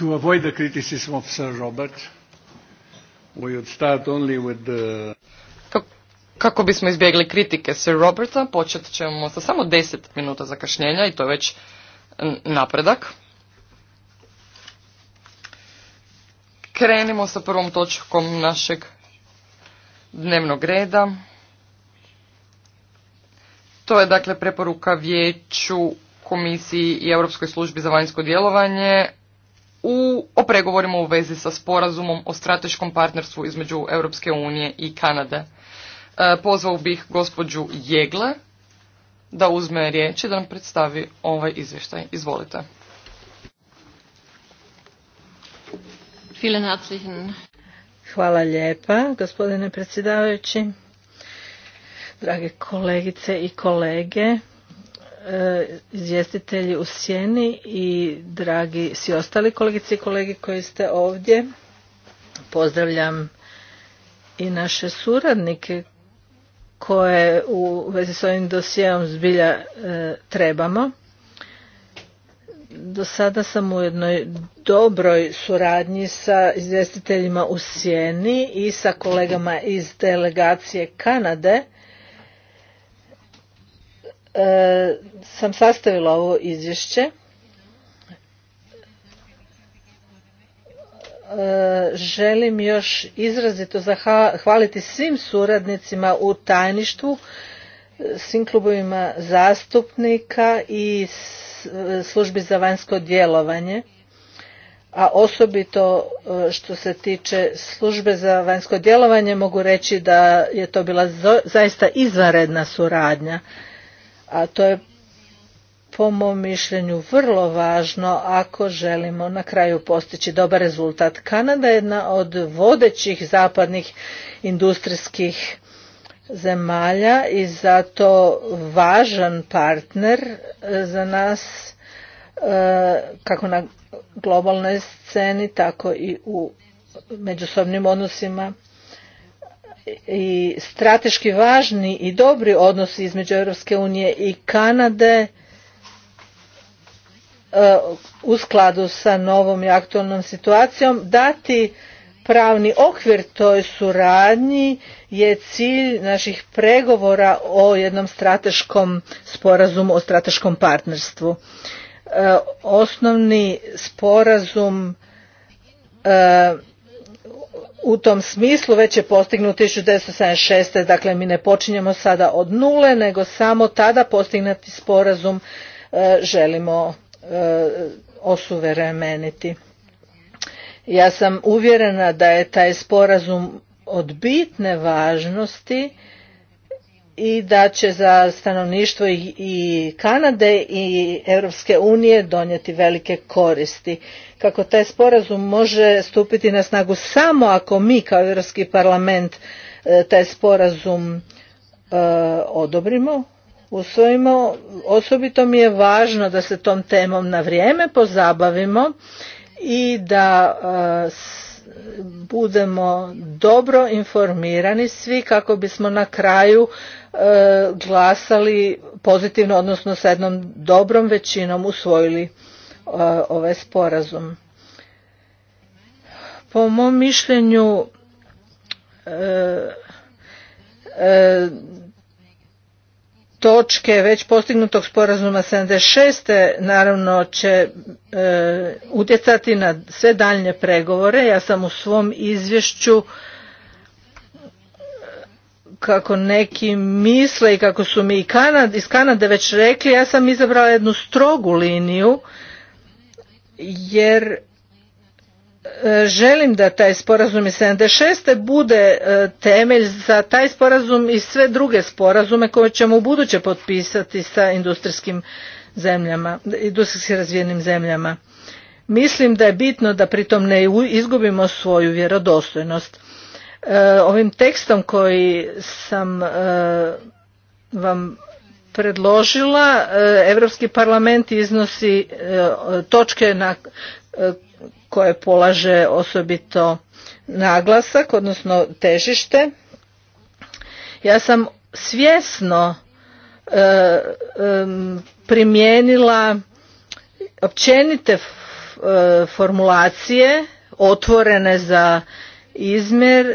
to avoid the criticism of Sir Robert, we would start only with Kako bismo izbjegli kritike Sir Roberta, počet ćemo sa samo deset minuta zakašnjenja i to je već napredak. Krenimo sa prvom točkom našeg dnevnog reda. To je dakle preporuka vijeću komisiji i Europskoj službi za vanjsko djelovanje u, o pregovorima u vezi sa sporazumom o strateškom partnerstvu između Europske unije i Kanade. E, pozvao bih gospođu Jegle da uzme riječ i da nam predstavi ovaj izvještaj. Izvolite. Hvala lijepa, gospodine predsjedavajući, drage kolegice i kolege. E, izvjestitelji u sjeni i dragi svi ostali kolegice i kolege koji ste ovdje. Pozdravljam i naše suradnike koje u vezi s ovim dosijevom zbilja e, trebamo. Do sada sam u jednoj dobroj suradnji sa izvjestiteljima u Sjeni i sa kolegama iz delegacije Kanade E, sam sastavila ovo izvješće e, želim još izrazito zahvaliti svim suradnicima u tajništvu, svim klubovima zastupnika i službi za vanjsko djelovanje, a osobito e, što se tiče službe za vanjsko djelovanje mogu reći da je to bila zaista izvanredna suradnja a to je po mom mišljenju vrlo važno ako želimo na kraju postići dobar rezultat. Kanada je jedna od vodećih zapadnih industrijskih zemalja i zato važan partner e, za nas e, kako na globalnoj sceni tako i u međusobnim odnosima i strateški važni i dobri odnosi između Europske unije i Kanade e, u skladu sa novom i aktualnom situacijom dati pravni okvir toj suradnji je cilj naših pregovora o jednom strateškom sporazumu o strateškom partnerstvu. E, osnovni sporazum e, u tom smislu već je postignut six Dakle, mi ne počinjemo sada od nule, nego samo tada postignuti sporazum e, želimo e, Ja sam uvjerena da je taj sporazum od bitne važnosti i da će za stanovništvo i Kanade i Europske unije donijeti velike koristi kako taj sporazum može stupiti na snagu samo ako mi kao Europski parlament e, taj sporazum e, odobrimo, usvojimo. Osobito mi je važno da se tom temom na vrijeme pozabavimo i da e, budemo dobro informirani svi kako bismo na kraju glasali pozitivno, odnosno s jednom dobrom većinom usvojili E, ovaj sporazum. Po mom mišljenju e, e, točke već postignutog sporazuma 76. naravno će utjecati na sve daljnje pregovore. Ja sam u svom izvješću kako neki misle i kako su mi iz Kanade već rekli, ja sam izabrala jednu strogu liniju jer e, želim da taj sporazum iz 76. bude e, temelj za taj sporazum i sve druge sporazume koje ćemo u buduće potpisati sa industrijskim zemljama, industrijski razvijenim zemljama. Mislim da je bitno da pritom ne izgubimo svoju vjerodostojnost. E, ovim tekstom koji sam vam predložila. Europski parlament iznosi e, točke na e, koje polaže osobito naglasak, odnosno težište. Ja sam svjesno e, primijenila općenite formulacije otvorene za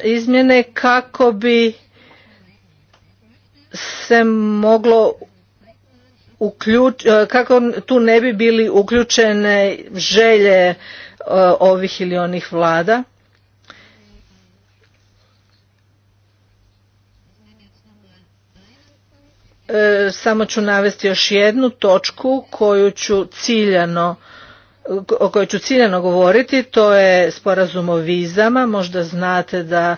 izmjene kako bi se moglo E, kako tu ne bi bili uključene želje e, ovih ili onih vlada. E, samo ću navesti još jednu točku koju ću ciljano o kojoj ću ciljano govoriti, to je sporazum o vizama. Možda znate da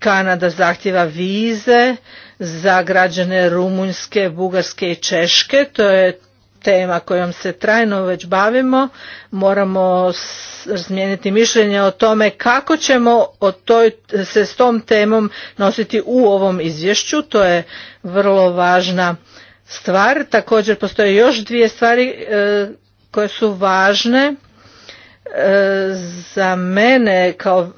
Kanada zahtjeva vize za građane Rumunjske, Bugarske i Češke. To je tema kojom se trajno već bavimo. Moramo razmijeniti mišljenje o tome kako ćemo o toj, se s tom temom nositi u ovom izvješću. To je vrlo važna stvar. Također postoje još dvije stvari e, koje su važne e, za mene kao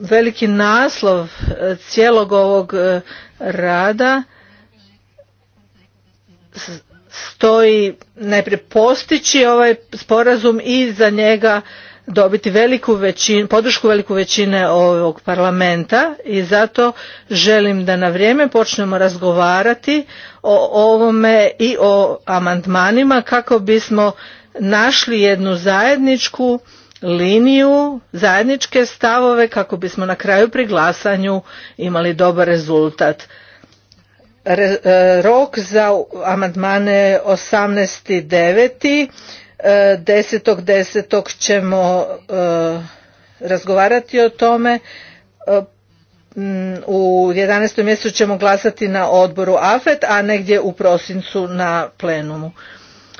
veliki naslov e, cijelog ovog e, rada stoji najprije postići ovaj sporazum i za njega dobiti veliku većinu, podršku veliku većine ovog parlamenta i zato želim da na vrijeme počnemo razgovarati o ovome i o amandmanima kako bismo našli jednu zajedničku liniju, zajedničke stavove kako bismo na kraju pri glasanju imali dobar rezultat. E, rok za amandmane 18.9. 10.10. E, ćemo e, razgovarati o tome. U 11. mjesecu ćemo glasati na odboru AFET, a negdje u prosincu na plenumu.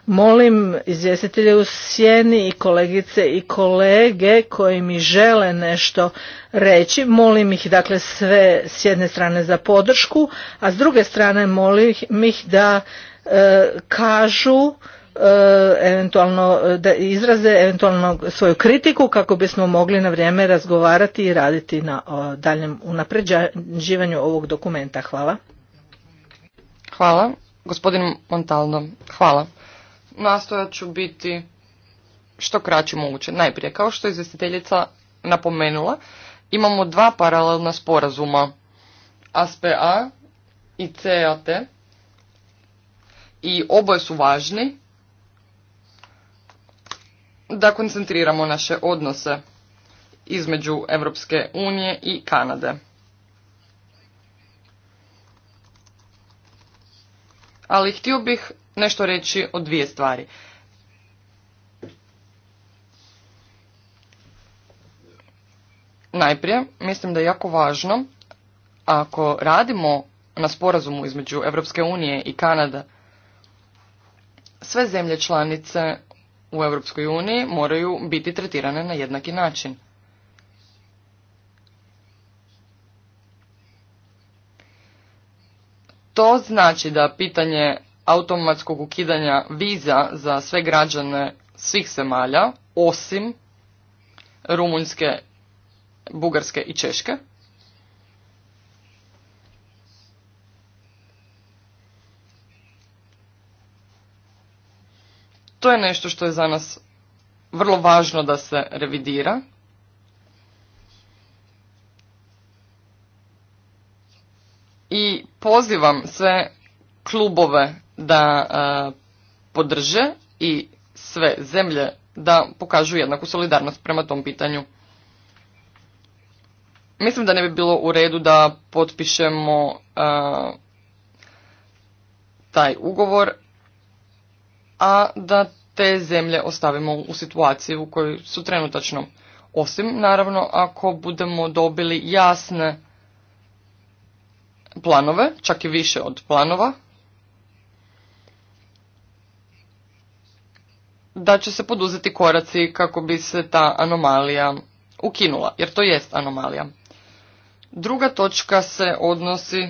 Molim izvjestitelje u sjeni i kolegice i kolege koji mi žele nešto reći, molim ih dakle sve s jedne strane za podršku, a s druge strane molim ih da e, kažu e, eventualno da izraze eventualno svoju kritiku kako bismo mogli na vrijeme razgovarati i raditi na o, daljem unapređivanju ovog dokumenta. Hvala. Hvala. gospodinu Montalno, hvala nastojat ću biti što kraće moguće. Najprije, kao što je izvjestiteljica napomenula, imamo dva paralelna sporazuma, ASPA i CAT, i oboje su važni da koncentriramo naše odnose između Europske unije i Kanade. Ali htio bih nešto reći o dvije stvari. Najprije, mislim da je jako važno, ako radimo na sporazumu između Europske unije i Kanada, sve zemlje članice u Europskoj uniji moraju biti tretirane na jednaki način. To znači da pitanje automatskog ukidanja viza za sve građane svih zemalja, osim Rumunjske, Bugarske i Češke. To je nešto što je za nas vrlo važno da se revidira. I pozivam sve klubove da e, podrže i sve zemlje da pokažu jednaku solidarnost prema tom pitanju. Mislim da ne bi bilo u redu da potpišemo e, taj ugovor, a da te zemlje ostavimo u situaciji u kojoj su trenutačno. Osim, naravno, ako budemo dobili jasne planove, čak i više od planova, da će se poduzeti koraci kako bi se ta anomalija ukinula, jer to jest anomalija. Druga točka se odnosi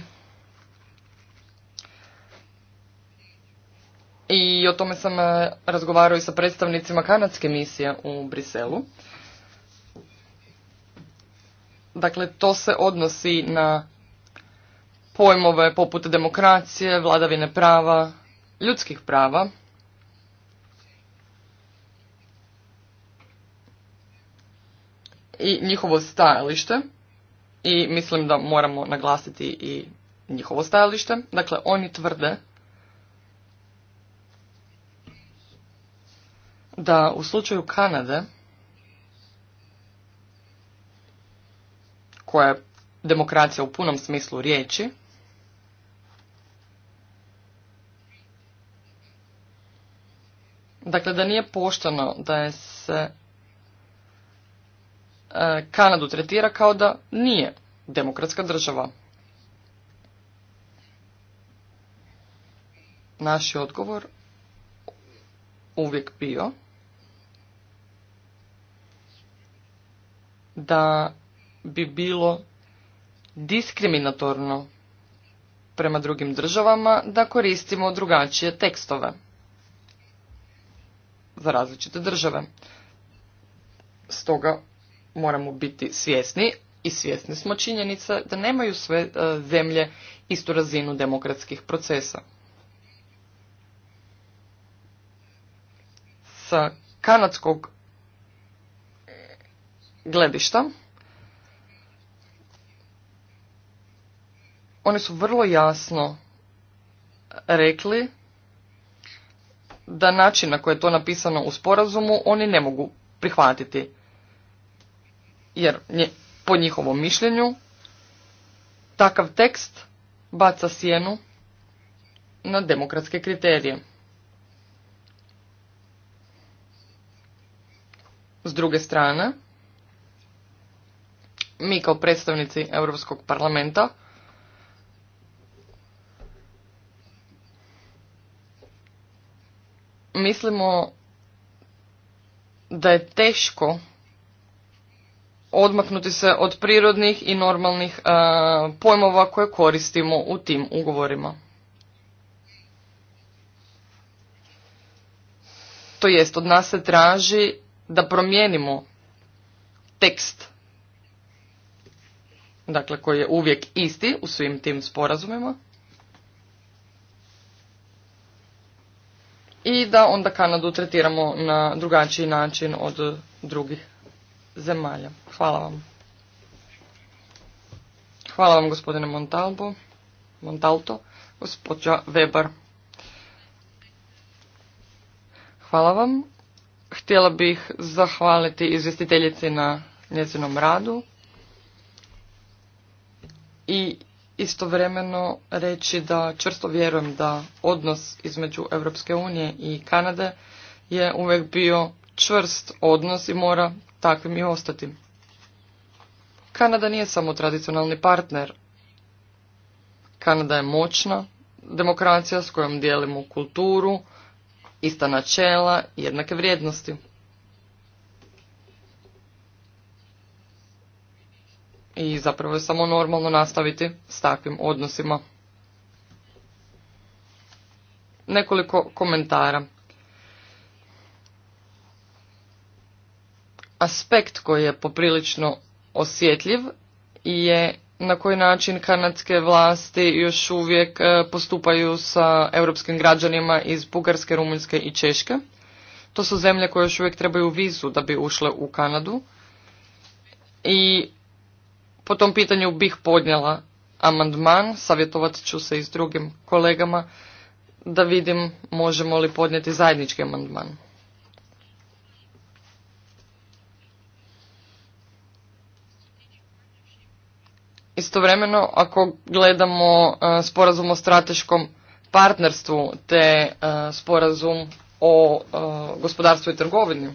i o tome sam e, razgovarao i sa predstavnicima kanadske misije u Briselu. Dakle, to se odnosi na pojmove poput demokracije, vladavine prava, ljudskih prava, i njihovo stajalište i mislim da moramo naglasiti i njihovo stajalište. Dakle, oni tvrde da u slučaju Kanade, koja je demokracija u punom smislu riječi, dakle da nije pošteno da je se E, Kanadu tretira kao da nije demokratska država. Naš je odgovor uvijek bio da bi bilo diskriminatorno prema drugim državama da koristimo drugačije tekstove za različite države. Stoga moramo biti svjesni i svjesni smo činjenica da nemaju sve e, zemlje istu razinu demokratskih procesa. Sa kanadskog gledišta oni su vrlo jasno rekli da način na koji je to napisano u sporazumu oni ne mogu prihvatiti jer po njihovom mišljenju takav tekst baca sjenu na demokratske kriterije. S druge strane, mi kao predstavnici Europskog parlamenta mislimo da je teško odmaknuti se od prirodnih i normalnih e, pojmova koje koristimo u tim ugovorima. To jest, od nas se traži da promijenimo tekst, dakle koji je uvijek isti u svim tim sporazumima, i da onda Kanadu tretiramo na drugačiji način od drugih zemalja. Hvala vam. Hvala vam gospodine Montalbo, Montalto, gospođa Weber. Hvala vam. Htjela bih zahvaliti izvjestiteljici na njezinom radu i istovremeno reći da čvrsto vjerujem da odnos između Europske unije i Kanade je uvijek bio čvrst odnos i mora takvim i ostati. Kanada nije samo tradicionalni partner. Kanada je moćna demokracija s kojom dijelimo kulturu, ista načela, jednake vrijednosti. I zapravo je samo normalno nastaviti s takvim odnosima. Nekoliko komentara. aspekt koji je poprilično osjetljiv je na koji način kanadske vlasti još uvijek e, postupaju sa europskim građanima iz Bugarske, Rumunjske i Češke. To su zemlje koje još uvijek trebaju vizu da bi ušle u Kanadu. I po tom pitanju bih podnijela amandman, savjetovat ću se i s drugim kolegama da vidim možemo li podnijeti zajednički amandman. Istovremeno, ako gledamo e, sporazum o strateškom partnerstvu te e, sporazum o e, gospodarstvu i trgovini,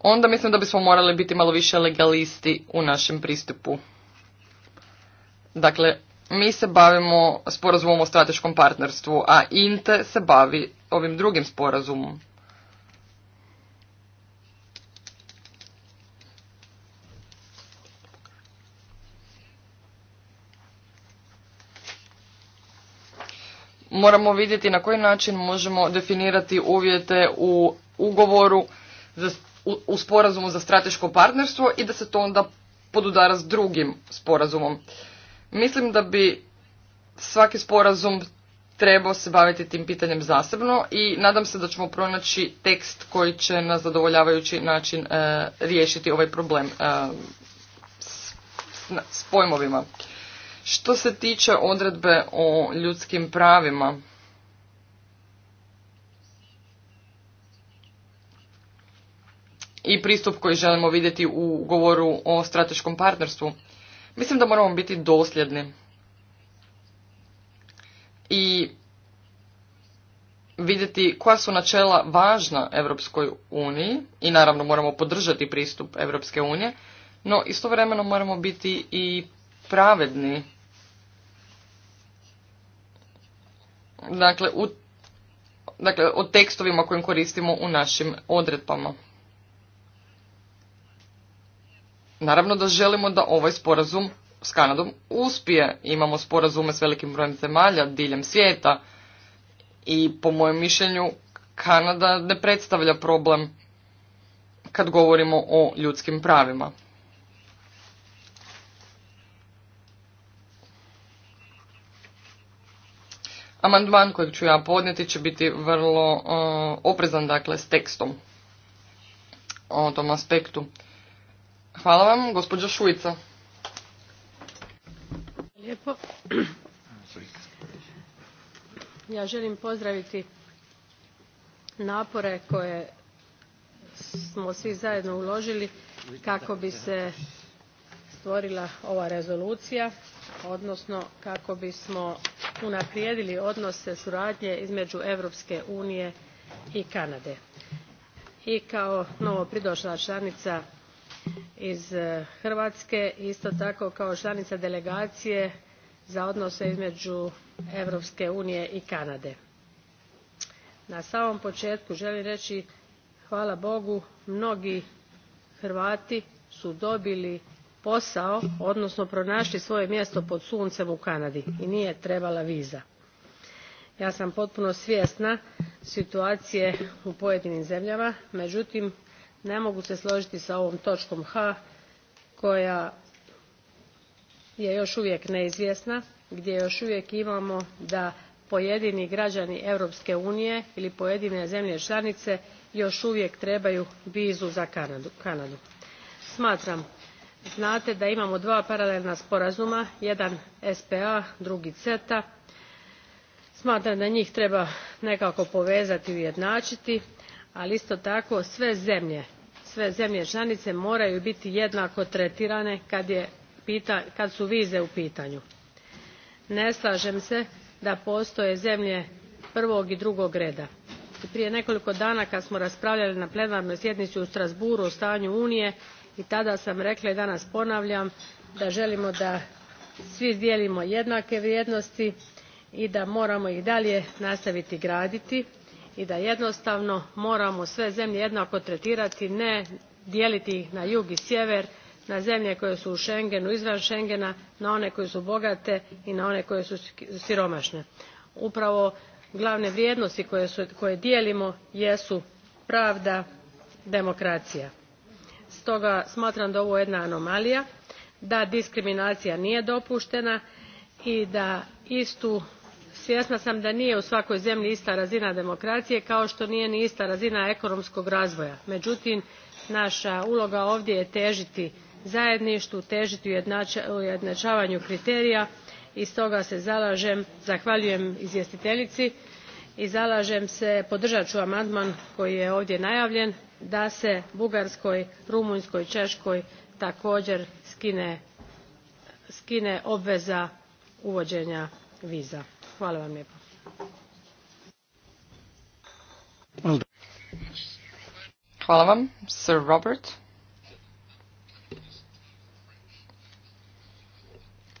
onda mislim da bismo morali biti malo više legalisti u našem pristupu. Dakle, mi se bavimo sporazumom o strateškom partnerstvu, a INTE se bavi ovim drugim sporazumom. moramo vidjeti na koji način možemo definirati uvjete u ugovoru za, u, sporazumu za strateško partnerstvo i da se to onda podudara s drugim sporazumom. Mislim da bi svaki sporazum trebao se baviti tim pitanjem zasebno i nadam se da ćemo pronaći tekst koji će na zadovoljavajući način e, riješiti ovaj problem e, s, s pojmovima. Što se tiče odredbe o ljudskim pravima, i pristup koji želimo vidjeti u govoru o strateškom partnerstvu. Mislim da moramo biti dosljedni i vidjeti koja su načela važna Evropskoj uniji i naravno moramo podržati pristup Evropske unije, no istovremeno moramo biti i pravedni dakle, u, dakle, o tekstovima kojim koristimo u našim odredbama. Naravno da želimo da ovaj sporazum s Kanadom uspije. Imamo sporazume s velikim brojem zemalja diljem svijeta i po mojem mišljenju Kanada ne predstavlja problem kad govorimo o ljudskim pravima. Amandman kojeg ću ja podnijeti će biti vrlo e, oprezan dakle s tekstom o tom aspektu. Hvala vam, gospođa Šuica. Lijepo. Ja želim pozdraviti napore koje smo svi zajedno uložili kako bi se stvorila ova rezolucija, odnosno kako bismo unaprijedili odnose suradnje između europske unije i kanade i kao novopridošla članica iz e, hrvatske isto tako kao članica delegacije za odnose između europske unije i kanade. na samom početku želim reći hvala bogu mnogi hrvati su dobili posao odnosno pronašli svoje mjesto pod suncem u kanadi i nije trebala viza. ja sam potpuno svjesna situacije u pojedinim zemljama međutim ne mogu se složiti s ovom točkom h koja je još uvijek neizvjesna gdje još uvijek imamo da pojedini građani europske unije ili pojedine zemlje članice još uvijek trebaju vizu za kanadu. smatram znate da imamo dva paralelna sporazuma jedan spa drugi ceta. smatram da njih treba nekako povezati i ujednačiti ali isto tako sve zemlje članice moraju biti jednako tretirane kad su vize u pitanju. ne slažem se da postoje zemlje prvog i drugog reda. prije nekoliko dana kad smo raspravljali na plenarnoj sjednici u strasbourgu o stanju unije i tada sam rekla i danas ponavljam da želimo da svi dijelimo jednake vrijednosti i da moramo ih dalje nastaviti graditi i da jednostavno moramo sve zemlje jednako tretirati ne dijeliti ih na jug i sjever na zemlje koje su u schengenu izvan schengena na one koje su bogate i na one koje su siromašne. upravo glavne vrijednosti koje dijelimo jesu pravda demokracija stoga smatram da je ovo jedna anomalija da diskriminacija nije dopuštena i da istu svjesna sam da nije u svakoj zemlji ista razina demokracije kao što nije ni ista razina ekonomskog razvoja međutim naša uloga ovdje je težiti zajedništvu težiti ujednačavanju kriterija i stoga se zalažem zahvaljujem izvjestiteljici i zalažem se podržat ću amandman koji je ovdje najavljen da se bugarskoj rumunjskoj ekoj također skine obveza uvoenja viza. hvala vam Robert.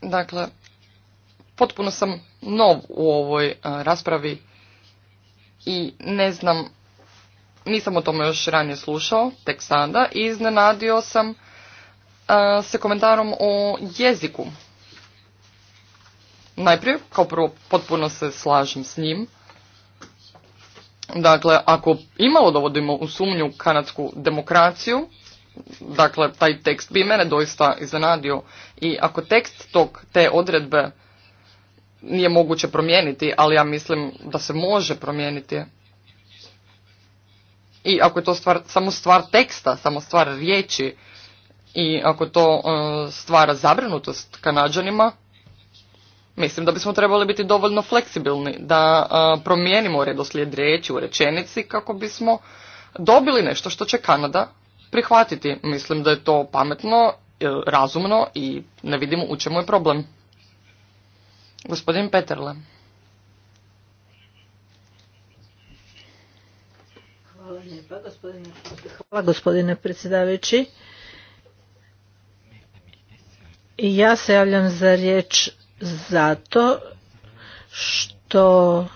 Dakle, potpuno sam nov u ovoj raspravi i ne znam nisam o tome još ranije slušao, tek sada, i iznenadio sam uh, se komentarom o jeziku. Najprije, kao prvo, potpuno se slažem s njim. Dakle, ako imalo dovodimo u sumnju kanadsku demokraciju, dakle, taj tekst bi mene doista iznenadio. I ako tekst tog, te odredbe nije moguće promijeniti, ali ja mislim da se može promijeniti, i ako je to stvar, samo stvar teksta, samo stvar riječi i ako to e, stvara zabrinutost kanađanima, mislim da bismo trebali biti dovoljno fleksibilni da e, promijenimo redoslijed riječi u rečenici kako bismo dobili nešto što će Kanada prihvatiti. Mislim da je to pametno, e, razumno i ne vidimo u čemu je problem. Gospodin Peterle. Hvala gospodine predsjedavajući. ja se javljam za riječ zato što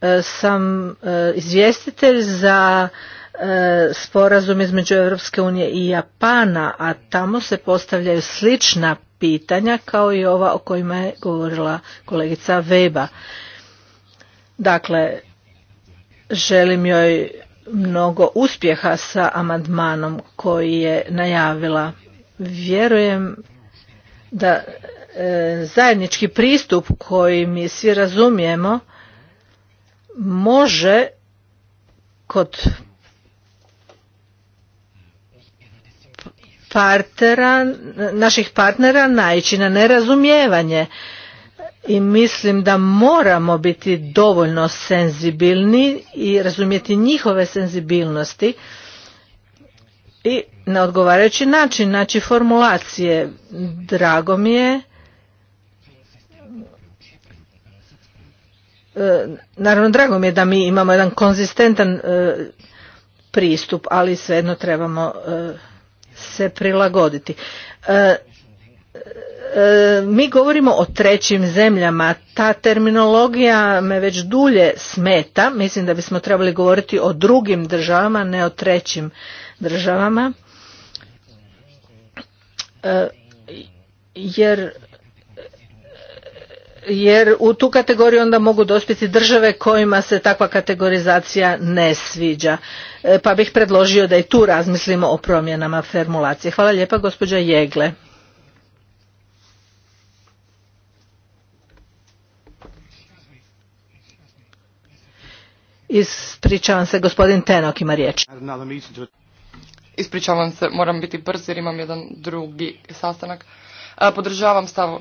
e, sam e, izvjestitelj za e, sporazum između Europske unije i Japana, a tamo se postavljaju slična pitanja kao i ova o kojima je govorila kolegica Weba. Dakle, želim joj mnogo uspjeha sa amandmanom koji je najavila. Vjerujem da e, zajednički pristup koji mi svi razumijemo može kod partnera, naših partnera naići na nerazumijevanje i mislim da moramo biti dovoljno senzibilni i razumjeti njihove senzibilnosti i na odgovarajući način naći formulacije. Drago mi je e, naravno drago mi je da mi imamo jedan konzistentan e, pristup, ali svejedno trebamo e, se prilagoditi. E, mi govorimo o trećim zemljama. Ta terminologija me već dulje smeta. Mislim da bismo trebali govoriti o drugim državama, ne o trećim državama. E, jer jer u tu kategoriju onda mogu dospjeti države kojima se takva kategorizacija ne sviđa. E, pa bih predložio da i tu razmislimo o promjenama formulacije. Hvala lijepa gospođa Jegle. Ispričavam se, gospodin Tenok ima riječ. Ispričavam se, moram biti brz jer imam jedan drugi sastanak. Podržavam stav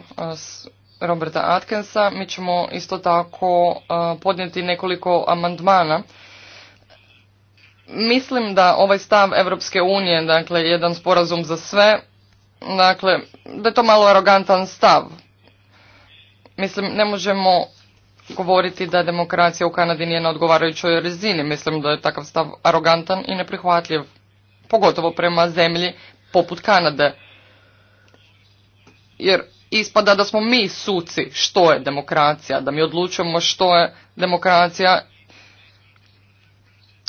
Roberta Atkensa. Mi ćemo isto tako podnijeti nekoliko amandmana. Mislim da ovaj stav Europske unije, dakle jedan sporazum za sve, dakle da je to malo arogantan stav. Mislim, ne možemo govoriti da demokracija u Kanadi nije na odgovarajućoj razini. Mislim da je takav stav arogantan i neprihvatljiv, pogotovo prema zemlji poput Kanade. Jer ispada da smo mi suci što je demokracija, da mi odlučujemo što je demokracija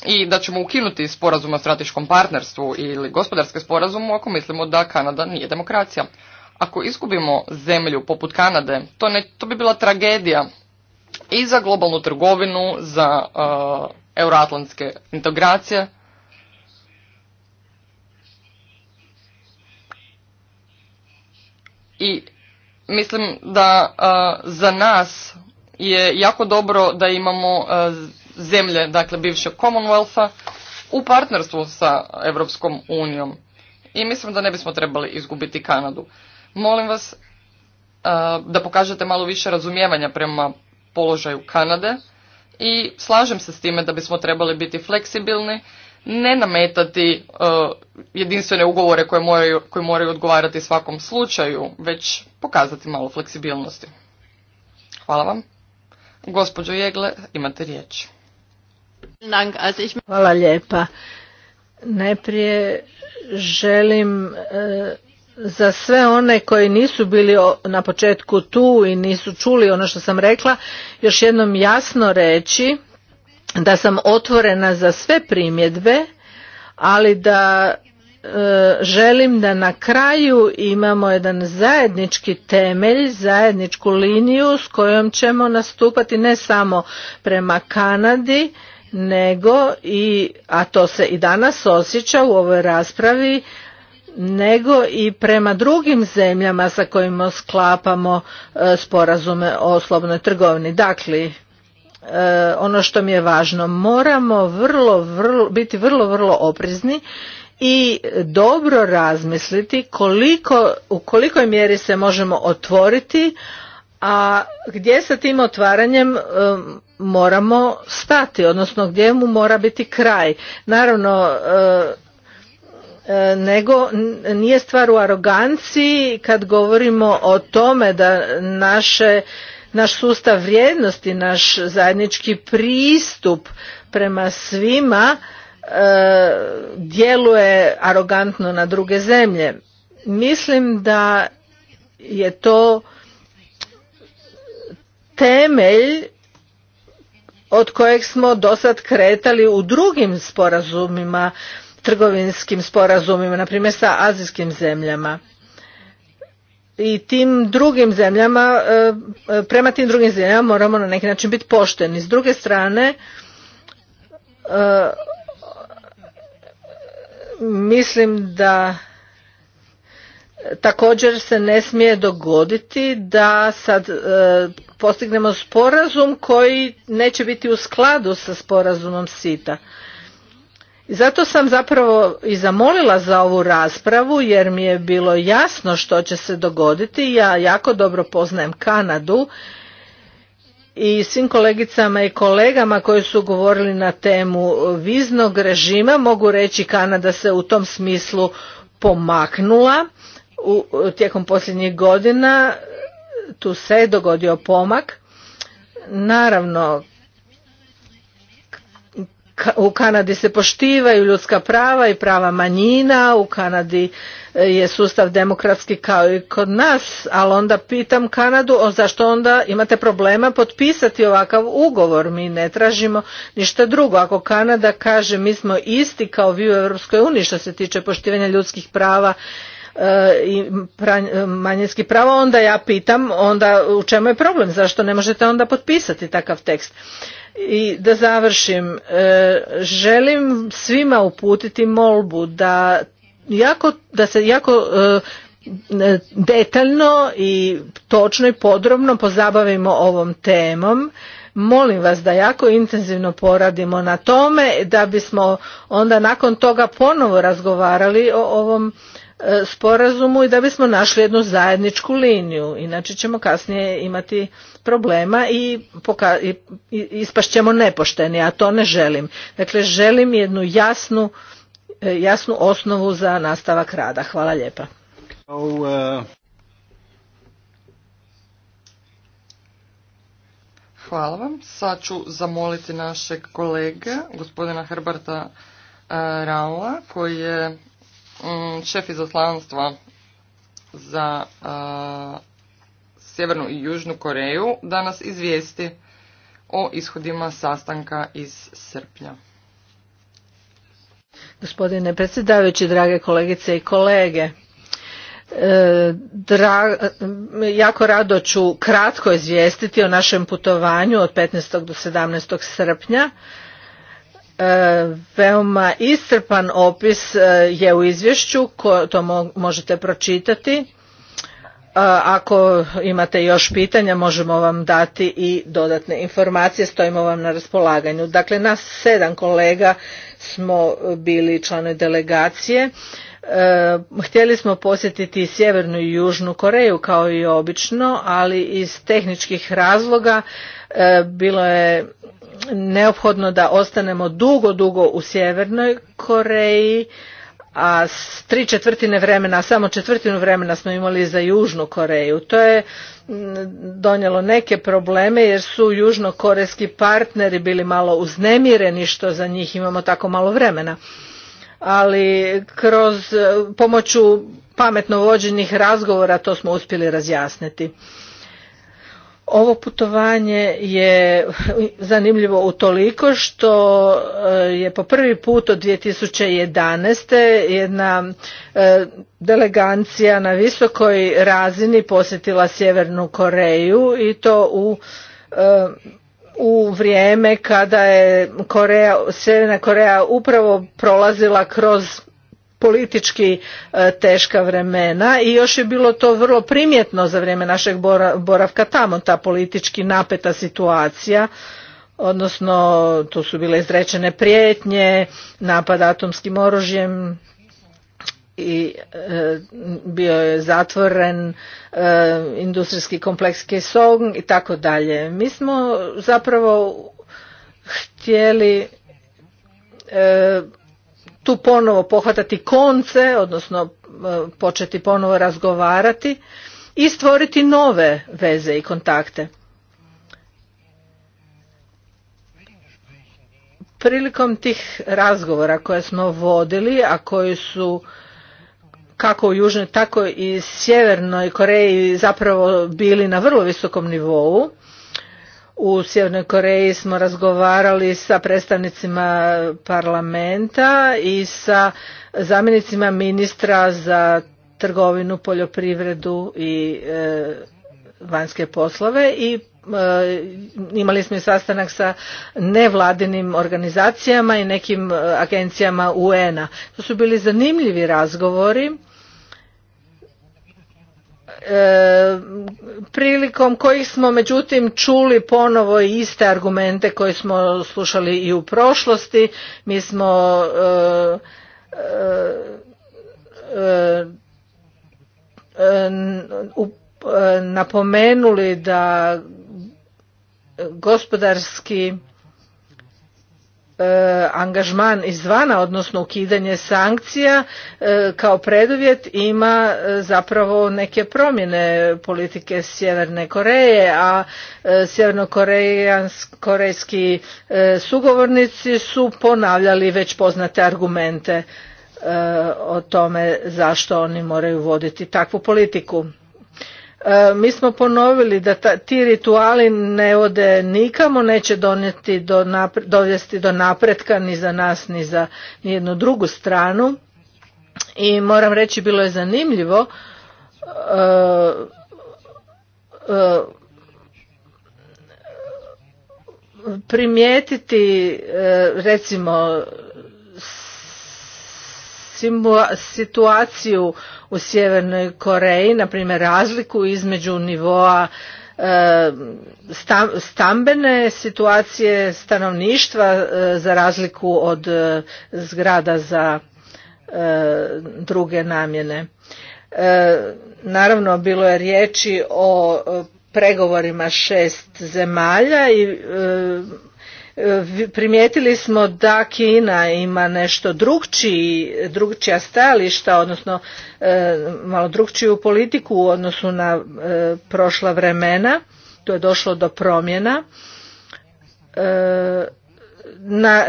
i da ćemo ukinuti sporazum o strateškom partnerstvu ili gospodarske sporazumu ako mislimo da Kanada nije demokracija. Ako izgubimo zemlju poput Kanade, to, ne, to bi bila tragedija i za globalnu trgovinu, za euroatlantske integracije. I mislim da za nas je jako dobro da imamo zemlje, dakle bivšeg Commonwealtha, u partnerstvu sa Europskom unijom. I mislim da ne bismo trebali izgubiti Kanadu. Molim vas da pokažete malo više razumijevanja prema položaju Kanade i slažem se s time da bismo trebali biti fleksibilni, ne nametati e, jedinstvene ugovore koje moraju, koje odgovarati svakom slučaju, već pokazati malo fleksibilnosti. Hvala vam. Gospođo Jegle, imate riječ. Hvala lijepa. Najprije želim e, za sve one koji nisu bili na početku tu i nisu čuli ono što sam rekla, još jednom jasno reći da sam otvorena za sve primjedbe, ali da e, želim da na kraju imamo jedan zajednički temelj, zajedničku liniju s kojom ćemo nastupati ne samo prema Kanadi, nego i, a to se i danas osjeća u ovoj raspravi, nego i prema drugim zemljama sa kojima sklapamo e, sporazume o slobodnoj trgovini. Dakle, e, ono što mi je važno, moramo vrlo, vrlo, biti vrlo, vrlo oprezni i dobro razmisliti koliko, u kolikoj mjeri se možemo otvoriti, a gdje sa tim otvaranjem e, moramo stati, odnosno gdje mu mora biti kraj. Naravno, E, nego nije stvar u aroganciji kad govorimo o tome da naše naš sustav vrijednosti, naš zajednički pristup prema svima e, djeluje arogantno na druge zemlje. Mislim da je to temelj od kojeg smo do kretali u drugim sporazumima trgovinskim sporazumima, na primjer sa azijskim zemljama. I tim drugim zemljama, e, e, prema tim drugim zemljama moramo na neki način biti pošteni. S druge strane, e, mislim da također se ne smije dogoditi da sad postignemo sporazum koji neće biti u skladu sa sporazumom sita zato sam zapravo i zamolila za ovu raspravu jer mi je bilo jasno što će se dogoditi. Ja jako dobro poznajem Kanadu i svim kolegicama i kolegama koji su govorili na temu viznog režima mogu reći Kanada se u tom smislu pomaknula u, tijekom posljednjih godina. Tu se je dogodio pomak. Naravno, u Kanadi se poštivaju ljudska prava i prava manjina, u Kanadi e, je sustav demokratski kao i kod nas, ali onda pitam Kanadu zašto onda imate problema potpisati ovakav ugovor, mi ne tražimo ništa drugo. Ako Kanada kaže mi smo isti kao vi u Europskoj uniji što se tiče poštivanja ljudskih prava e, i e, manjinskih prava, onda ja pitam onda u čemu je problem, zašto ne možete onda potpisati takav tekst. I da završim, e, želim svima uputiti molbu da, jako, da se jako e, e, detaljno i točno i podrobno pozabavimo ovom temom. Molim vas da jako intenzivno poradimo na tome da bismo onda nakon toga ponovo razgovarali o ovom E, sporazumu i da bismo našli jednu zajedničku liniju. Inače ćemo kasnije imati problema i ispašćemo nepošteni, a to ne želim. Dakle, želim jednu jasnu, e, jasnu osnovu za nastavak rada. Hvala lijepa. Hvala vam. Sad ću zamoliti našeg kolege, gospodina Herberta e, Raula, koji je Mm, šef izaslanstva za Sjevernu i Južnu Koreju da nas izvijesti o ishodima sastanka iz srpnja. Gospodine predsjedavajući, drage kolegice i kolege, e, jako rado ću kratko izvijestiti o našem putovanju od 15. do 17. srpnja. E, veoma iscrpan opis e, je u izvješću, to možete pročitati. E, ako imate još pitanja, možemo vam dati i dodatne informacije, stojimo vam na raspolaganju. Dakle, nas sedam kolega smo bili članovi delegacije. Htjeli smo posjetiti Sjevernu i Južnu Koreju kao i obično, ali iz tehničkih razloga bilo je neophodno da ostanemo dugo, dugo u Sjevernoj Koreji, a s tri četvrtine vremena, samo četvrtinu vremena smo imali za Južnu Koreju. To je donijelo neke probleme jer su južnokorejski partneri bili malo uznemireni što za njih imamo tako malo vremena. Ali kroz eh, pomoću pametno vođenih razgovora to smo uspjeli razjasniti ovo putovanje je zanimljivo utoliko što e, je po prvi put od 2011. jedna e, delegacija na visokoj razini posjetila Sjevernu Koreju i to u e, u vrijeme kada je Koreja, Sjeverna Koreja upravo prolazila kroz politički e, teška vremena i još je bilo to vrlo primjetno za vrijeme našeg boravka tamo ta politički napeta situacija odnosno tu su bile izrečene prijetnje napad atomskim oružjem i e, bio je zatvoren e, industrijski kompleks Kesong i tako dalje mi smo zapravo htjeli tu ponovo pohvatati konce, odnosno e, početi ponovo razgovarati i stvoriti nove veze i kontakte. Prilikom tih razgovora koje smo vodili, a koji su kako u Južnoj, tako i Sjevernoj Koreji zapravo bili na vrlo visokom nivou, u Sjevernoj Koreji smo razgovarali sa predstavnicima parlamenta i sa zamjenicima ministra za trgovinu, poljoprivredu i e, vanjske poslove i e, imali smo i sastanak sa nevladinim organizacijama i nekim e, agencijama UN-a. To su bili zanimljivi razgovori E, prilikom kojih smo međutim čuli ponovo iste argumente koje smo slušali i u prošlosti. Mi smo e, e, napomenuli da gospodarski E, angažman izvana odnosno ukidanje sankcija e, kao preduvjet ima e, zapravo neke promjene politike sjeverne koreje a sjevernokorejski sugovornici su ponavljali već poznate argumente o tome zašto oni moraju voditi takvu politiku E, mi smo ponovili da ti rituali ne ode nikamo, neće donijeti do dovesti do napretka ni za nas ni za ni jednu drugu stranu. I moram reći bilo je zanimljivo e, e, primijetiti recimo situaciju u Sjevernoj Koreji, na primjer razliku između nivoa e, stambene situacije stanovništva e, za razliku od e, zgrada za druge namjene. Naravno, bilo je riječi o pregovorima šest zemalja i primijetili smo da Kina ima nešto drukčija drugčija stajališta, odnosno e, malo drukčiju politiku u odnosu na e, prošla vremena. to je došlo do promjena. E,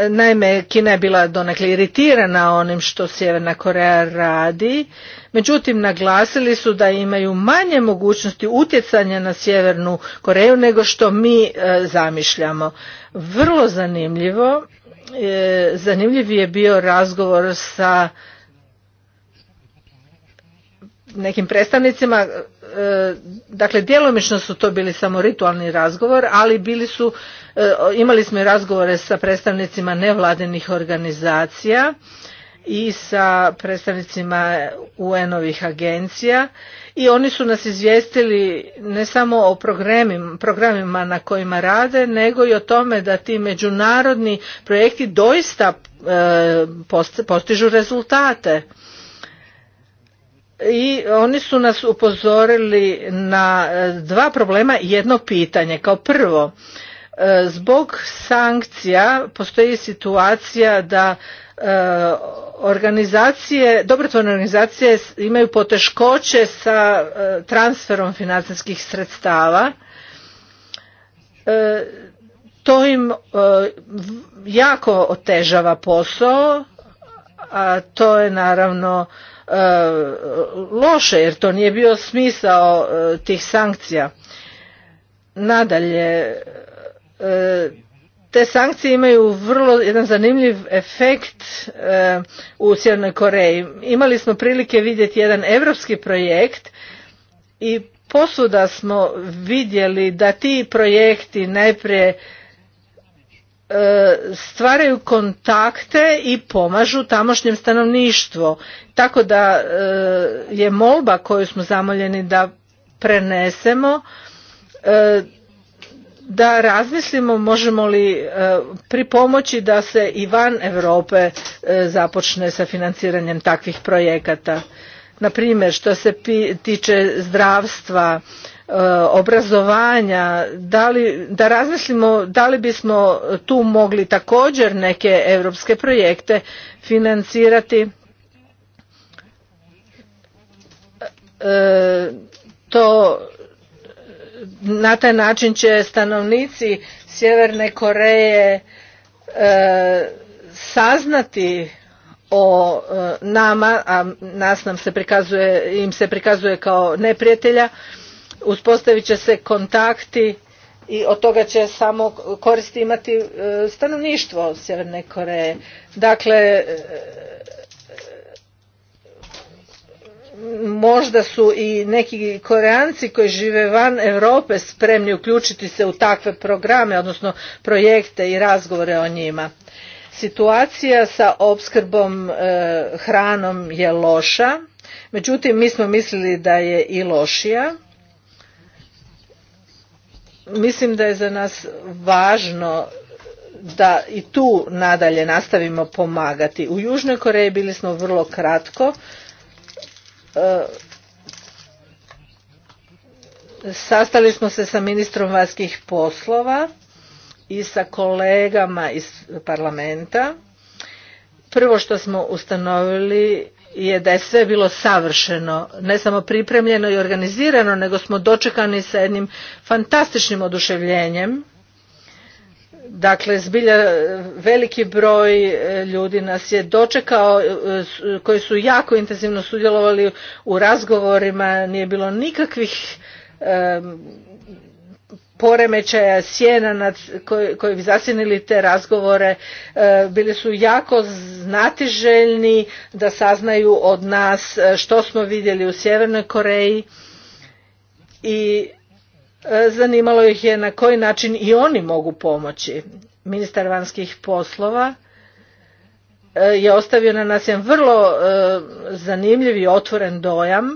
naime Kina je bila donekle iritirana onim što Sjeverna Koreja radi, međutim naglasili su da imaju manje mogućnosti utjecanja na Sjevernu Koreju nego što mi e, zamišljamo. Vrlo zanimljivo, e, zanimljiv je bio razgovor sa nekim predstavnicima, e, dakle djelomično su to bili samo ritualni razgovor, ali bili su E, imali smo i razgovore sa predstavnicima nevladinih organizacija i sa predstavnicima UN-ovih agencija i oni su nas izvijestili ne samo o programima, programima na kojima rade nego i o tome da ti međunarodni projekti doista e, postižu rezultate i oni su nas upozorili na e, dva problema i jedno pitanje kao prvo E, zbog sankcija postoji situacija da e, organizacije, dobrotvorne organizacije imaju poteškoće sa e, transferom financijskih sredstava. To im jako otežava posao, a to je naravno loše jer to nije bio smisao tih sankcija. Nadalje, E, te sankcije imaju vrlo jedan zanimljiv efekt e, u Sjevernoj Koreji. Imali smo prilike vidjeti jedan europski projekt i posuda smo vidjeli da ti projekti najprije e, stvaraju kontakte i pomažu tamošnjem stanovništvu. Tako da je molba koju smo zamoljeni da prenesemo da razmislimo možemo li e, pripomoći da se i van Europe e, započne sa financiranjem takvih projekata. Na primjer, što se tiče zdravstva, e, obrazovanja, da, razmislimo da li bismo tu mogli također neke europske projekte financirati. to na taj način će stanovnici Sjeverne Koreje e, saznati o e, nama, a nas nam se prikazuje, im se prikazuje kao neprijatelja, uspostavit će se kontakti i od toga će samo koristi imati e, stanovništvo Sjeverne Koreje. Dakle, možda su i neki koreanci koji žive van Europe spremni uključiti se u takve programe, odnosno projekte i razgovore o njima. Situacija sa opskrbom e, hranom je loša, međutim mi smo mislili da je i lošija. Mislim da je za nas važno da i tu nadalje nastavimo pomagati. U Južnoj Koreji bili smo vrlo kratko, Sastali smo se sa ministrom vanjskih poslova i sa kolegama iz parlamenta. Prvo što smo ustanovili je da je sve bilo savršeno, ne samo pripremljeno i organizirano, nego smo dočekani sa jednim fantastičnim oduševljenjem Dakle, zbilja e, veliki broj e, ljudi nas je dočekao e, koji su jako intenzivno sudjelovali u razgovorima, nije bilo nikakvih poremećaja sjena nad, koji, bi zasjenili te razgovore bili su jako znatiželjni da saznaju od nas što smo vidjeli u Sjevernoj Koreji i E, zanimalo ih je na koji način i oni mogu pomoći. Ministar vanjskih poslova e, je ostavio na nas jedan vrlo e, zanimljiv i otvoren dojam.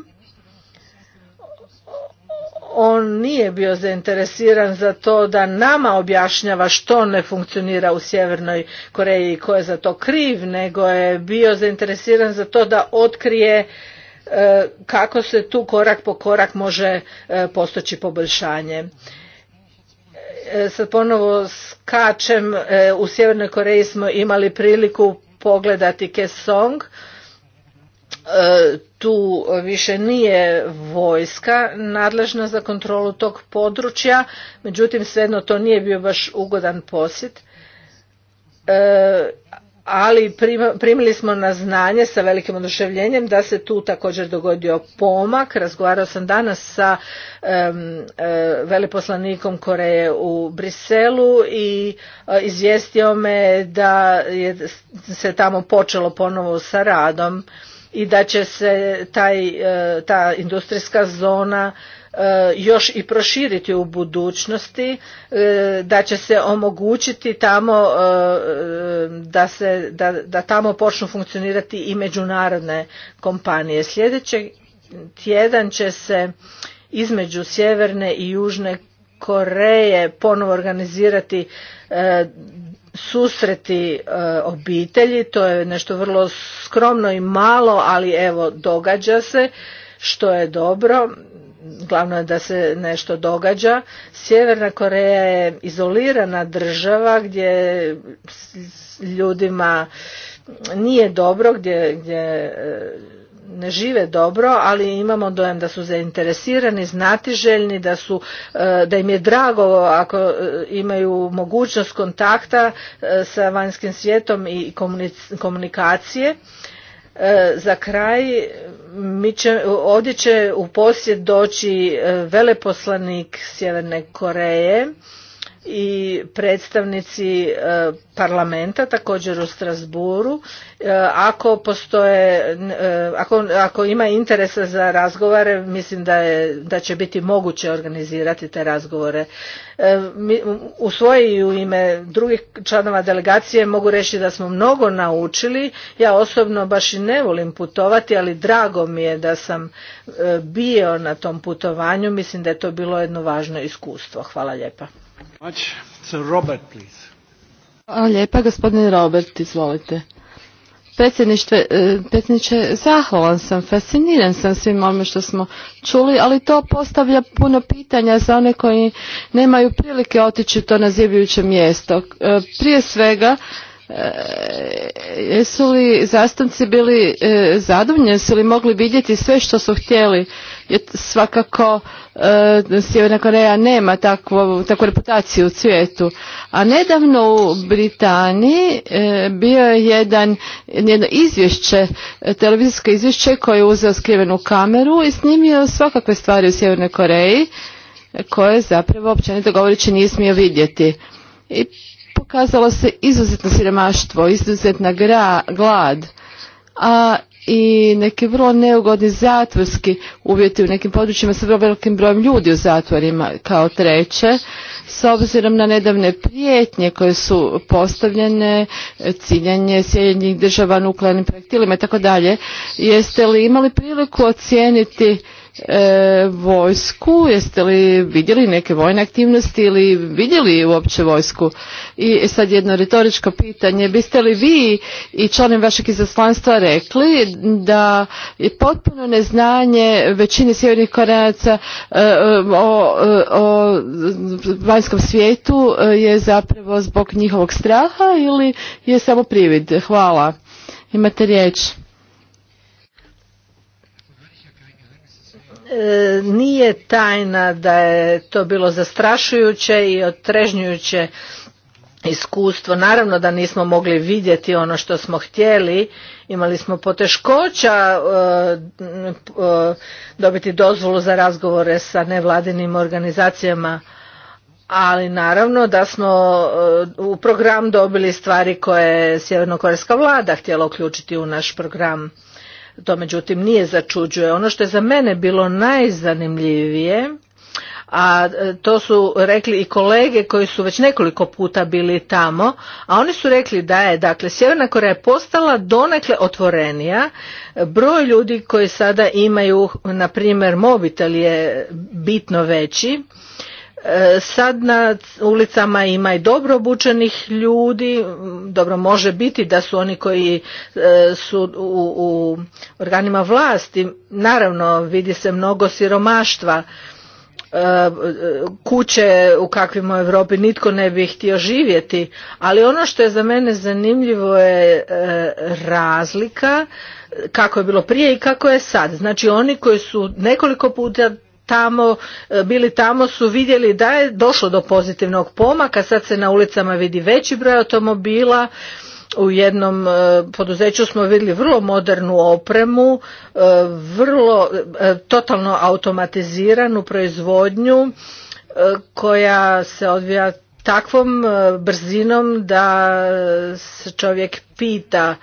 On nije bio zainteresiran za to da nama objašnjava što ne funkcionira u Sjevernoj Koreji i ko je za to kriv, nego je bio zainteresiran za to da otkrije E, kako se tu korak po korak može e, postoći poboljšanje e, sad ponovo skačem u sjevernoj koreji smo imali priliku pogledati Kesong tu više nije vojska nadležna za kontrolu tog područja međutim svejedno to nije bio baš ugodan posjet ali primili smo na znanje sa velikim oduševljenjem da se tu također dogodio pomak. Razgovarao sam danas sa e, veleposlanikom Koreje u Briselu i e, izvijestio me da je se tamo počelo ponovo sa radom i da će se taj, e, ta industrijska zona Eh, još i proširiti u budućnosti, eh, da će se omogućiti tamo eh, da, se, da, da tamo počnu funkcionirati i međunarodne kompanije. Sljedeći tjedan će se između sjeverne i južne Koreje ponovo organizirati susreti obitelji, to je nešto vrlo skromno i malo, ali evo događa se što je dobro glavno je da se nešto događa. Sjeverna Koreja je izolirana država gdje ljudima nije dobro, gdje, gdje e, ne žive dobro, ali imamo dojam da su zainteresirani, znatiželjni, da, su, e, da im je drago ako e, imaju mogućnost kontakta sa vanjskim svijetom i komunikacije E, za kraj ovdje će u posjet doći e, veleposlanik Sjeverne Koreje i predstavnici e, parlamenta također u Strasburu e, ako postoje e, ako, ako ima interesa za razgovore mislim da, je, da će biti moguće organizirati te razgovore u svoje i u ime drugih članova delegacije mogu reći da smo mnogo naučili ja osobno baš i ne volim putovati ali drago mi je da sam bio na tom putovanju mislim da je to bilo jedno važno iskustvo hvala lijepa lijepa, Robert, izvolite. E, predsjedniče, zahvalan sam, fasciniran sam svim ovime što smo čuli, ali to postavlja puno pitanja za one koji nemaju prilike otići u to nazivljujuće mjesto. E, prije svega, e, jesu li zastanci bili zadovoljni, jesu li mogli vidjeti sve što su htjeli svakako e, Sjeverna Koreja nema takvu, reputaciju u svijetu. A nedavno u Britaniji e, bio je jedan, jedno izvješće, e, televizijsko izvješće koje je uzeo skrivenu kameru i snimio svakakve stvari u Sjevernoj Koreji koje zapravo općenito govoreći nije smio vidjeti. I pokazalo se izuzetno siromaštvo, izuzetna gra, glad, a i neki vrlo neugodni zatvorski uvjeti u nekim područjima sa vrlo velikim brojem ljudi u zatvorima kao treće. S obzirom na nedavne prijetnje koje su postavljene, ciljanje sjedinjenih država nuklearnim projektilima i tako dalje, jeste li imali priliku ocijeniti E, vojsku, jeste li vidjeli neke vojne aktivnosti ili vidjeli uopće vojsku? I sad jedno retoričko pitanje, biste li vi i članim vašeg izaslanstva rekli da je potpuno neznanje većine sjevernih koreaca e, o, o vanjskom svijetu e, je zapravo zbog njihovog straha ili je samo privid? Hvala. Imate riječ. E, nije tajna da je to bilo zastrašujuće i otrežnjujuće iskustvo. Naravno da nismo mogli vidjeti ono što smo htjeli, imali smo poteškoća e, e, dobiti dozvolu za razgovore sa nevladinim organizacijama, ali naravno da smo u program dobili stvari koje je sjevernokorejska vlada htjela uključiti u naš program to međutim nije začuđuje. Ono što je za mene bilo najzanimljivije, a e, to su rekli i kolege koji su već nekoliko puta bili tamo, a oni su rekli da je, dakle, Sjeverna Koreja je postala donekle otvorenija, broj ljudi koji sada imaju, na primjer, mobitel je bitno veći, E, sad na ulicama ima i dobro obučenih ljudi, dobro može biti da su oni koji e, su u, organima vlasti, naravno vidi se mnogo siromaštva, e, kuće u kakvim u Europi nitko ne bi htio živjeti, ali ono što je za mene zanimljivo je razlika kako je bilo prije i kako je sad. Znači oni koji su nekoliko puta tamo, e, bili tamo su vidjeli da je došlo do pozitivnog pomaka, sad se na ulicama vidi veći broj automobila, u jednom e, poduzeću smo vidjeli vrlo modernu opremu, e, vrlo totalno automatiziranu proizvodnju koja se odvija takvom brzinom da se čovjek pita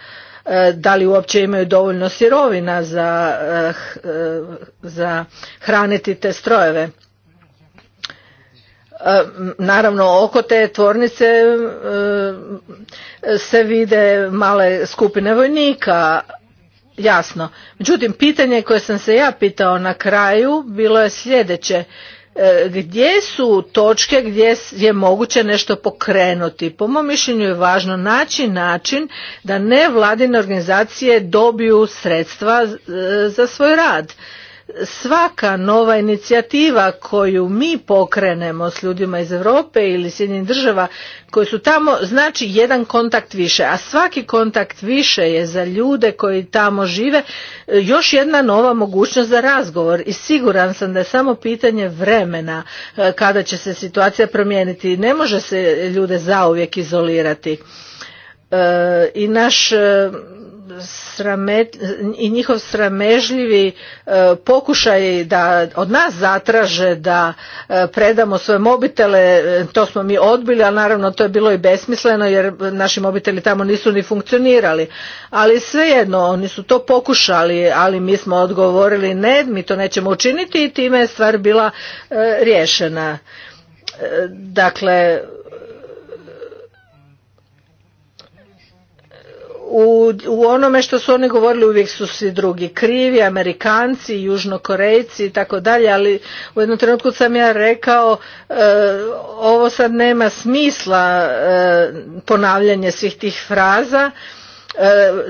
E, da li uopće imaju dovoljno sirovina za, e, e, za hraniti te strojeve. Naravno, oko te tvornice se vide male skupine vojnika, jasno. Međutim, pitanje koje sam se ja pitao na kraju bilo je sljedeće. E, gdje su točke gdje je moguće nešto pokrenuti. Po mom mišljenju je važno naći način da nevladine organizacije dobiju sredstva e, za svoj rad svaka nova inicijativa koju mi pokrenemo s ljudima iz Europe ili Sjedinjenih država koji su tamo znači jedan kontakt više, a svaki kontakt više je za ljude koji tamo žive e, još jedna nova mogućnost za razgovor i siguran sam da je samo pitanje vremena e, kada će se situacija promijeniti. i Ne može se ljude zauvijek izolirati. E, I naš i njihov sramežljivi e, pokušaj da od nas zatraže da e, predamo svoje mobitele, e, to smo mi odbili, ali naravno to je bilo i besmisleno jer naši mobiteli tamo nisu ni funkcionirali. Ali svejedno, oni su to pokušali, ali mi smo odgovorili ne, mi to nećemo učiniti i time je stvar bila riješena. Dakle, u, onome što su oni govorili uvijek su svi drugi krivi, Amerikanci, Južnokorejci i tako dalje, ali u jednom trenutku sam ja rekao e, ovo sad nema smisla e, ponavljanje svih tih fraza E,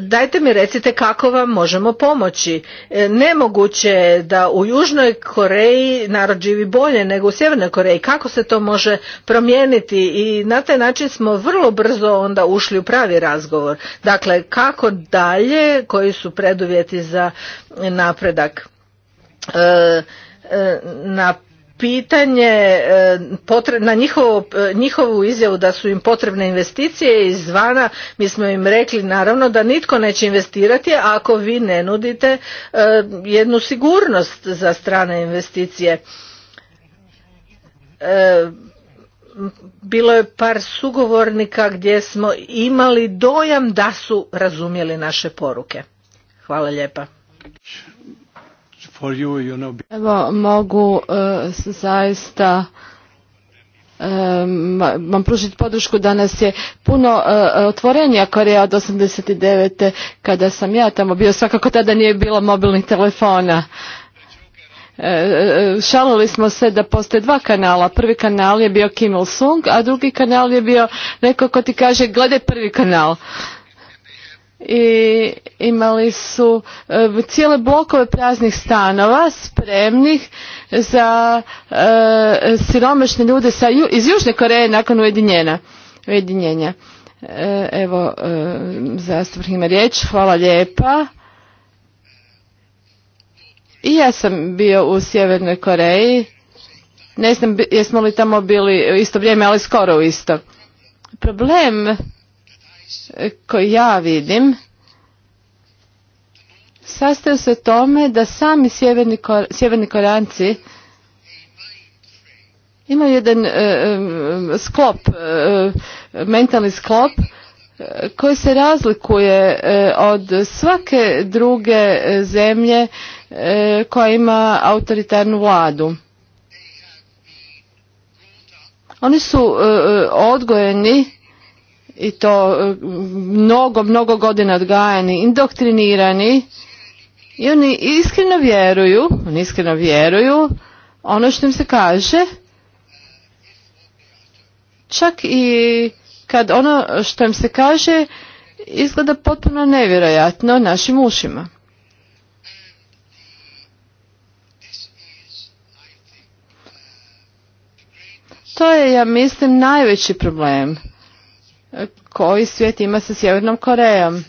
dajte mi recite kako vam možemo pomoći. E, nemoguće je da u Južnoj Koreji narod živi bolje nego u Sjevernoj Koreji. Kako se to može promijeniti i na taj način smo vrlo brzo onda ušli u pravi razgovor. Dakle, kako dalje, koji su preduvjeti za napredak. E, na pitanje e, na njihovu, e, njihovu izjavu da su im potrebne investicije izvana mi smo im rekli naravno da nitko neće investirati ako vi ne nudite e, jednu sigurnost za strane investicije bilo je par sugovornika gdje smo imali dojam da su razumjeli naše poruke hvala lijepa for Evo, mogu e, zaista e, vam pružiti podršku danas je puno e, otvorenja Koreja od 89. kada sam ja tamo bio, svakako tada nije bilo mobilnih telefona. Šalili smo se da postoje dva kanala. Prvi kanal je bio Kim Il-sung, a drugi kanal je bio neko ko ti kaže gledaj prvi kanal i imali su e, cijele blokove praznih stanova spremnih za e, siromašne ljude iz Južne Koreje nakon ujedinjenja. E, evo, e, zastupnik ima riječ. Hvala lijepa. I ja sam bio u Sjevernoj Koreji. Ne znam jesmo li tamo bili isto vrijeme, ali skoro u isto. Problem koji ja vidim sastoji se tome da sami sjeverni, sjeverni koranci imaju jedan e, e, sklop, e, mentalni sklop koji se razlikuje od svake druge zemlje koja ima autoritarnu vladu. Oni su odgojeni i to e, mnogo, mnogo godina odgajani, indoktrinirani i oni iskreno vjeruju, oni iskreno vjeruju ono što im se kaže, čak i kad ono što im se kaže izgleda potpuno nevjerojatno našim ušima. To je, ja mislim, najveći problem koji svijet ima sa Sjevernom Korejom.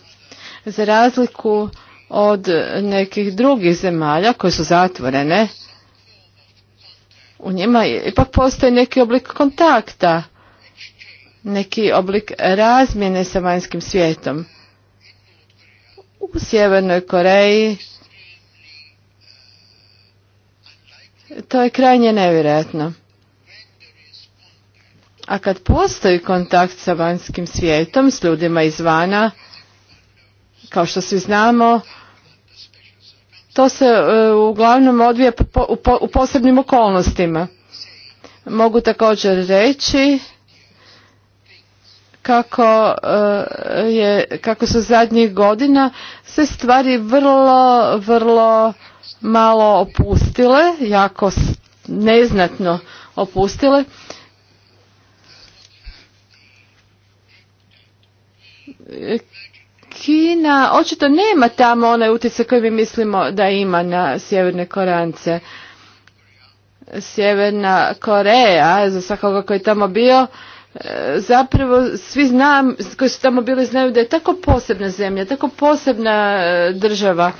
Za razliku od nekih drugih zemalja koje su zatvorene, u njima ipak postoji neki oblik kontakta, neki oblik razmjene sa vanjskim svijetom. U Sjevernoj Koreji to je krajnje nevjerojatno. A kad postoji kontakt sa vanjskim svijetom, s ljudima izvana, kao što svi znamo, to se e, uglavnom odvija u, posebnim okolnostima. Mogu također reći kako, e, je, kako su zadnjih godina se stvari vrlo, vrlo malo opustile, jako neznatno opustile. Kina očito nema tamo onaj utjecaj koji mi mislimo da ima na sjeverne Korance. Sjeverna Koreja, za svakoga koji je tamo bio, e, zapravo svi znam, koji su tamo bili znaju da je tako posebna zemlja, tako posebna e, država,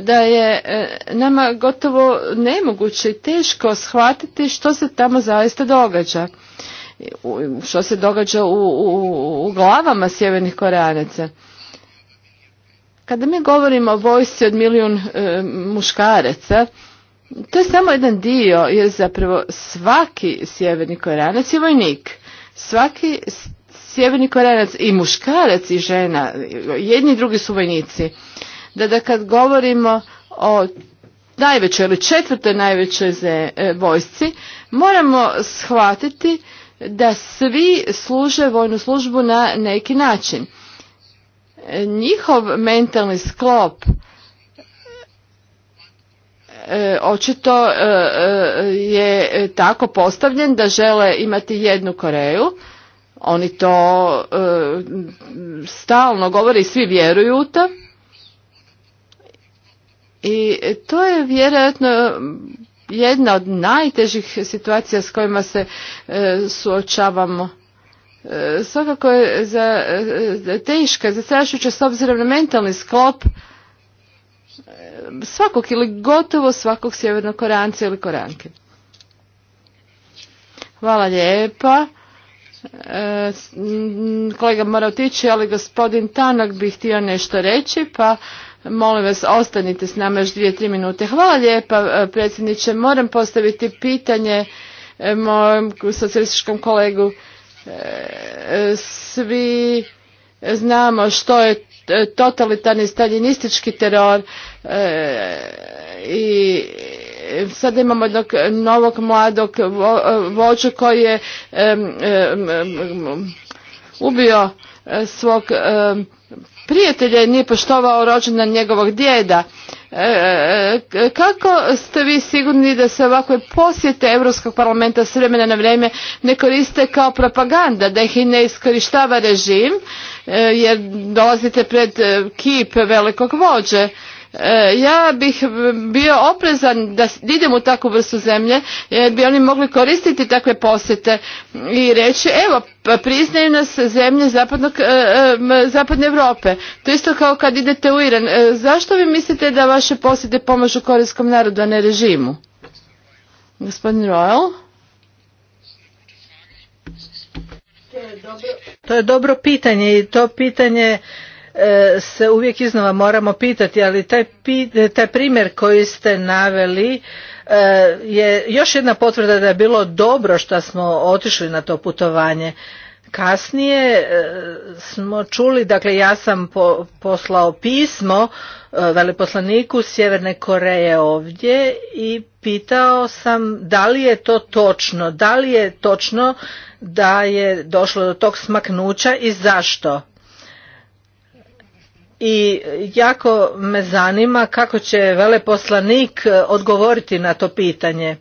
da je e, nama gotovo nemoguće i teško shvatiti što se tamo zaista događa što se događa u, glavama sjevernih koreanaca. Kada mi govorimo o vojsci od milijun e, muškaraca, to je samo jedan dio, jer zapravo svaki sjeverni koreanac je vojnik. Svaki sjeverni koreanac i muškarac i žena, jedni i drugi su vojnici. Da, da kad govorimo o najvećoj ili četvrtoj najvećoj e, vojsci, moramo shvatiti da svi služe vojnu službu na neki način. Njihov mentalni sklop e, očito e, e, je tako postavljen da žele imati jednu Koreju. Oni to stalno govore i svi vjeruju u to. I to je vjerojatno jedna od najtežih situacija s kojima se e, suočavamo. E, svakako je za, e, teška, zastrašujuća s obzirom na mentalni sklop svakog ili gotovo svakog sjevernog koranca ili koranke. Hvala lijepa. kolega mora otići, ali gospodin Tanak bi htio nešto reći, pa Molim vas, ostanite s nama još dvije, tri minute. Hvala lijepa, e, predsjedniče. Moram postaviti pitanje e, mojom socijalističkom kolegu. E, svi znamo što je totalitarni staljinistički teror i sada imamo jednog novog mladog vođu koji je ubio svog prijatelja i nije poštovao rođendan njegovog djeda. E, e, e, kako ste vi sigurni da se ovakve posjete Europskog parlamenta s vremena na vrijeme ne koriste kao propaganda, da ih i ne iskorištava režim, jer dolazite pred kip velikog vođe? E, ja bih bio oprezan da idem u takvu vrstu zemlje jer bi oni mogli koristiti takve posjete i reći evo pa priznaju nas zemlje e, e, zapadne Europe. To isto kao kad idete u Iran. Zašto vi mislite da vaše posjete pomažu korejskom narodu, a ne režimu? Gospodin Royal? to je dobro pitanje i to pitanje E, se uvijek iznova moramo pitati, ali taj, primjer koji ste naveli e, je još jedna potvrda da je bilo dobro što smo otišli na to putovanje. Kasnije e, smo čuli, dakle ja sam poslao pismo veleposlaniku Sjeverne Koreje ovdje i pitao sam da li je to točno, da li je točno da je došlo do tog smaknuća i zašto i jako me zanima kako će veleposlanik e, odgovoriti na to pitanje.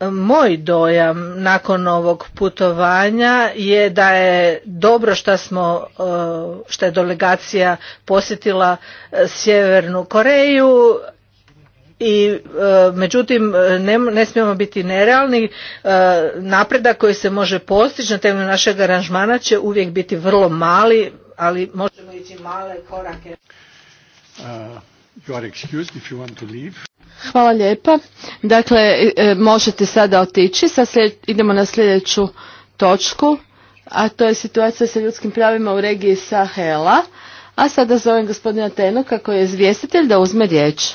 Moj dojam nakon ovog putovanja je da je dobro što smo, e, što je delegacija posjetila e, Sjevernu Koreju i međutim ne, ne smijemo biti nerealni napredak koji se može postići na temelju našeg aranžmana će uvijek biti vrlo mali ali možemo ići male korake. Uh, Hvala lijepa. Dakle, e, možete sada otići. idemo na sljedeću točku, a to je situacija sa ljudskim pravima u regiji Sahela. A sada zovem gospodina Tenoka koji je izvjestitelj da uzme riječ.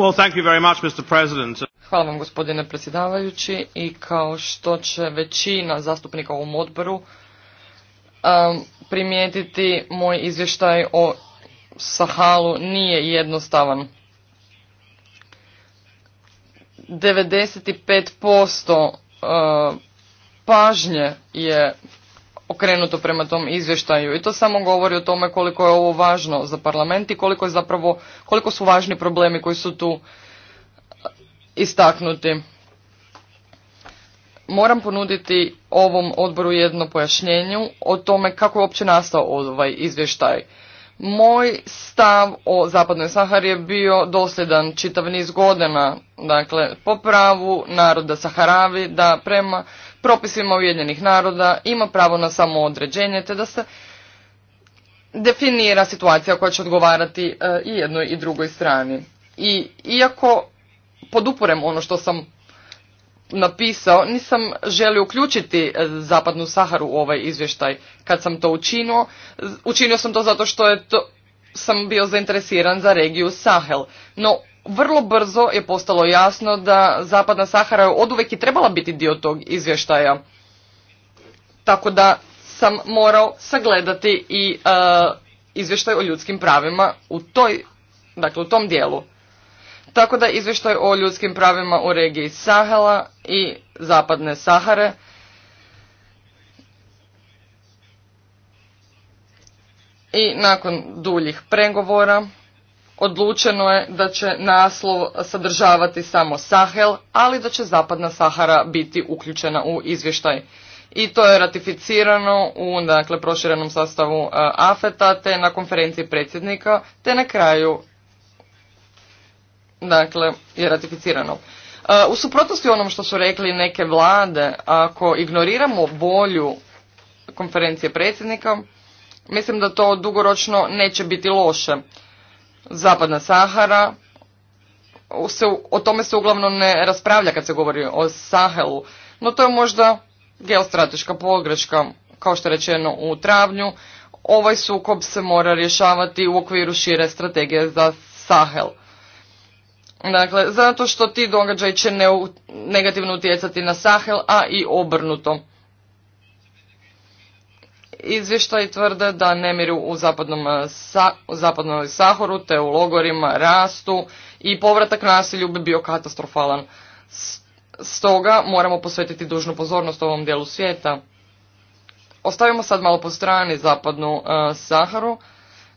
Well, thank you Hvala vam gospodine predsjedavajući i kao što će većina zastupnika u ovom odboru um, primijetiti, moj izvještaj o Sahalu nije jednostavan. 95% e, pažnje je okrenuto prema tom izvještaju i to samo govori o tome koliko je ovo važno za parlament i koliko, je zapravo, koliko su važni problemi koji su tu istaknuti moram ponuditi ovom odboru jedno pojašnjenju o tome kako je uopće nastao ovaj izvještaj. Moj stav o Zapadnoj Sahari je bio dosljedan čitav niz godina, dakle po pravu naroda Saharavi da prema propisima Ujedinjenih naroda ima pravo na samoodređenje te da se definira situacija koja će odgovarati e, i jednoj i drugoj strani. I iako podupurem ono što sam napisao, nisam želio uključiti e, Zapadnu Saharu u ovaj izvještaj. Kad sam to učinio, učinio sam to zato što je sam bio zainteresiran za regiju Sahel. No, vrlo brzo je postalo jasno da Zapadna Sahara je uvek i trebala biti dio tog izvještaja. Tako da sam morao sagledati i e, izvještaj o ljudskim pravima u toj, dakle u tom dijelu. Tako da izvještaj o ljudskim pravima u regiji Sahela i zapadne Sahare i nakon duljih pregovora odlučeno je da će naslov sadržavati samo Sahel, ali da će zapadna Sahara biti uključena u izvještaj. I to je ratificirano u dakle, proširenom sastavu e, AFETA te na konferenciji predsjednika te na kraju dakle, je ratificirano. Uh, u suprotnosti onom što su rekli neke vlade, ako ignoriramo bolju konferencije predsjednika, mislim da to dugoročno neće biti loše. Zapadna Sahara, se, o tome se uglavnom ne raspravlja kad se govori o Sahelu, no to je možda geostrateška pogreška. Kao što je rečeno u travnju, ovaj sukob se mora rješavati u okviru šire strategije za Sahel. Dakle, zato što ti događaj će negativno utjecati na Sahel, a i obrnuto. Izvještaj tvrde da nemiru u zapadnom, eh, sa, u zapadnom Sahoru te u logorima rastu i povratak nasilju bi bio katastrofalan. Stoga moramo posvetiti dužnu pozornost ovom dijelu svijeta. Ostavimo sad malo po strani zapadnu eh, Saharu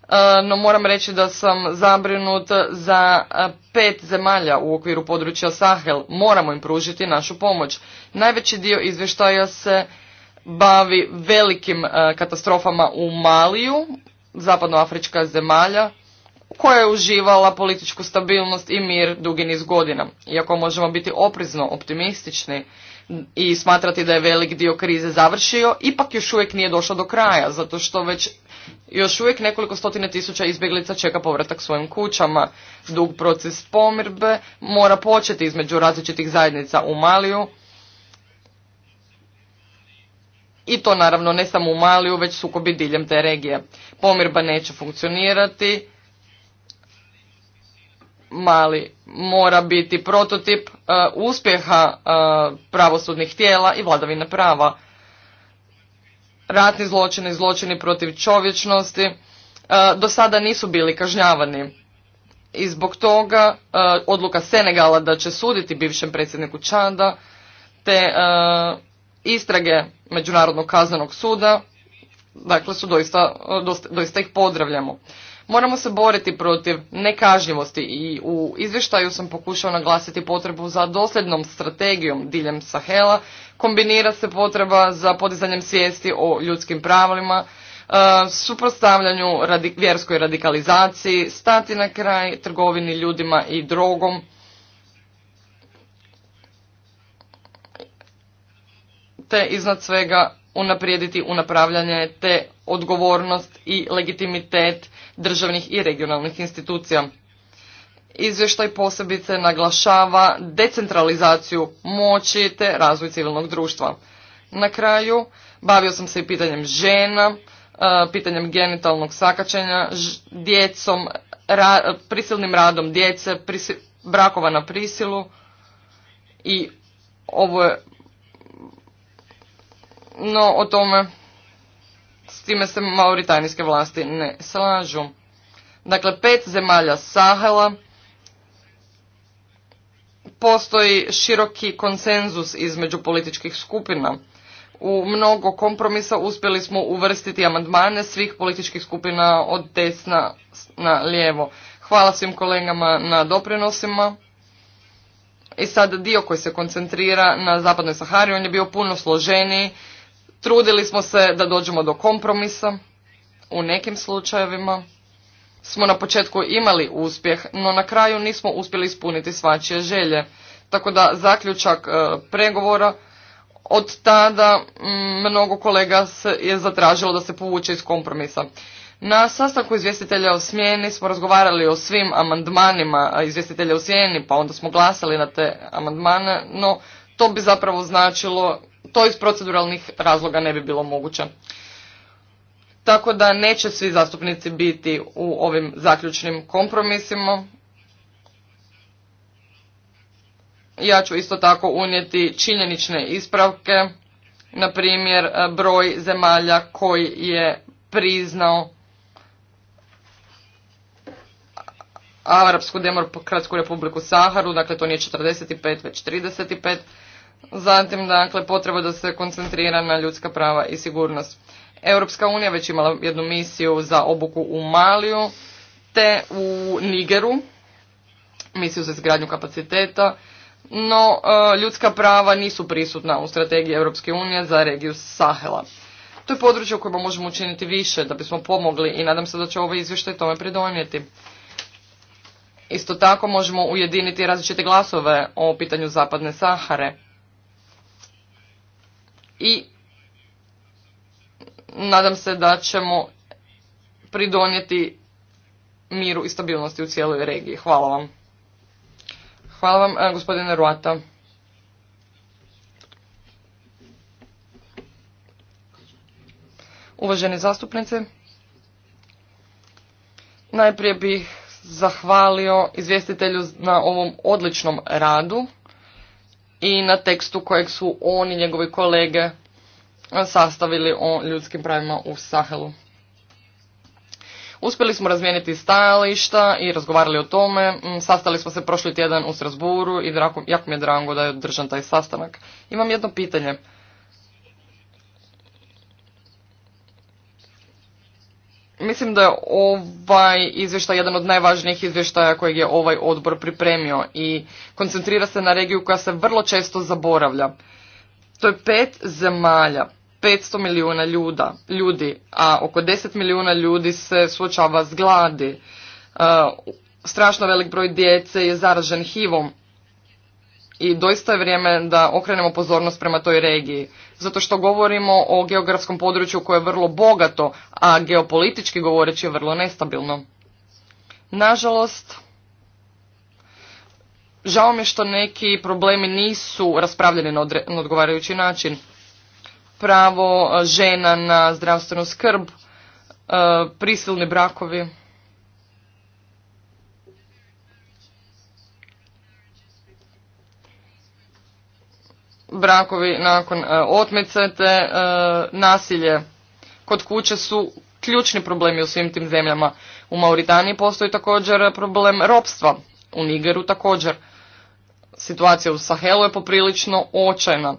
E, no moram reći da sam zabrinut za e, pet zemalja u okviru područja Sahel. Moramo im pružiti našu pomoć. Najveći dio izvještaja se bavi velikim e, katastrofama u Maliju, zapadnoafrička zemalja, koja je uživala političku stabilnost i mir dugi niz godina. Iako možemo biti oprizno optimistični i smatrati da je velik dio krize završio, ipak još uvijek nije došao do kraja, zato što već još uvijek nekoliko stotine tisuća izbjeglica čeka povratak svojim kućama. Dug proces pomirbe mora početi između različitih zajednica u Maliju. I to naravno ne samo u Maliju, već sukobi diljem te regije. Pomirba neće funkcionirati. Mali mora biti prototip e, uspjeha e, pravosudnih tijela i vladavine prava ratni zločini, zločini protiv čovječnosti e, do sada nisu bili kažnjavani. I zbog toga e, odluka Senegala da će suditi bivšem predsjedniku Čanda te e, istrage Međunarodnog kaznenog suda dakle su doista, doista ih pozdravljamo. Moramo se boriti protiv nekažnjivosti i u izvještaju sam pokušao naglasiti potrebu za dosljednom strategijom diljem Sahela, kombinira se potreba za podizanjem svijesti o ljudskim pravima, e, suprotstavljanju vjerskoj radikalizaciji, stati na kraj trgovini ljudima i drogom, te iznad svega unaprijediti unapravljanje te odgovornost i legitimitet državnih i regionalnih institucija. Izvještaj posebice naglašava decentralizaciju moći te razvoj civilnog društva. Na kraju bavio sam se i pitanjem žena, e, pitanjem genitalnog sakačenja, djecom, prisilnim radom djece, brakova na prisilu i ovo je no, o tome, s time se mauritanijske vlasti ne slažu. Dakle, pet zemalja Sahela, postoji široki konsenzus između političkih skupina. U mnogo kompromisa uspjeli smo uvrstiti amandmane svih političkih skupina od desna na lijevo. Hvala svim kolegama na doprinosima. I sad dio koji se koncentrira na zapadnoj Sahari, on je bio puno složeniji Trudili smo se da dođemo do kompromisa. U nekim slučajevima smo na početku imali uspjeh, no na kraju nismo uspjeli ispuniti svačije želje. Tako da zaključak e, pregovora od tada mm, mnogo kolega je zatražilo da se povuče iz kompromisa. Na sastanku izvjestitelja o smjeni smo razgovarali o svim amandmanima izvjestitelja o smjeni, pa onda smo glasali na te amandmane, no to bi zapravo značilo to iz proceduralnih razloga ne bi bilo moguće. Tako da neće svi zastupnici biti u ovim zaključnim kompromisima. Ja ću isto tako unijeti činjenične ispravke, na primjer broj zemalja koji je priznao Arapsku demokratsku republiku Saharu, dakle to nije 45 već 35 Zatim, dakle, potreba da se koncentrira na ljudska prava i sigurnost. Europska unija već imala jednu misiju za obuku u Maliju, te u Nigeru, misiju za izgradnju kapaciteta, no e, ljudska prava nisu prisutna u strategiji Europske unije za regiju Sahela. To je područje u kojima možemo učiniti više da bismo pomogli i nadam se da će ovaj izvještaj tome pridonijeti. Isto tako možemo ujediniti različite glasove o pitanju Zapadne Sahare i nadam se da ćemo pridonijeti miru i stabilnosti u cijeloj regiji. Hvala vam. Hvala vam, eh, gospodine Ruata. Uvažene zastupnice, najprije bih zahvalio izvjestitelju na ovom odličnom radu i na tekstu kojeg su on i njegovi kolege sastavili o ljudskim pravima u Sahelu. Uspjeli smo razmijeniti stajališta i razgovarali o tome. Mm, sastali smo se prošli tjedan u Strasburu i jako mi je drago da je održan taj sastanak. Imam jedno pitanje. Mislim da je ovaj izvještaj jedan od najvažnijih izvještaja kojeg je ovaj odbor pripremio i koncentrira se na regiju koja se vrlo često zaboravlja. To je pet zemalja, 500 milijuna ljuda, ljudi, a oko 10 milijuna ljudi se suočava s gladi. E, strašno velik broj djece je zaražen hivom i doista je vrijeme da okrenemo pozornost prema toj regiji zato što govorimo o geografskom području koje je vrlo bogato, a geopolitički govoreći je vrlo nestabilno. Nažalost, žao mi je što neki problemi nisu raspravljeni na, na odgovarajući način. Pravo e, žena na zdravstvenu skrb, e, prisilni brakovi. brakovi nakon e, otmice te e, nasilje kod kuće su ključni problemi u svim tim zemljama. U Mauritaniji postoji također problem ropstva, u Nigeru također. Situacija u Sahelu je poprilično očajna.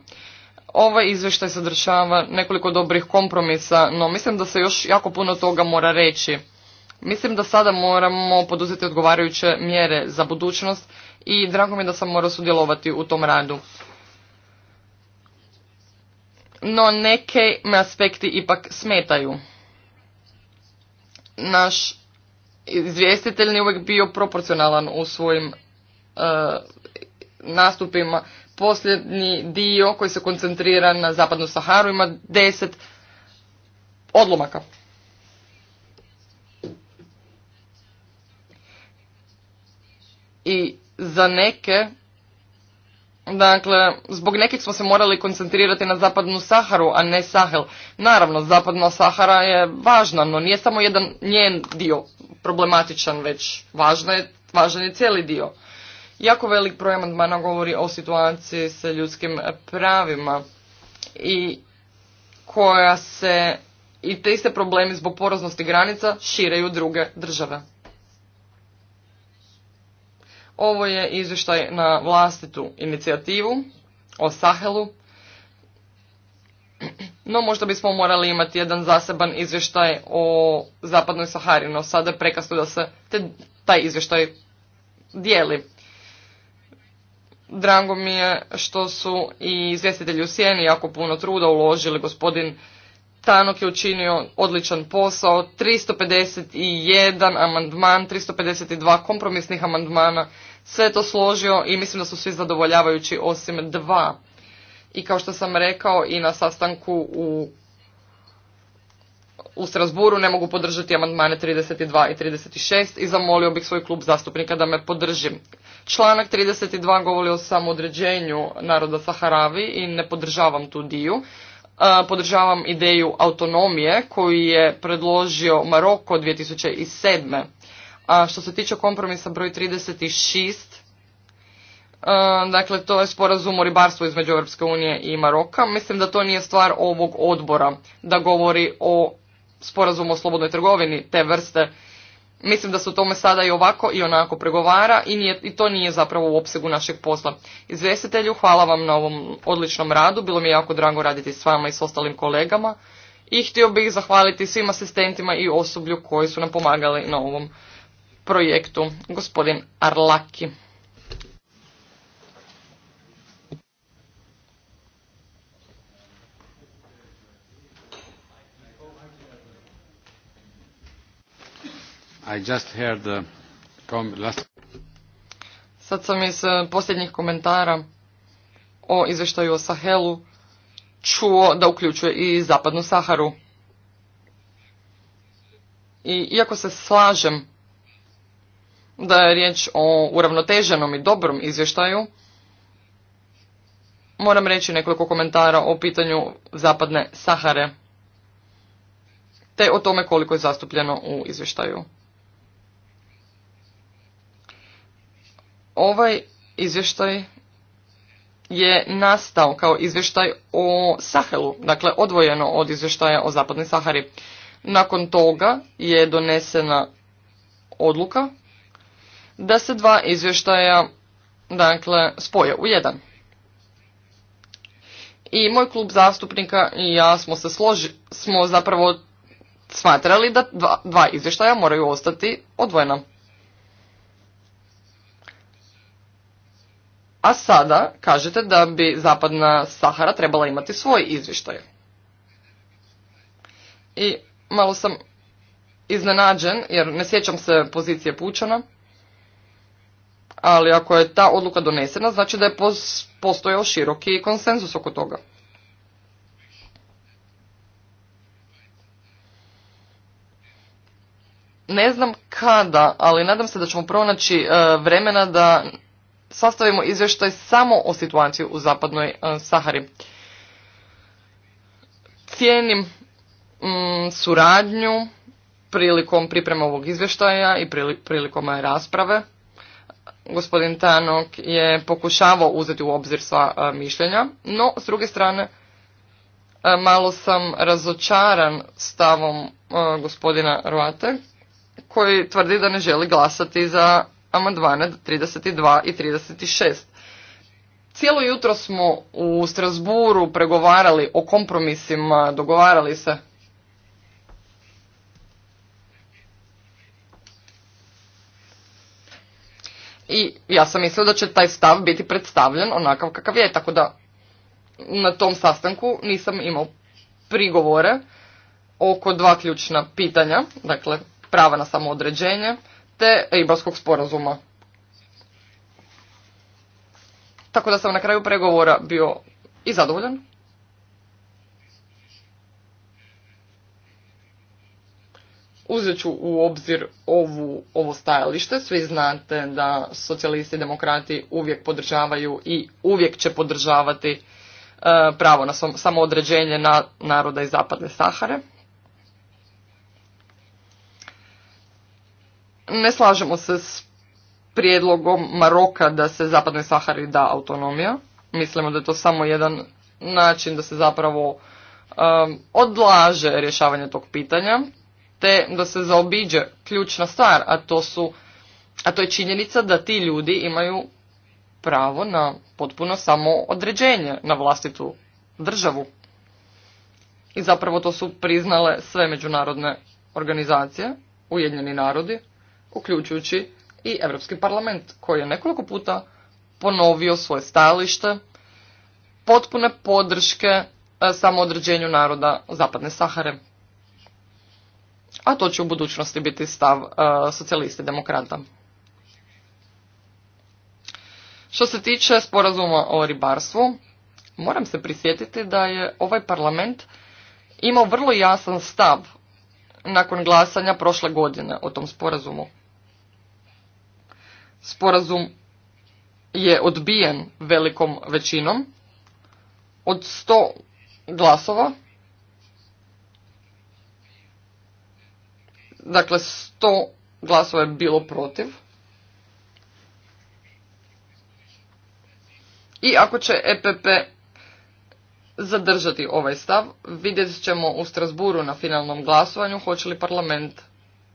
Ovaj izvještaj sadržava nekoliko dobrih kompromisa, no mislim da se još jako puno toga mora reći. Mislim da sada moramo poduzeti odgovarajuće mjere za budućnost i drago mi je da sam morao sudjelovati u tom radu no neke me aspekti ipak smetaju. Naš izvjestitelj je uvijek bio proporcionalan u svojim e, nastupima. Posljednji dio koji se koncentrira na zapadnu Saharu ima deset odlomaka. I za neke Dakle, zbog nekih smo se morali koncentrirati na zapadnu Saharu, a ne Sahel. Naravno, zapadna Sahara je važna, no nije samo jedan njen dio problematičan, već važna je, važan je cijeli dio. Jako velik broj amandmana govori o situaciji sa ljudskim pravima i koja se i te iste problemi zbog poroznosti granica šireju druge države. Ovo je izvještaj na vlastitu inicijativu o Sahelu, no možda bismo morali imati jedan zaseban izvještaj o zapadnoj Sahari, no sada je prekasno da se te, taj izvještaj dijeli. Drago mi je što su i izvjestitelji u Sjeni jako puno truda uložili. Gospodin Tanok je učinio odličan posao, 351 amandman, 352 kompromisnih amandmana sve to složio i mislim da su svi zadovoljavajući osim dva. I kao što sam rekao i na sastanku u u Strasburu ne mogu podržati amandmane 32 i 36 i zamolio bih svoj klub zastupnika da me podrži. Članak 32 govori o samodređenju naroda Saharavi i ne podržavam tu diju. E, podržavam ideju autonomije koju je predložio Maroko 2007. A što se tiče kompromisa broj 36, e, dakle to je sporazum o ribarstvu između Europske unije i Maroka. Mislim da to nije stvar ovog odbora da govori o sporazumu o slobodnoj trgovini te vrste. Mislim da se o tome sada i ovako i onako pregovara i, i to nije zapravo u opsegu našeg posla. Izvjestitelju, hvala vam na ovom odličnom radu, bilo mi je jako drago raditi s vama i s ostalim kolegama i htio bih zahvaliti svim asistentima i osoblju koji su nam pomagali na ovom projektu, gospodin Arlaki. I just heard the uh, last... Sad sam iz uh, posljednjih komentara o izvještaju o Sahelu čuo da uključuje i zapadnu Saharu. I iako se slažem da je riječ o uravnoteženom i dobrom izvještaju, moram reći nekoliko komentara o pitanju zapadne Sahare, te o tome koliko je zastupljeno u izvještaju. Ovaj izvještaj je nastao kao izvještaj o Sahelu, dakle odvojeno od izvještaja o zapadnoj Sahari. Nakon toga je donesena odluka da se dva izvještaja dakle, spoje u jedan. I moj klub zastupnika i ja smo se složi, smo zapravo smatrali da dva, dva izvještaja moraju ostati odvojena. A sada kažete da bi zapadna Sahara trebala imati svoj izvještaj. I malo sam iznenađen jer ne sjećam se pozicije Pučana ali ako je ta odluka donesena, znači da je postojao široki konsenzus oko toga. Ne znam kada, ali nadam se da ćemo pronaći e, vremena da sastavimo izvještaj samo o situaciji u zapadnoj e, Sahari. Cijenim mm, suradnju prilikom pripreme ovog izvještaja i prilikom rasprave. Gospodin Tanok je pokušavao uzeti u obzir sva e, mišljenja, no s druge strane e, malo sam razočaran stavom e, gospodina Roate koji tvrdi da ne želi glasati za amandmane 32 i 36. Cijelo jutro smo u Strasburu pregovarali o kompromisima, dogovarali se I ja sam mislila da će taj stav biti predstavljen onakav kakav je, tako da na tom sastanku nisam imao prigovore oko dva ključna pitanja, dakle prava na samoodređenje te ribarskog sporazuma. Tako da sam na kraju pregovora bio i zadovoljan Uzet ću u obzir ovu, ovo stajalište. Svi znate da socijalisti i demokrati uvijek podržavaju i uvijek će podržavati e, pravo na samoodređenje na naroda iz zapadne Sahare. Ne slažemo se s prijedlogom Maroka da se zapadnoj Sahari da autonomija. Mislimo da je to samo jedan način da se zapravo e, odlaže rješavanje tog pitanja te da se zaobiđe ključna stvar, a to su a to je činjenica da ti ljudi imaju pravo na potpuno samo određenje na vlastitu državu. I zapravo to su priznale sve međunarodne organizacije, Ujedinjeni narodi, uključujući i Europski parlament koji je nekoliko puta ponovio svoje stajalište potpune podrške e, samoodređenju naroda Zapadne Sahare a to će u budućnosti biti stav e, socijalista demokrata. Što se tiče sporazuma o ribarstvu, moram se prisjetiti da je ovaj parlament imao vrlo jasan stav nakon glasanja prošle godine o tom sporazumu. Sporazum je odbijen velikom većinom od 100 glasova Dakle, 100 glasova je bilo protiv. I ako će EPP zadržati ovaj stav, vidjet ćemo u Strasburu na finalnom glasovanju hoće li parlament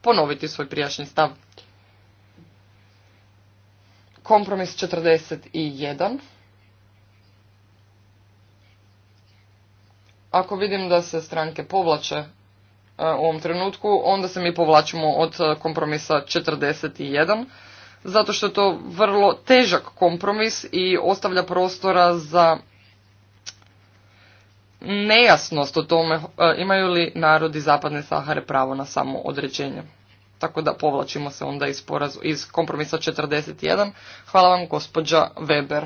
ponoviti svoj prijašnji stav. Kompromis 41. Ako vidim da se stranke povlače E, u ovom trenutku, onda se mi povlačimo od e, kompromisa 41, zato što je to vrlo težak kompromis i ostavlja prostora za nejasnost o tome e, imaju li narodi Zapadne Sahare pravo na samo određenje. Tako da povlačimo se onda iz, iz kompromisa 41. Hvala vam gospođa Weber.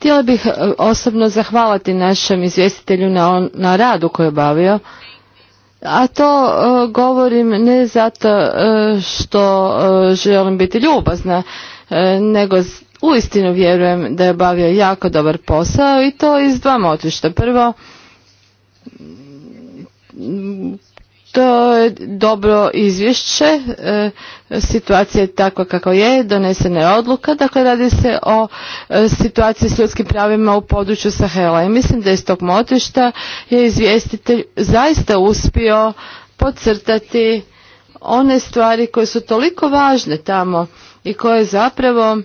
Htjela bih e, osobno zahvaliti našem izvjestitelju na, na radu koju je obavio, a to e, govorim ne zato e, što uh, želim biti ljubazna, nego uistinu vjerujem da je bavio jako dobar posao i to iz dva motišta. Prvo, to je dobro izvješće, e, situacija je takva kako je, donesena je odluka, dakle radi se o e, situaciji s ljudskim pravima u području Sahela i mislim da iz tog motišta je izvjestitelj zaista uspio podcrtati one stvari koje su toliko važne tamo i koje zapravo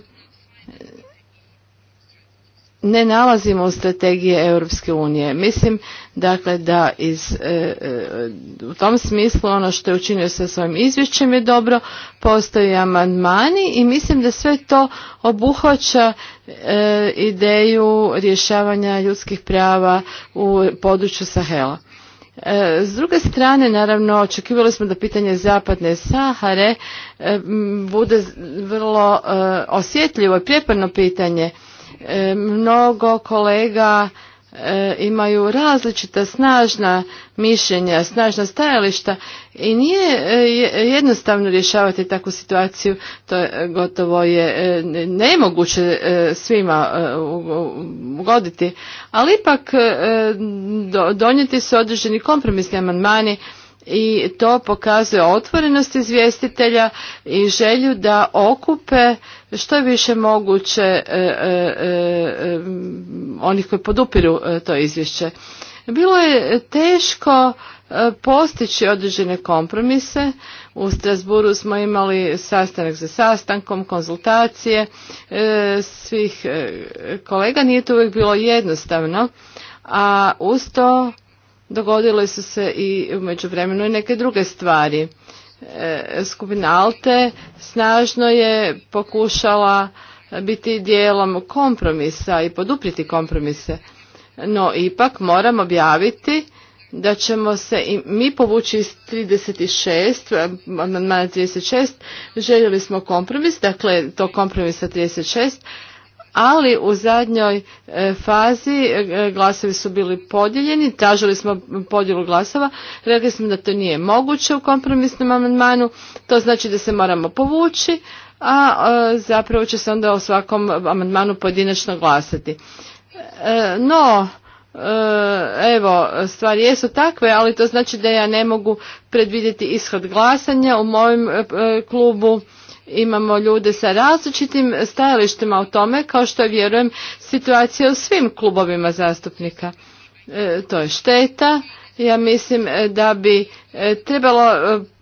ne nalazimo u strategije Europske unije. Mislim dakle da iz, e, e, u tom smislu ono što je učinio sa svojim izvješćem je dobro, postoji amandmani i mislim da sve to obuhvaća e, ideju rješavanja ljudskih prava u području Sahela. S druge strane, naravno, očekivali smo da pitanje zapadne Sahare bude vrlo osjetljivo i prijeporno pitanje E, mnogo kolega e, imaju različita snažna mišljenja, snažna stajališta i nije e, jednostavno rješavati takvu situaciju, to je gotovo je nemoguće svima ugoditi, ali ipak donijeti su određeni kompromisni amandmani i to pokazuje otvorenost izvjestitelja i želju da okupe što je više moguće e, e, e, onih koji podupiru to izvješće. Bilo je teško postići određene kompromise. U Strasburu smo imali sastanak za sastankom, konzultacije svih kolega. Nije to uvijek bilo jednostavno, a uz to dogodile su se i u međuvremenu i neke druge stvari. E, skupina Alte snažno je pokušala biti dijelom kompromisa i podupriti kompromise. No ipak moram objaviti da ćemo se i mi povući iz 36, amandmana 36, željeli smo kompromis, dakle to kompromisa 36, ali u zadnjoj e, fazi e, e, glasovi su bili podijeljeni, tražili smo podjelu glasova, rekli smo da to nije moguće u kompromisnom amandmanu, to znači da se moramo povući, a zapravo će se onda o svakom amandmanu pojedinačno glasati. No, evo, stvari jesu takve, ali to znači da ja ne mogu predvidjeti ishod glasanja u mojem klubu imamo ljude sa različitim stajalištima o tome, kao što je, vjerujem, situacija u svim klubovima zastupnika. E, to je šteta. Ja mislim e, da bi e, trebalo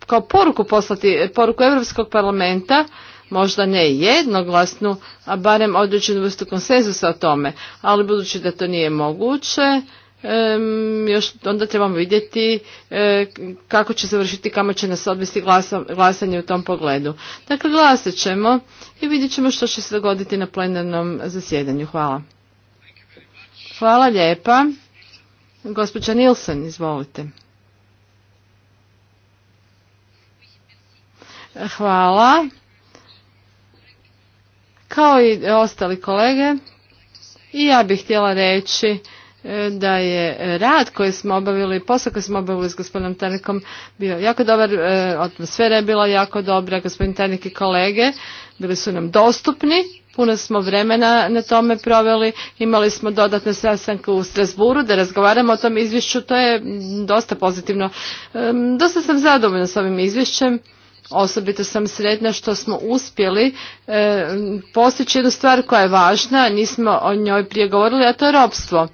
kao poruku poslati, poruku Europskog parlamenta, možda ne jednoglasnu, a barem određenu vrstu konsenzusa o tome. Ali budući da to nije moguće, još onda trebamo vidjeti e, kako će završiti, kamo će nas odvesti glasanje u tom pogledu. Dakle, glasat ćemo i vidjet ćemo što će se dogoditi na plenarnom zasjedanju. Hvala. Hvala lijepa. Gospođa Nilsen, izvolite. Hvala. Kao i ostali kolege, i ja bih htjela reći da je rad koji smo obavili, posao koji smo obavili s gospodinom Tarnikom bio jako dobar, e, atmosfera je bila jako dobra, gospodin Tarnik i kolege bili su nam dostupni, puno smo vremena na tome proveli, imali smo dodatne sastanke u Strasburu da razgovaramo o tom izvješću, to je dosta pozitivno. E, dosta sam zadovoljna s ovim izvješćem. Osobito sam sredna što smo uspjeli e, postići jednu stvar koja je važna, nismo o njoj prije govorili, a to je ropstvo.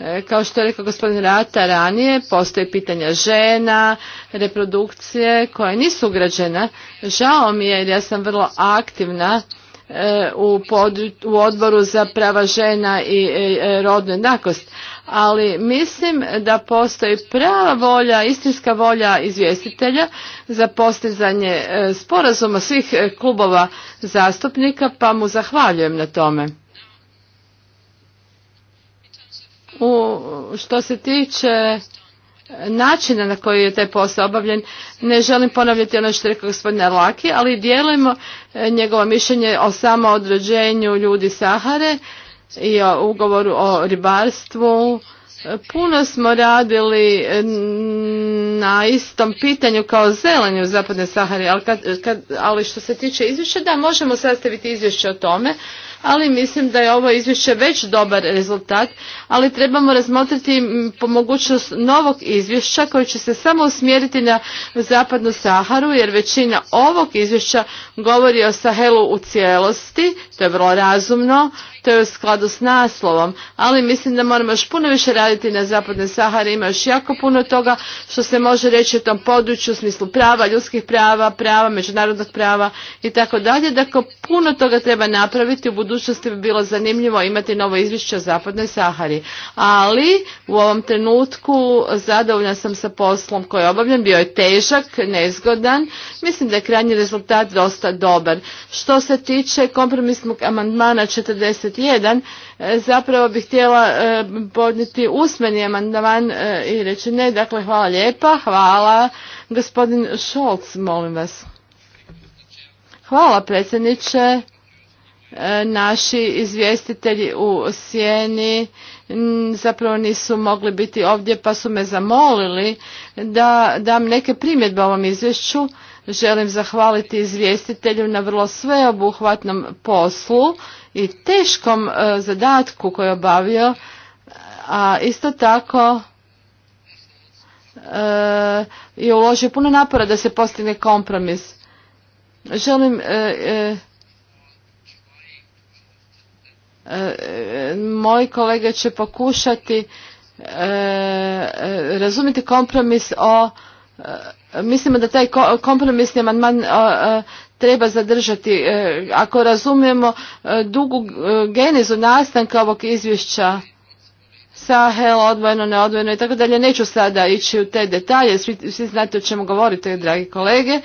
E, kao što je rekao gospodin Rata ranije, postoje pitanja žena, reprodukcije koje nisu ugrađena. Žao mi je jer ja sam vrlo aktivna e, u, u odboru za prava žena i e, rodnu jednakost, ali mislim da postoji prava volja, istinska volja izvjestitelja za postizanje sporazuma svih klubova zastupnika, pa mu zahvaljujem na tome. U, što se tiče načina na koji je taj posao obavljen, ne želim ponavljati ono što je rekao gospodin Laki, ali dijelimo e, njegovo mišljenje o samoodređenju ljudi Sahare i o ugovoru o ribarstvu. E, puno smo radili e, na istom pitanju kao zelenju u Zapadne Sahari, ali, kad, ali što se tiče izvješća, da, možemo sastaviti izvješće o tome ali mislim da je ovo izvješće već dobar rezultat, ali trebamo razmotriti mogućnost novog izvješća koji će se samo usmjeriti na zapadnu Saharu, jer većina ovog izvješća govori o Sahelu u cijelosti, to je vrlo razumno, to je u skladu s naslovom, ali mislim da moramo još puno više raditi na Zapadnoj Sahari, ima još jako puno toga što se može reći o tom području u smislu prava, ljudskih prava, prava, međunarodnog prava i tako dalje. Dakle, puno toga treba napraviti, u budućnosti bi bilo zanimljivo imati novo izvješće o Zapadnoj Sahari. Ali u ovom trenutku zadovoljna sam sa poslom koji je obavljen, bio je težak, nezgodan, mislim da je krajnji rezultat dosta dobar. Što se tiče kompromisnog amandmana jedan. E, zapravo bih htjela e, podnijeti usmeni amandman e, i reći ne, dakle hvala lijepa, hvala gospodin Šolc, molim vas. Hvala predsjedniče, naši izvjestitelji u Sjeni zapravo nisu mogli biti ovdje pa su me zamolili da dam neke primjedbe ovom izvješću Želim zahvaliti izvjestitelju na vrlo sveobuhvatnom poslu i teškom e, zadatku koji je obavio, e, a isto tako e, je uložio puno napora da se postigne kompromis. Želim moji kolege će pokušati razumjeti kompromis o mislimo da taj kompromisni amandman treba zadržati. E, ako razumijemo e, dugu e, genizu nastanka ovog izvješća, Sahel, odvojeno, neodvojeno i tako dalje, neću sada ići u te detalje, svi, svi znate o čemu govorite, dragi kolege.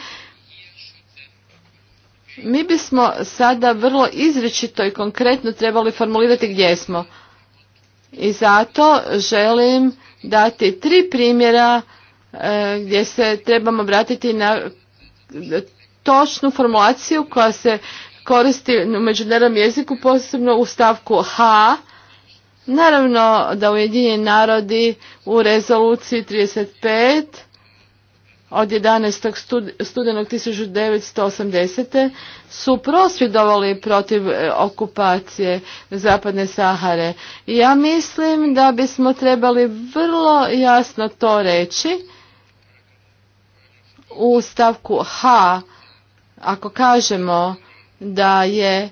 Mi bismo sada vrlo izričito i konkretno trebali formulirati gdje smo. I zato želim dati tri primjera E, gdje se trebamo vratiti na točnu formulaciju koja se koristi u međunarodnom jeziku, posebno u stavku H. Naravno da Ujedinjeni narodi u rezoluciji 35 od 11. studenog 1980. su prosvjedovali protiv e, okupacije Zapadne Sahare. Ja mislim da bismo trebali vrlo jasno to reći u stavku H ako kažemo da je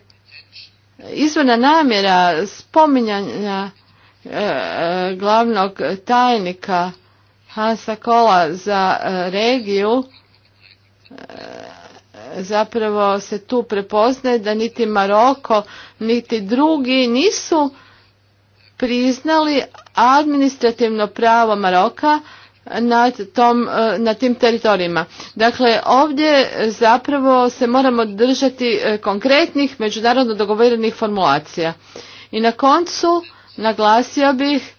izvrna namjera spominjanja e, glavnog tajnika Hansa Kola za e, regiju e, zapravo se tu prepoznaje da niti Maroko niti drugi nisu priznali administrativno pravo Maroka tom, e, na tim teritorijima. Dakle, ovdje zapravo se moramo držati e, konkretnih međunarodno dogovorenih formulacija. I na koncu naglasio bih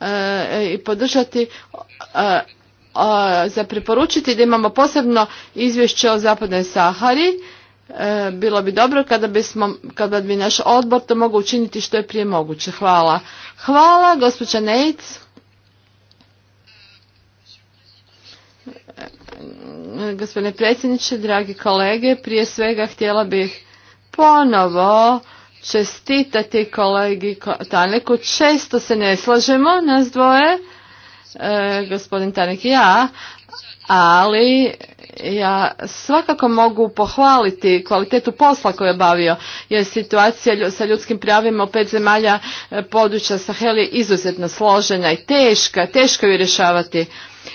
e, i podržati za preporučiti da imamo posebno izvješće o zapadnoj Sahari E, bilo bi dobro kada, kada bi naš odbor to mogao učiniti što je prije moguće. Hvala. Hvala, gospođa Nejc. E, gospodine predsjedniče, dragi kolege, prije svega htjela bih ponovo čestitati kolegi Taneku. Često se ne slažemo, nas dvoje, e, gospodin Tanek i ja, ali ja svakako mogu pohvaliti kvalitetu posla koju je obavio, jer situacija sa ljudskim pravima u pet zemalja e, područja Sahel je izuzetno složena i teška, teško ju rješavati.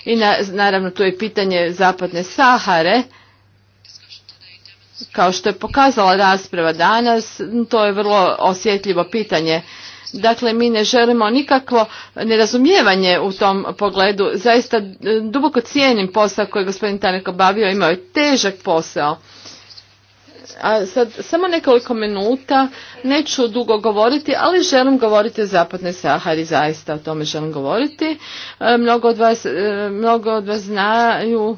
I naravno tu je pitanje zapadne Sahare, kao što je pokazala rasprava danas, to je vrlo osjetljivo pitanje. Dakle, mi ne želimo nikakvo nerazumijevanje u tom pogledu. Zaista e, duboko cijenim posao koji je gospodin Tanek obavio, imao je težak posao. A sad samo nekoliko minuta, neću dugo govoriti, ali želim govoriti o zapadnoj Sahari, zaista o tome želim govoriti. E, mnogo od vas, e, mnogo od vas znaju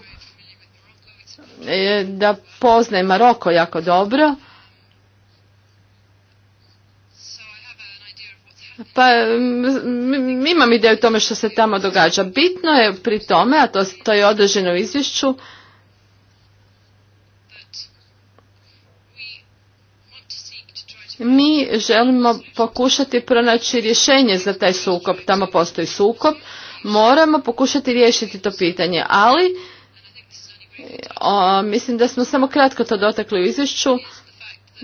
da poznaje Maroko jako dobro. Pa imam ideju o tome što se tamo događa. Bitno je pri tome, a to, je određeno u izvješću, mi želimo pokušati pronaći rješenje za taj sukob. Tamo postoji sukob. Moramo pokušati riješiti to pitanje, ali o, mislim da smo samo kratko to dotakli u izvješću.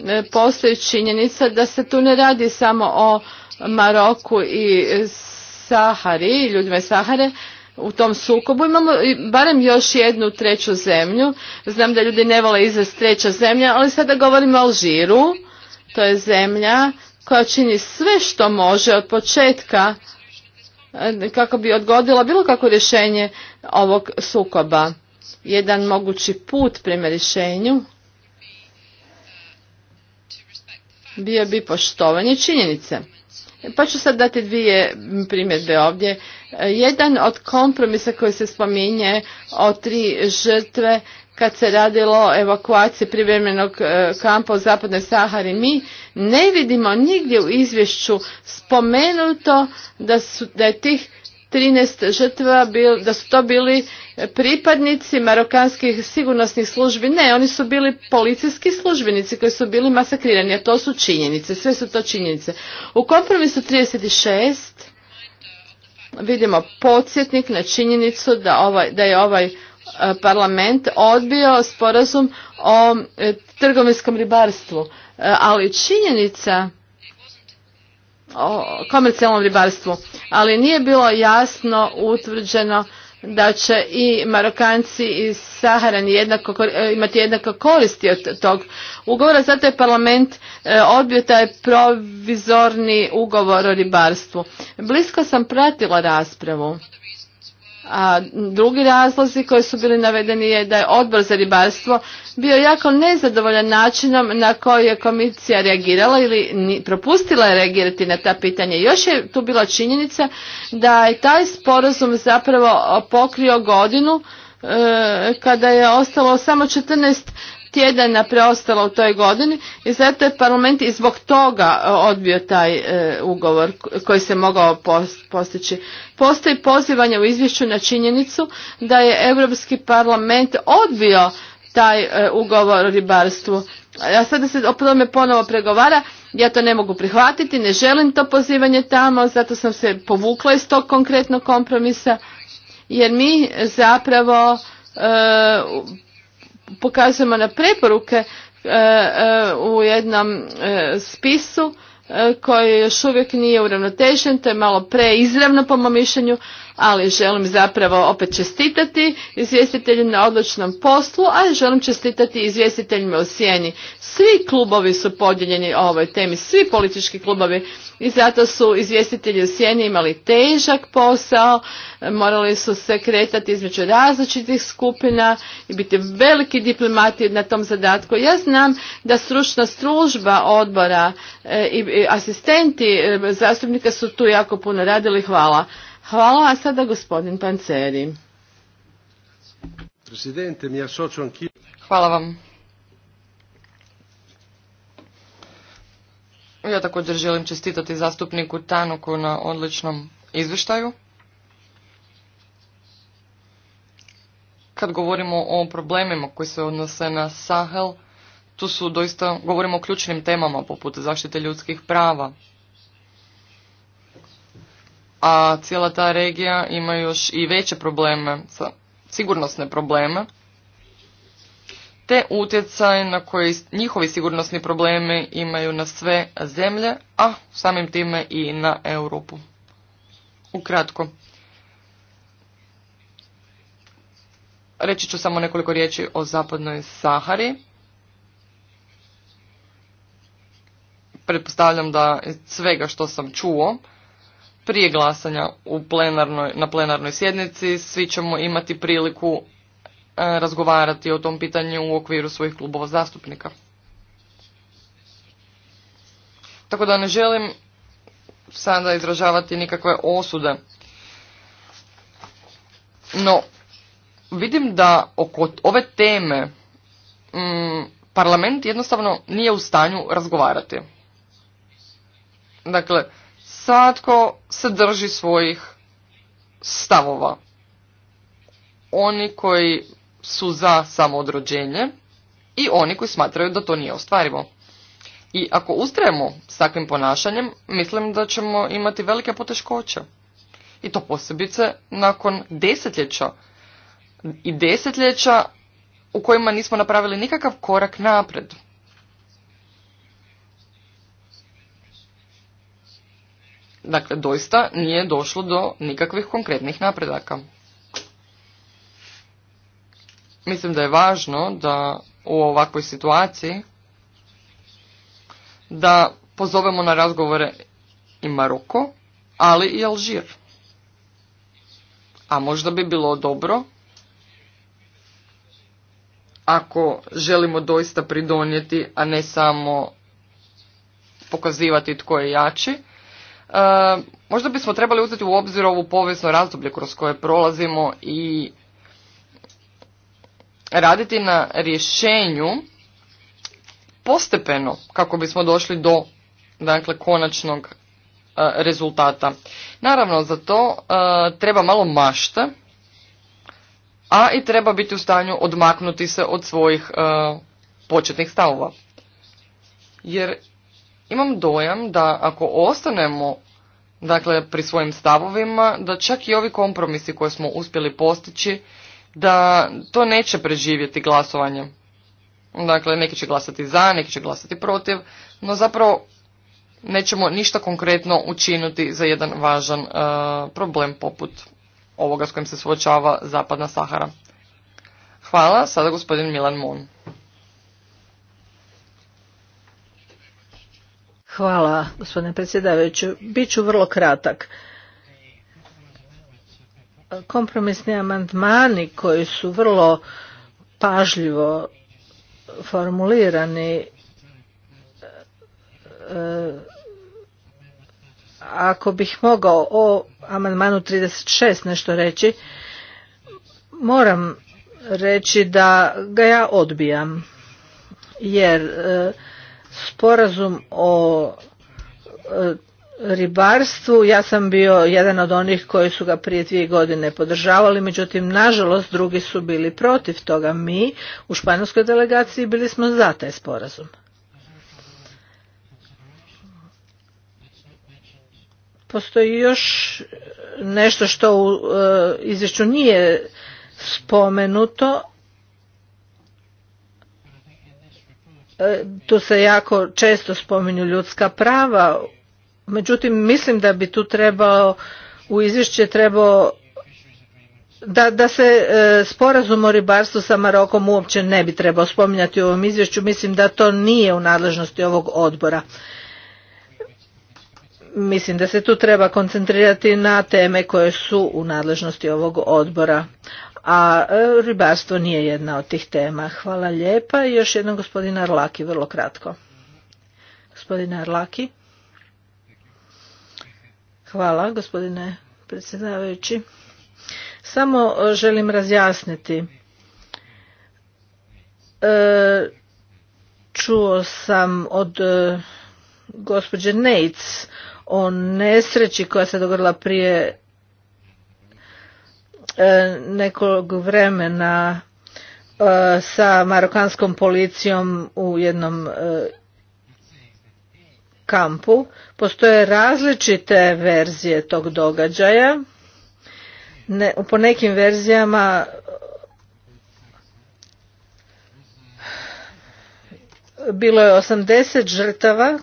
E, postoji činjenica da se tu ne radi samo o Maroku i Sahari, ljudima iz Sahare, u tom sukobu imamo barem još jednu treću zemlju. Znam da ljudi ne vole izraz treća zemlja, ali sada govorimo o Alžiru. To je zemlja koja čini sve što može od početka eh, kako bi odgodila bilo kako rješenje ovog sukoba. Jedan mogući put prema rješenju bio bi poštovanje činjenice pa ću sad dati dvije primjedbe ovdje. Jedan od kompromisa koji se spominje o tri žrtve kad se radilo o evakuaciji privremenog e, kampa u Zapadnoj Sahari. Mi ne vidimo nigdje u izvješću spomenuto da, da je tih 13 žrtva, da su to bili pripadnici marokanskih sigurnosnih službi. Ne, oni su bili policijski službenici koji su bili masakrirani, a to su činjenice, sve su to činjenice. U kompromisu 36 vidimo podsjetnik na činjenicu da, ovaj, da je ovaj e, parlament odbio sporazum o e, trgovinskom ribarstvu. E, ali činjenica o komercijalnom ribarstvu. Ali nije bilo jasno utvrđeno da će i Marokanci i Saharani jednako, e, imati jednako koristi od tog ugovora, zato je parlament e, odbio taj provizorni ugovor o ribarstvu. Blisko sam pratila raspravu a drugi razlozi koji su bili navedeni je da je odbor za ribarstvo bio jako nezadovoljan načinom na koji je komisija reagirala ili propustila je reagirati na ta pitanja. Još je tu bila činjenica da je taj sporazum zapravo pokrio godinu e, kada je ostalo samo 14 tjedana preostalo u toj godini i zato je parlament i zbog toga e, odbio taj e, ugovor koji se mogao postići. Postoji pozivanje u izvješću na činjenicu da je Europski parlament odbio taj e, ugovor o ribarstvu. A sada se o tome ponovo pregovara, ja to ne mogu prihvatiti, ne želim to pozivanje tamo, zato sam se povukla iz tog konkretnog kompromisa, jer mi zapravo pokazujemo na preporuke e, e, u jednom e, spisu koji još uvijek nije uravnotežen, to je malo preizravno po mom mišljenju, ali želim zapravo opet čestitati izvjestiteljima na odličnom poslu, a želim čestitati izvjestiteljima u sjeni. Svi klubovi su podijeljeni o ovoj temi, svi politički klubovi i zato su izvjestitelji u sjeni imali težak posao, morali su se kretati između različitih skupina i biti veliki diplomati na tom zadatku. Ja znam da stručna služba odbora e, i asistenti e, zastupnika su tu jako puno radili. Hvala. Hvala, vam sada gospodin Panceri. Hvala vam. Ja također želim čestitati zastupniku Tanuku na odličnom izvještaju. Kad govorimo o problemima koji se odnose na Sahel, tu su doista, govorimo o ključnim temama poput zaštite ljudskih prava, a cijela ta regija ima još i veće probleme, sigurnosne probleme, te utjecaj na koji njihovi sigurnosni problemi imaju na sve zemlje, a samim time i na Europu. Ukratko. Reći ću samo nekoliko riječi o zapadnoj Sahari. Pretpostavljam da svega što sam čuo, prije glasanja u plenarnoj, na plenarnoj sjednici. Svi ćemo imati priliku e, razgovarati o tom pitanju u okviru svojih klubova zastupnika. Tako da ne želim sada izražavati nikakve osude. No, vidim da oko ove teme mm, parlament jednostavno nije u stanju razgovarati. Dakle, svatko se drži svojih stavova. Oni koji su za samoodrođenje i oni koji smatraju da to nije ostvarivo. I ako ustrajemo s takvim ponašanjem, mislim da ćemo imati velike poteškoće. I to posebice nakon desetljeća. I desetljeća u kojima nismo napravili nikakav korak napred. Dakle, doista nije došlo do nikakvih konkretnih napredaka. Mislim da je važno da u ovakvoj situaciji da pozovemo na razgovore i Maroko, ali i Alžir. A možda bi bilo dobro ako želimo doista pridonijeti, a ne samo pokazivati tko je jači, E, možda bismo trebali uzeti u obzir ovu povijesno razdoblje kroz koje prolazimo i raditi na rješenju postepeno kako bismo došli do dakle konačnog e, rezultata. Naravno za to e, treba malo mašta a i treba biti u stanju odmaknuti se od svojih e, početnih stavova. Jer imam dojam da ako ostanemo dakle pri svojim stavovima da čak i ovi kompromisi koje smo uspjeli postići da to neće preživjeti glasovanje. Dakle, neki će glasati za, neki će glasati protiv, no zapravo nećemo ništa konkretno učiniti za jedan važan e, problem poput ovoga s kojim se suočava zapadna Sahara. Hvala, sada gospodin Milan Mon. Hvala gospodine predsjedavajući. Biću vrlo kratak. Kompromisni amandmani koji su vrlo pažljivo formulirani e, ako bih mogao o amandmanu 36 nešto reći, moram reći da ga ja odbijam. Jer e, sporazum o e, ribarstvu. Ja sam bio jedan od onih koji su ga prije dvije godine podržavali, međutim, nažalost, drugi su bili protiv toga. Mi u španjolskoj delegaciji bili smo za taj sporazum. Postoji još nešto što u e, izvješću nije spomenuto, E, tu se jako često spominju ljudska prava, međutim mislim da bi tu trebao u izvješće trebao da, da se e, sporazum o ribarstvu sa Marokom uopće ne bi trebao spominjati u ovom izvješću, mislim da to nije u nadležnosti ovog odbora. Mislim da se tu treba koncentrirati na teme koje su u nadležnosti ovog odbora a e, ribarstvo nije jedna od tih tema. Hvala lijepa i još jednom gospodina Arlaki, vrlo kratko. Gospodine Arlaki. Hvala gospodine predsjedavajući. Samo e, želim razjasniti. E, čuo sam od gospođe Neitz o nesreći koja se dogodila prije E, nekog vremena e, sa marokanskom policijom u jednom e, kampu. Postoje različite verzije tog događaja. po nekim verzijama bilo je 80 žrtava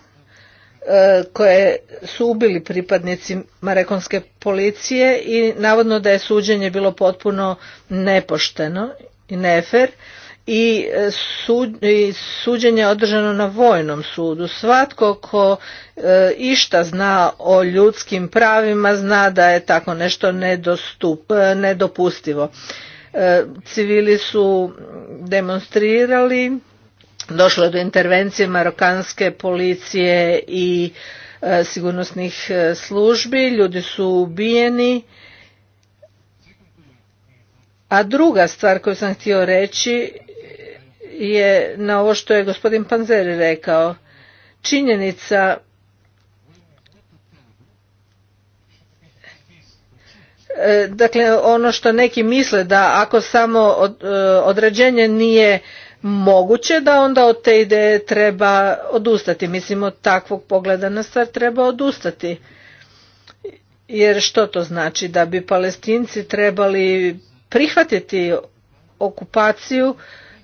E, koje su ubili pripadnici Marekonske policije i navodno da je suđenje bilo potpuno nepošteno i nefer i e, suđenje je održano na vojnom sudu. Svatko ko e, išta zna o ljudskim pravima zna da je tako nešto nedopustivo. Civili su demonstrirali došlo je do intervencije marokanske policije i e, sigurnosnih e, službi, ljudi su ubijeni. A druga stvar koju sam htio reći je na ovo što je gospodin Panzeri rekao. Činjenica e, Dakle, ono što neki misle da ako samo određenje nije moguće da onda od te ideje treba odustati. Mislim od takvog pogleda na stvar treba odustati. Jer što to znači? Da bi palestinci trebali prihvatiti okupaciju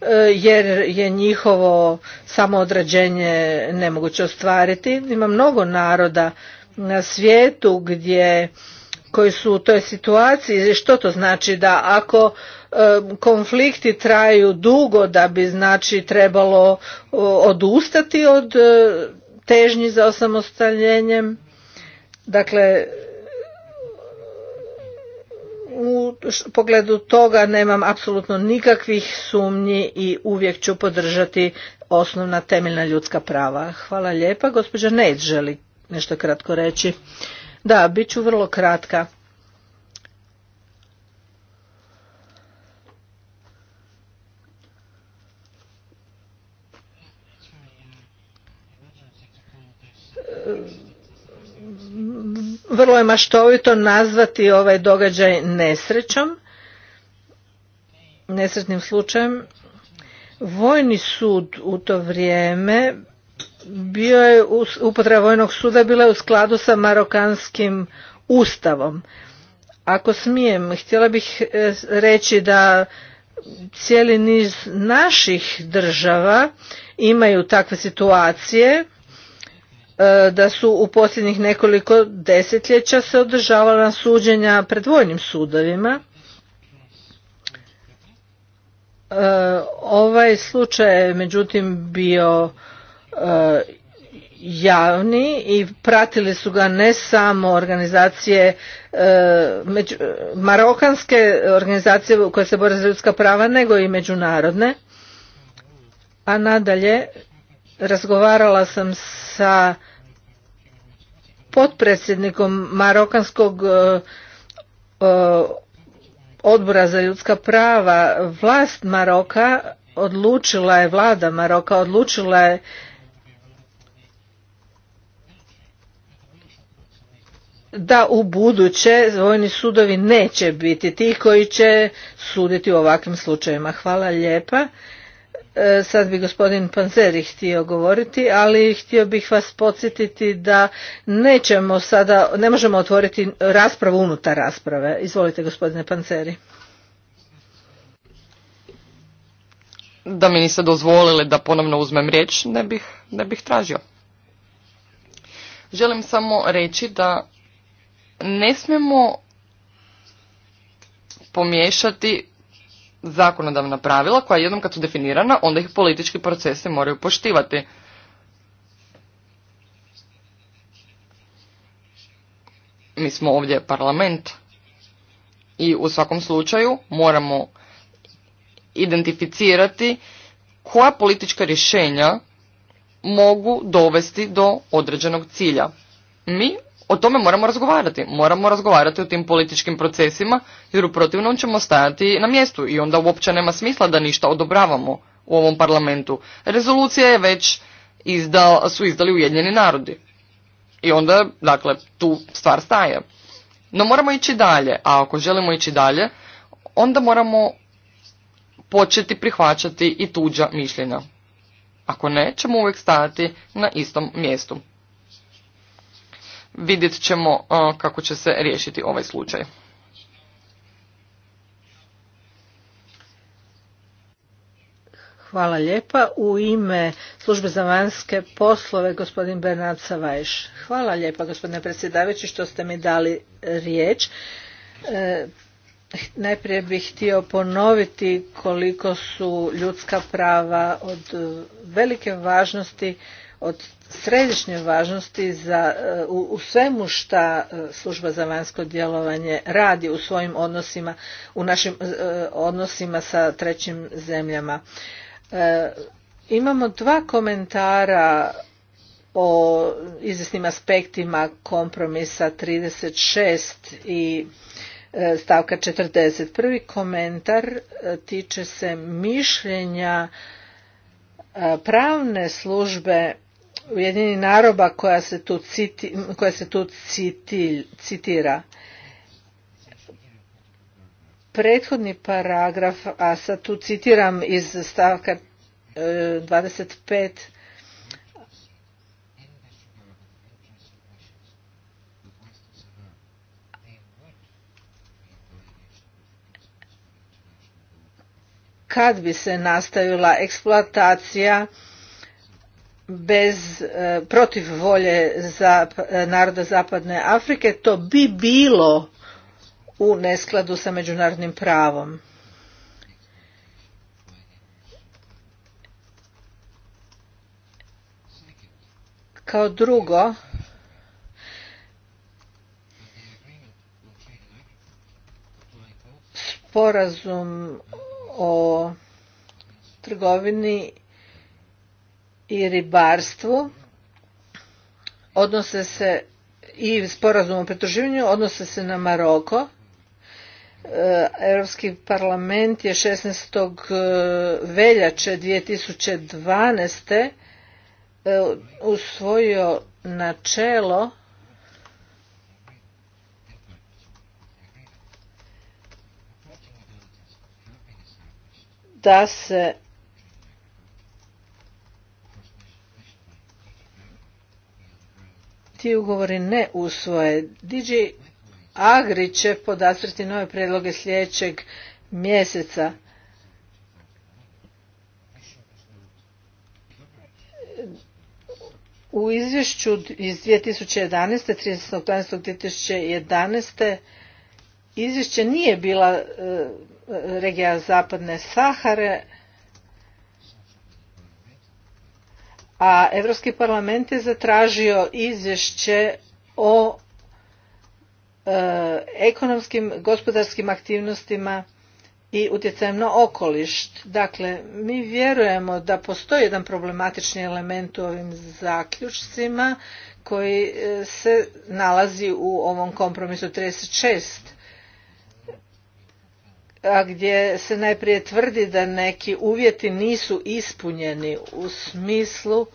e, jer je njihovo samoodređenje nemoguće ostvariti. Ima mnogo naroda na svijetu gdje koji su u toj situaciji što to znači da ako konflikti traju dugo da bi znači trebalo odustati od e, težnji za osamostaljenjem. Dakle, u pogledu toga nemam apsolutno nikakvih sumnji i uvijek ću podržati osnovna temeljna ljudska prava. Hvala lijepa. Gospođa Nejc želi nešto kratko reći. Da, bit ću vrlo kratka. vrlo je maštovito nazvati ovaj događaj nesrećom, nesretnim slučajem. Vojni sud u to vrijeme bio je, upotreba vojnog suda bila je u skladu sa marokanskim ustavom. Ako smijem, htjela bih e, reći da cijeli niz naših država imaju takve situacije E, da su u posljednjih nekoliko desetljeća se održavala suđenja pred vojnim sudovima. E, ovaj slučaj je međutim bio e, javni i pratili su ga ne samo organizacije marokanske organizacije koje se bore za ljudska prava nego i međunarodne a nadalje razgovarala sam sa potpredsjednikom Marokanskog e, e, odbora za ljudska prava. Vlast Maroka odlučila je, vlada Maroka odlučila je da u buduće vojni sudovi neće biti ti koji će suditi u ovakvim slučajevima. Hvala lijepa. E, sad bi gospodin Panzeri htio govoriti, ali htio bih vas podsjetiti da nećemo sada, ne možemo otvoriti raspravu unutar rasprave. Izvolite gospodine Panzeri. Da mi niste dozvolili da ponovno uzmem riječ, ne bih, ne bih tražio. Želim samo reći da ne smijemo pomiješati zakonodavna pravila koja jednom kad su definirana, onda ih politički procesi moraju poštivati. Mi smo ovdje parlament i u svakom slučaju moramo identificirati koja politička rješenja mogu dovesti do određenog cilja. Mi o tome moramo razgovarati. Moramo razgovarati o tim političkim procesima jer u protivnom ćemo stajati na mjestu i onda uopće nema smisla da ništa odobravamo u ovom parlamentu. Rezolucija je već su izdali Ujedinjeni narodi. I onda, dakle, tu stvar staje. No moramo ići dalje, a ako želimo ići dalje, onda moramo početi prihvaćati i tuđa mišljenja. Ako ne, ćemo uvijek stajati na istom mjestu vidjet ćemo e, kako će se riješiti ovaj slučaj. Hvala lijepa. U ime službe za vanjske poslove gospodin Bernard Savajš. Hvala lijepa gospodine predsjedavajući što ste mi dali riječ. E, najprije bih htio ponoviti koliko su ljudska prava od velike važnosti od središnje važnosti za, e, u, svemu šta e, služba za vanjsko djelovanje radi u svojim odnosima, u našim e, odnosima sa trećim zemljama. Imamo dva komentara o izvjesnim aspektima kompromisa 36 i stavka 40. Prvi komentar tiče se mišljenja pravne službe Ujedini naroba koja se tu, citi, koja se tu citi, citira. Prethodni paragraf, a sad tu citiram iz stavka 25, e, kad bi se nastavila eksploatacija bez e, protiv volje za e, naroda zapadne Afrike to bi bilo u neskladu sa međunarodnim pravom. Kao drugo sporazum o trgovini i ribarstvu odnose se i sporazum o pretraživanju odnose se na Maroko. E, Europski parlament je 16. E, veljače 2012. E, usvojio načelo da se ti ugovori ne usvoje. DJ Agri će nove predloge sljedećeg mjeseca. U izvješću iz 2011. jedanaest izvješće nije bila e, e, regija Zapadne Sahare, a Europski parlament je zatražio izvješće o e, ekonomskim gospodarskim aktivnostima i utjecajem na okoliš. Dakle, mi vjerujemo da postoji jedan problematični element u ovim zaključcima koji e, se nalazi u ovom kompromisu 36 a gdje se najprije tvrdi da neki uvjeti nisu ispunjeni u smislu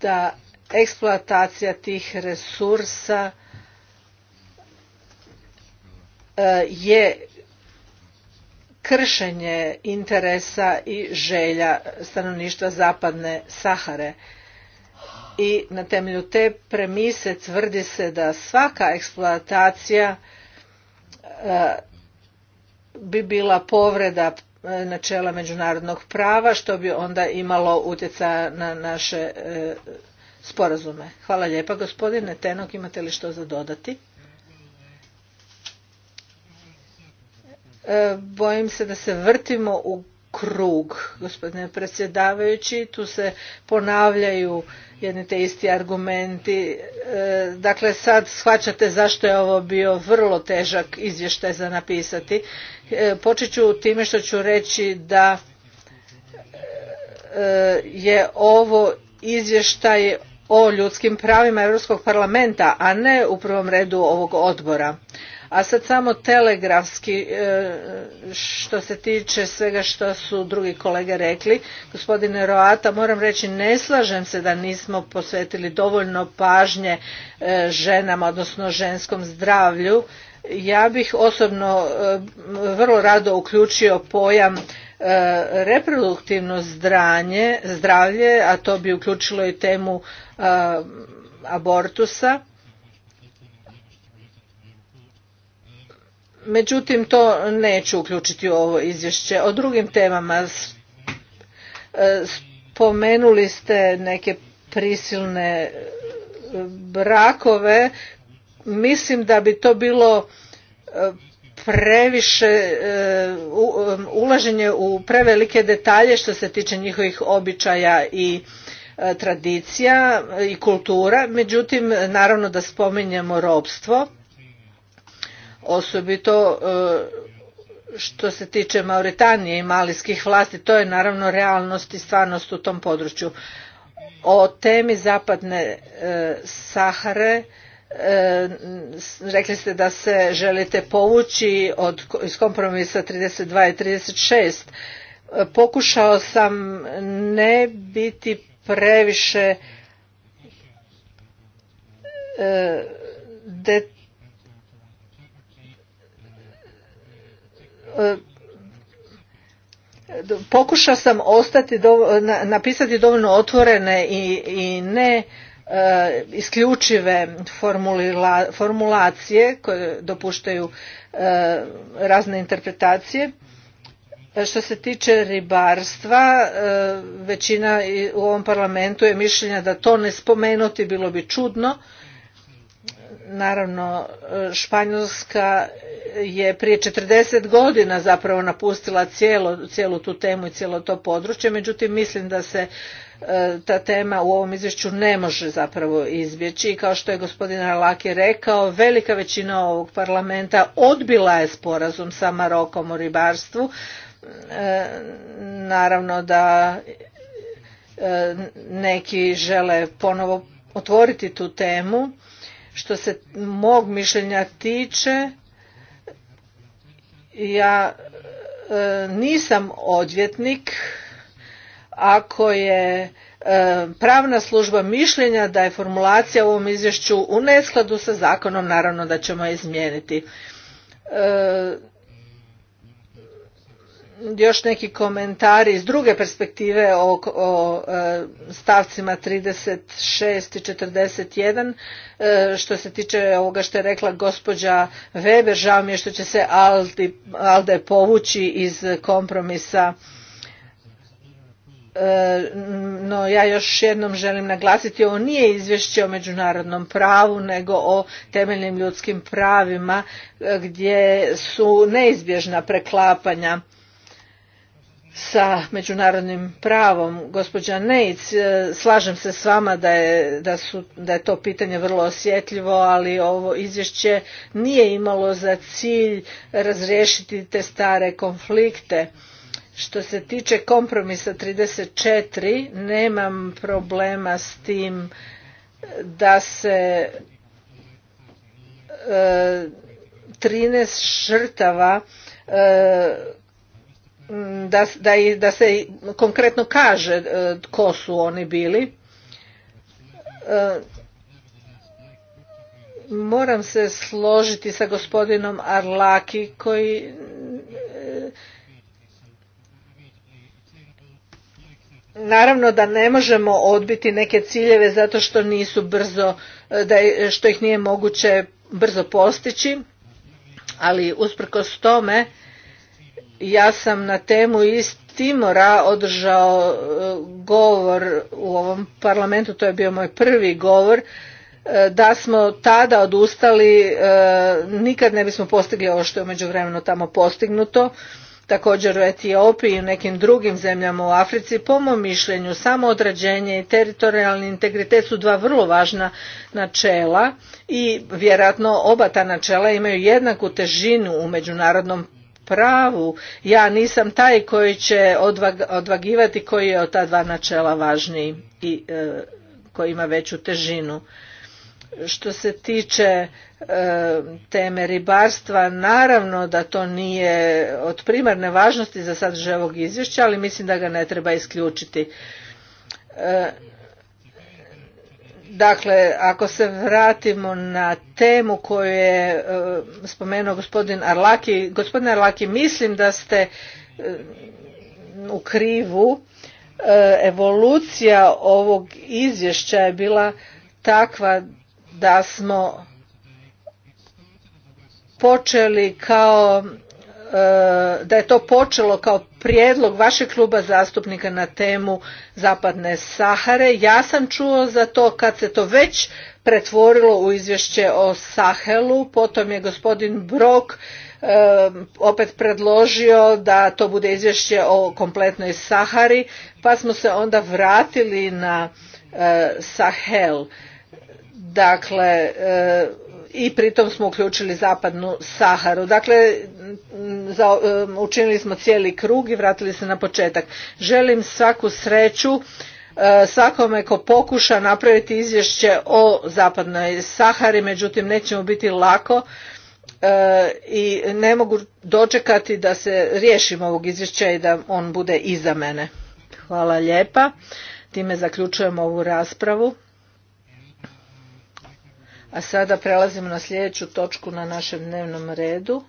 da eksploatacija tih resursa e, je kršenje interesa i želja stanovništva zapadne Sahare i na temelju te premise tvrdi se da svaka eksploatacija e, bi bila povreda e, načela međunarodnog prava što bi onda imalo utjecaja na naše e, sporazume. Hvala lijepa gospodine Tenok, imate li što za dodati? Bojim se da se vrtimo u krug, gospodine predsjedavajući, tu se ponavljaju jedni te isti argumenti. E, dakle, sad shvaćate zašto je ovo bio vrlo težak izvještaj za napisati. E, počet ću time što ću reći da e, je ovo izvještaj o ljudskim pravima Europskog parlamenta, a ne u prvom redu ovog odbora. A sad samo telegrafski e, što se tiče svega što su drugi kolege rekli. Gospodine Roata, moram reći ne slažem se da nismo posvetili dovoljno pažnje e, ženama, odnosno ženskom zdravlju. Ja bih osobno e, vrlo rado uključio pojam reproduktivno zdravlje, a to bi uključilo i temu Eh, abortusa. Međutim, to neću uključiti u ovo izvješće. O drugim temama eh, spomenuli ste neke prisilne eh, brakove. Mislim da bi to bilo previše um, ulaženje u prevelike detalje što se tiče njihovih običaja i E, tradicija i kultura, međutim naravno da spominjemo robstvo, osobito e, što se tiče Mauritanije i malijskih vlasti, to je naravno realnost i stvarnost u tom području. O temi zapadne e, Sahare rekli ste da se želite povući iz kompromisa 32 i 36. pokušao sam ne biti previše e, de, e, pokušao sam ostati napisati dovoljno otvorene i, i ne e, isključive formulacije koje dopuštaju razne interpretacije E, što se tiče ribarstva, e, većina u ovom parlamentu je mišljenja da to ne spomenuti bilo bi čudno. Naravno, e, Španjolska je prije 40 godina zapravo napustila cijelo, cijelu tu temu i cijelo to područje, međutim mislim da se ta tema u ovom izvješću ne može zapravo izbjeći kao što je gospodin Arlaki rekao, velika većina ovog parlamenta odbila je sporazum sa Marokom o ribarstvu E, naravno da e, neki žele ponovo otvoriti tu temu što se mog mišljenja tiče ja e, nisam odvjetnik ako je pravna služba mišljenja da je formulacija u ovom izvješću u neskladu sa zakonom naravno da ćemo je izmijeniti još neki komentari iz druge perspektive o, o e, stavcima 36 i 41 e, što se tiče ovoga što je rekla gospođa Weber žao mi je što će se Alde povući iz kompromisa e, no ja još jednom želim naglasiti ovo nije izvješće o međunarodnom pravu nego o temeljnim ljudskim pravima gdje su neizbježna preklapanja sa međunarodnim pravom. Gospođa Neic, e, slažem se s vama da je, da, su, da je to pitanje vrlo osjetljivo, ali ovo izvješće nije imalo za cilj razriješiti te stare konflikte. Što se tiče kompromisa 34, nemam problema s tim da se e, 13 žrtava e, Mm, da, da, da se konkretno kaže e, ko su oni bili. E, moram se složiti sa gospodinom Arlaki koji e, naravno da ne možemo odbiti neke ciljeve zato što nisu brzo da što ih nije moguće brzo postići ali usprkos tome ja sam na temu iz Timora održao e, govor u ovom parlamentu, to je bio moj prvi govor, e, da smo tada odustali, e, nikad ne bismo postigli ovo što je umeđu vremenu tamo postignuto. Također u Etiopiji i u nekim drugim zemljama u Africi, po mom mišljenju, samo odrađenje i teritorijalni integritet su dva vrlo važna načela i vjerojatno oba ta načela imaju jednaku težinu u međunarodnom pravu. Ja nisam taj koji će odvagivati koji je od ta dva načela važniji i e, koji ima veću težinu. Što se tiče e, teme ribarstva, naravno da to nije od primarne važnosti za sadržaj ovog izvješća, ali mislim da ga ne treba isključiti. E, Dakle, ako se vratimo na temu koju je e, spomenuo gospodin Arlaki, gospodin Arlaki, mislim da ste e, u krivu. E, evolucija ovog izvješća je bila takva da smo počeli kao da je to počelo kao prijedlog vašeg kluba zastupnika na temu zapadne Sahare. Ja sam čuo za to kad se to već pretvorilo u izvješće o Sahelu, potom je gospodin Brok eh, opet predložio da to bude izvješće o kompletnoj Sahari, pa smo se onda vratili na eh, Sahel. Dakle, eh, i pritom smo uključili zapadnu Saharu. Dakle, Um, učinili smo cijeli krug i vratili se na početak. Želim svaku sreću uh, svakome ko pokuša napraviti izvješće o zapadnoj Sahari, međutim nećemo biti lako uh, i ne mogu dočekati da se riješim ovog izvješća i da on bude iza mene. Hvala lijepa. Time zaključujemo ovu raspravu. A sada prelazimo na sljedeću točku na našem dnevnom redu.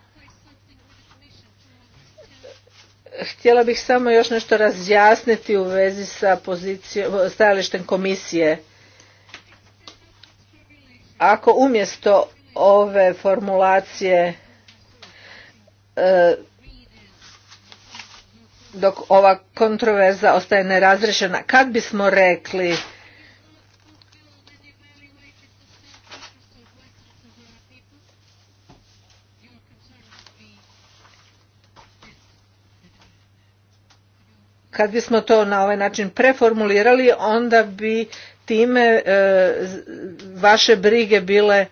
Htjela bih samo još nešto razjasniti u vezi sa pozicijom, stajalištem komisije. Ako umjesto ove formulacije e, dok ova kontroverza ostaje nerazrešena, kad bismo rekli Kad bismo to na ovaj način preformulirali, onda bi time e, vaše brige bile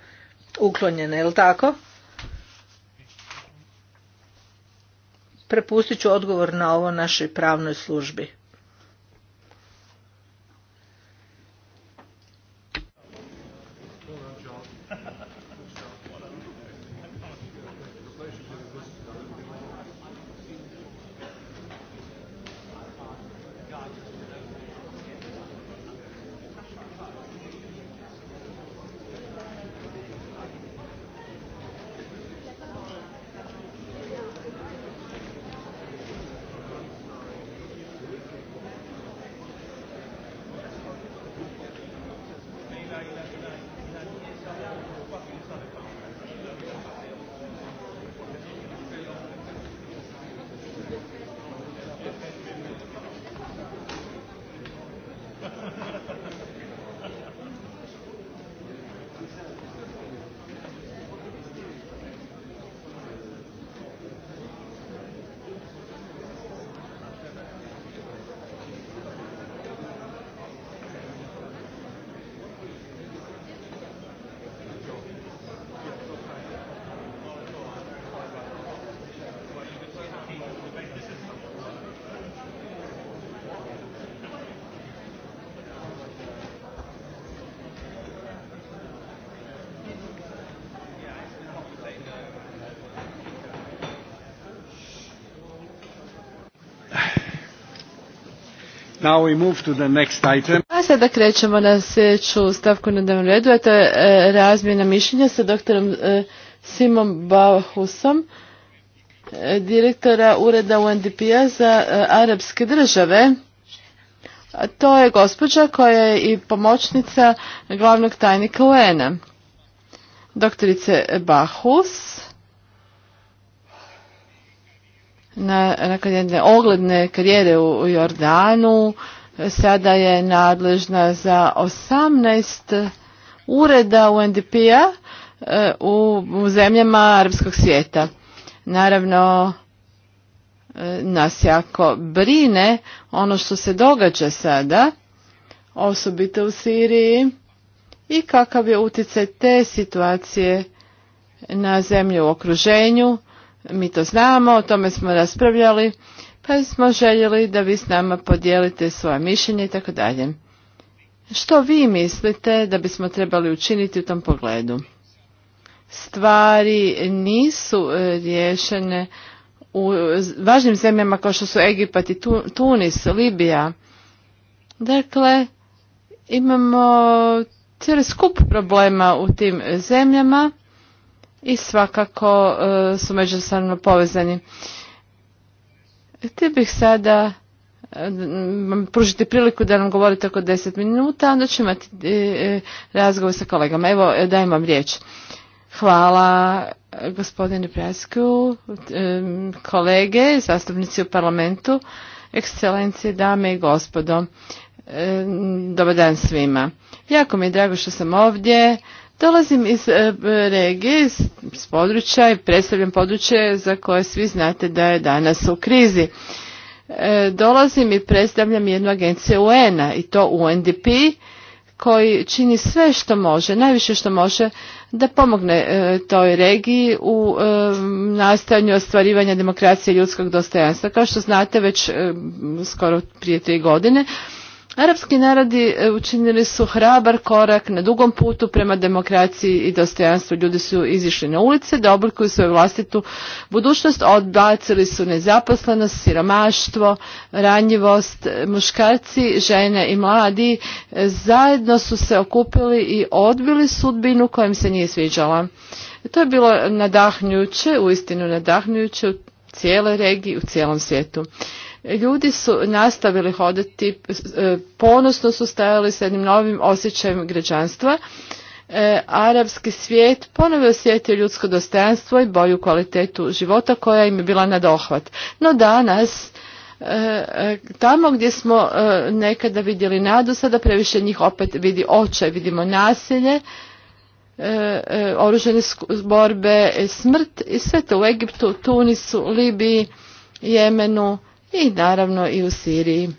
uklonjene, je tako? Prepustit ću odgovor na ovo našoj pravnoj službi. Now we sada krećemo na sljedeću stavku na dnevnom redu, a to je e, razmjena mišljenja sa doktorom e, Simom Bauhusom, e, direktora ureda UNDP-a za arapske države. A to je gospođa koja je i pomoćnica glavnog tajnika UN-a. Doktorice Bahus, na, nakon jedne ogledne karijere u, Jordanu, sada je nadležna za 18 ureda UNDP-a eh, u, zemljama arapskog svijeta. Naravno, eh, nas jako brine ono što se događa sada, osobito u Siriji, i kakav je utjecaj te situacije na zemlju u okruženju, mi to znamo, o tome smo raspravljali, pa smo željeli da vi s nama podijelite svoje mišljenje i tako dalje. Što vi mislite da bismo trebali učiniti u tom pogledu? Stvari nisu e, riješene u važnim zemljama kao što su Egipat i Tunis, Libija. Dakle, imamo cijeli skup problema u tim zemljama i svakako e, su međusobno povezani. Htio bih sada pružiti priliku da nam govorite oko deset minuta, onda ću imati e, e, razgovor sa kolegama. Evo, dajem vam riječ. Hvala gospodine Prasku, kolege, zastupnici u parlamentu, ekscelencije, dame i gospodo. Dobar dan svima. Jako mi je drago što sam ovdje Dolazim iz e, regije, iz područja i predstavljam područje za koje svi znate da je danas u krizi. E, dolazim i predstavljam jednu agenciju UN-a i to UNDP koji čini sve što može, najviše što može da pomogne e, toj regiji u ostvarivanja demokracije i ljudskog dostojanstva. Kao što znate već skoro prije tri godine Arapski narodi e, učinili su hrabar korak na dugom putu prema demokraciji i dostojanstvu. Ljudi su izišli na ulice da oblikuju svoju vlastitu budućnost, odbacili su nezaposlenost, siromaštvo, ranjivost. Muškarci, žene i mladi e, zajedno su se okupili i odbili sudbinu kojim se nije sviđala. To je bilo nadahnjuće, uistinu nadahnjuće u cijeloj regiji, u cijelom svijetu. Ljudi su nastavili hodati, e, ponosno su stajali s jednim novim osjećajem građanstva. E, arapski svijet ponovo osjetio ljudsko dostojanstvo i bolju kvalitetu života koja im je bila na dohvat. No danas e, tamo gdje smo nekada vidjeli nadu, sada previše njih opet vidi očaj, vidimo nasilje, oružene borbe, smrt i sve to u Egiptu, Tunisu, Libiji, Jemenu, i naravno i u Siriji.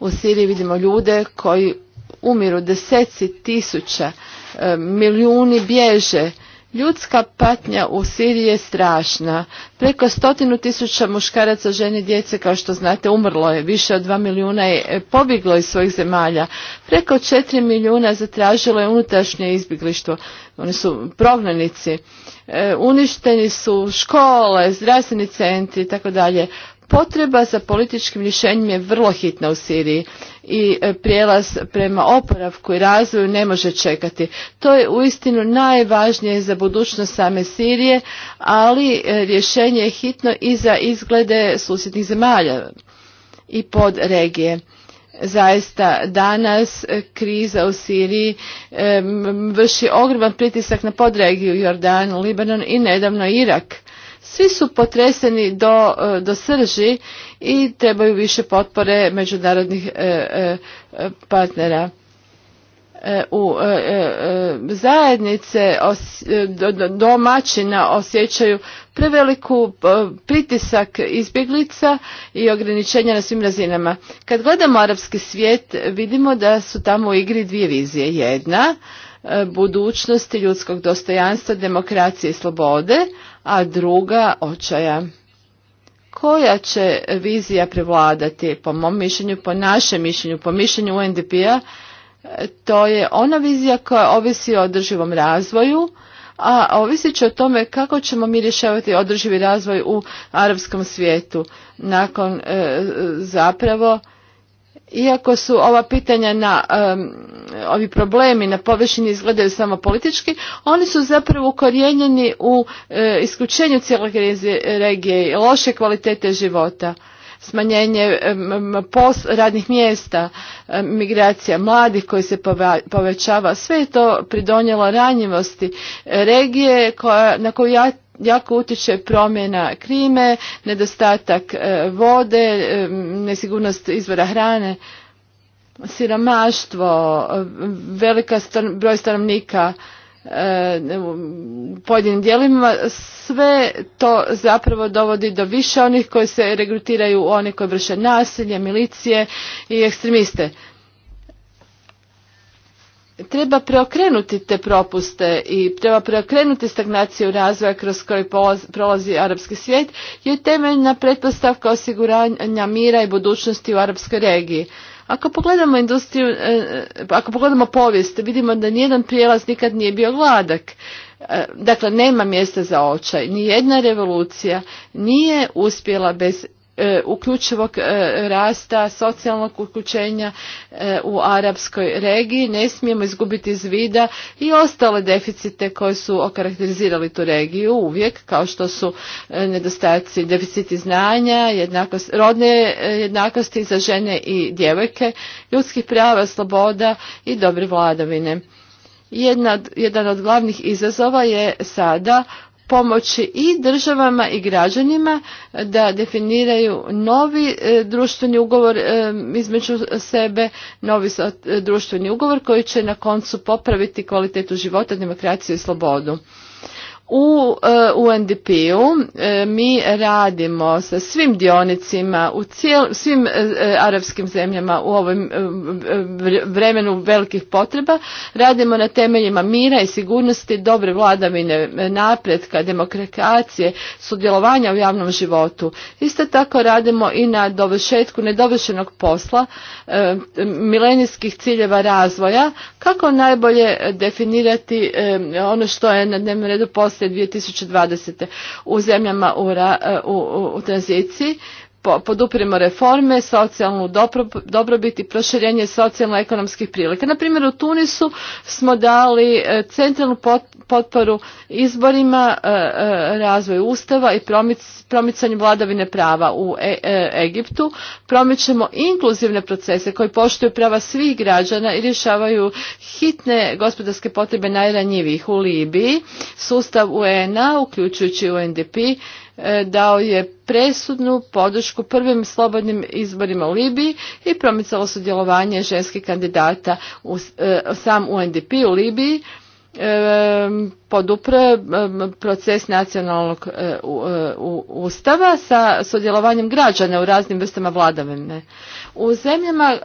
U Siriji vidimo ljude koji umiru deseci tisuća, e, milijuni bježe. Ljudska patnja u Siriji je strašna. Preko stotinu tisuća muškaraca, žene, djece, kao što znate, umrlo je. Više od dva milijuna je e, pobjeglo iz svojih zemalja. Preko četiri milijuna zatražilo je unutrašnje izbjeglištvo. Oni su prognanici. E, uništeni su škole, zdravstveni centri i tako dalje. Potreba za političkim rješenjem je vrlo hitna u Siriji i e, prijelaz prema oporavku i razvoju ne može čekati. To je uistinu najvažnije za budućnost same Sirije, ali e, rješenje je hitno i za izglede susjednih zemalja i pod regije zaista danas e, kriza u Siriji vrši ogroman pritisak na podregiju Jordan, Libanon i nedavno Irak. Svi su potreseni do, e, do srži i trebaju više potpore međunarodnih partnera u zajednice domaćina osjećaju preveliku e, pritisak izbjeglica i ograničenja na svim razinama. Kad gledamo arapski svijet vidimo da su tamo u igri dvije vizije. Jedna e, budućnosti ljudskog dostojanstva, demokracije i slobode, a druga očaja. Koja će vizija prevladati? Po mom mišljenju, po našem mišljenju, po mišljenju UNDP-a, to je ona vizija koja ovisi o održivom razvoju, a ovisit će o tome kako ćemo mi rješavati održivi razvoj u arapskom svijetu. Nakon e, zapravo iako su ova pitanja na ovi problemi na površini izgledaju samo politički oni su zapravo ukorijenjeni u e, isključenju cijele regije loše kvalitete života smanjenje radnih mjesta migracija mladih koji se povećava sve je to pridonjelo ranjivosti regije koja, na koju ja jako utječe promjena krime, nedostatak e, vode, e, nesigurnost izvora hrane, siromaštvo, e, velika broj stanovnika u pojedinim dijelovima, sve to zapravo dovodi do više onih koji se regrutiraju u one koji vrše nasilje, milicije i ekstremiste treba preokrenuti te propuste i treba preokrenuti stagnaciju razvoja kroz koji prolazi arapski svijet je temeljna pretpostavka osiguranja mira i budućnosti u arapskoj regiji. Ako pogledamo industriju, e, e, ako pogledamo povijest, vidimo da nijedan prijelaz nikad nije bio gladak. E, dakle, nema mjesta za očaj. Nijedna revolucija nije uspjela bez E, uključivog e, rasta, socijalnog uključenja e, u arapskoj regiji. Ne smijemo izgubiti iz vida i ostale deficite koji su okarakterizirali tu regiju uvijek, kao što su nedostaci deficiti znanja, jednakost, rodne jednakosti za žene i djevojke, ljudskih prava, sloboda i dobre vladavine. Jedna, jedan od glavnih izazova je sada pomoći i državama i građanima da definiraju novi e, društveni ugovor e, između sebe, novi e, društveni ugovor koji će na koncu popraviti kvalitetu života, demokraciju i slobodu. U eh, UNDP-u eh, mi radimo sa svim dionicima, u svim eh, arapskim zemljama u ovom vremenu velikih potreba. Radimo na temeljima mira i sigurnosti, dobre vladavine, napretka, demokracije, sudjelovanja u javnom životu. Isto tako radimo i na dovršetku nedovršenog posla, milenijskih ciljeva razvoja, kako najbolje definirati ono što je na dnevnom redu posla 2020. u zemljama u, u, u tranziciji podupiremo reforme, socijalnu dobrobit i proširenje socijalno-ekonomskih prilika. Na primjer, u Tunisu smo dali e, centralnu potporu izborima, e, e, razvoju ustava i promicanju vladavine prava u Egiptu. Promičemo inkluzivne procese koji poštuju prava svih građana i rješavaju hitne gospodarske potrebe najranjivijih u Libiji. Sustav UN-a, uključujući UNDP, E, dao je presudnu podršku prvim slobodnim izborima u Libiji i promicalo sudjelovanje ženskih kandidata u e, sam UNDP u Libiji e, podupre proces nacionalnog ustava sa sudjelovanjem građana u raznim vrstama vladavine. U zemljama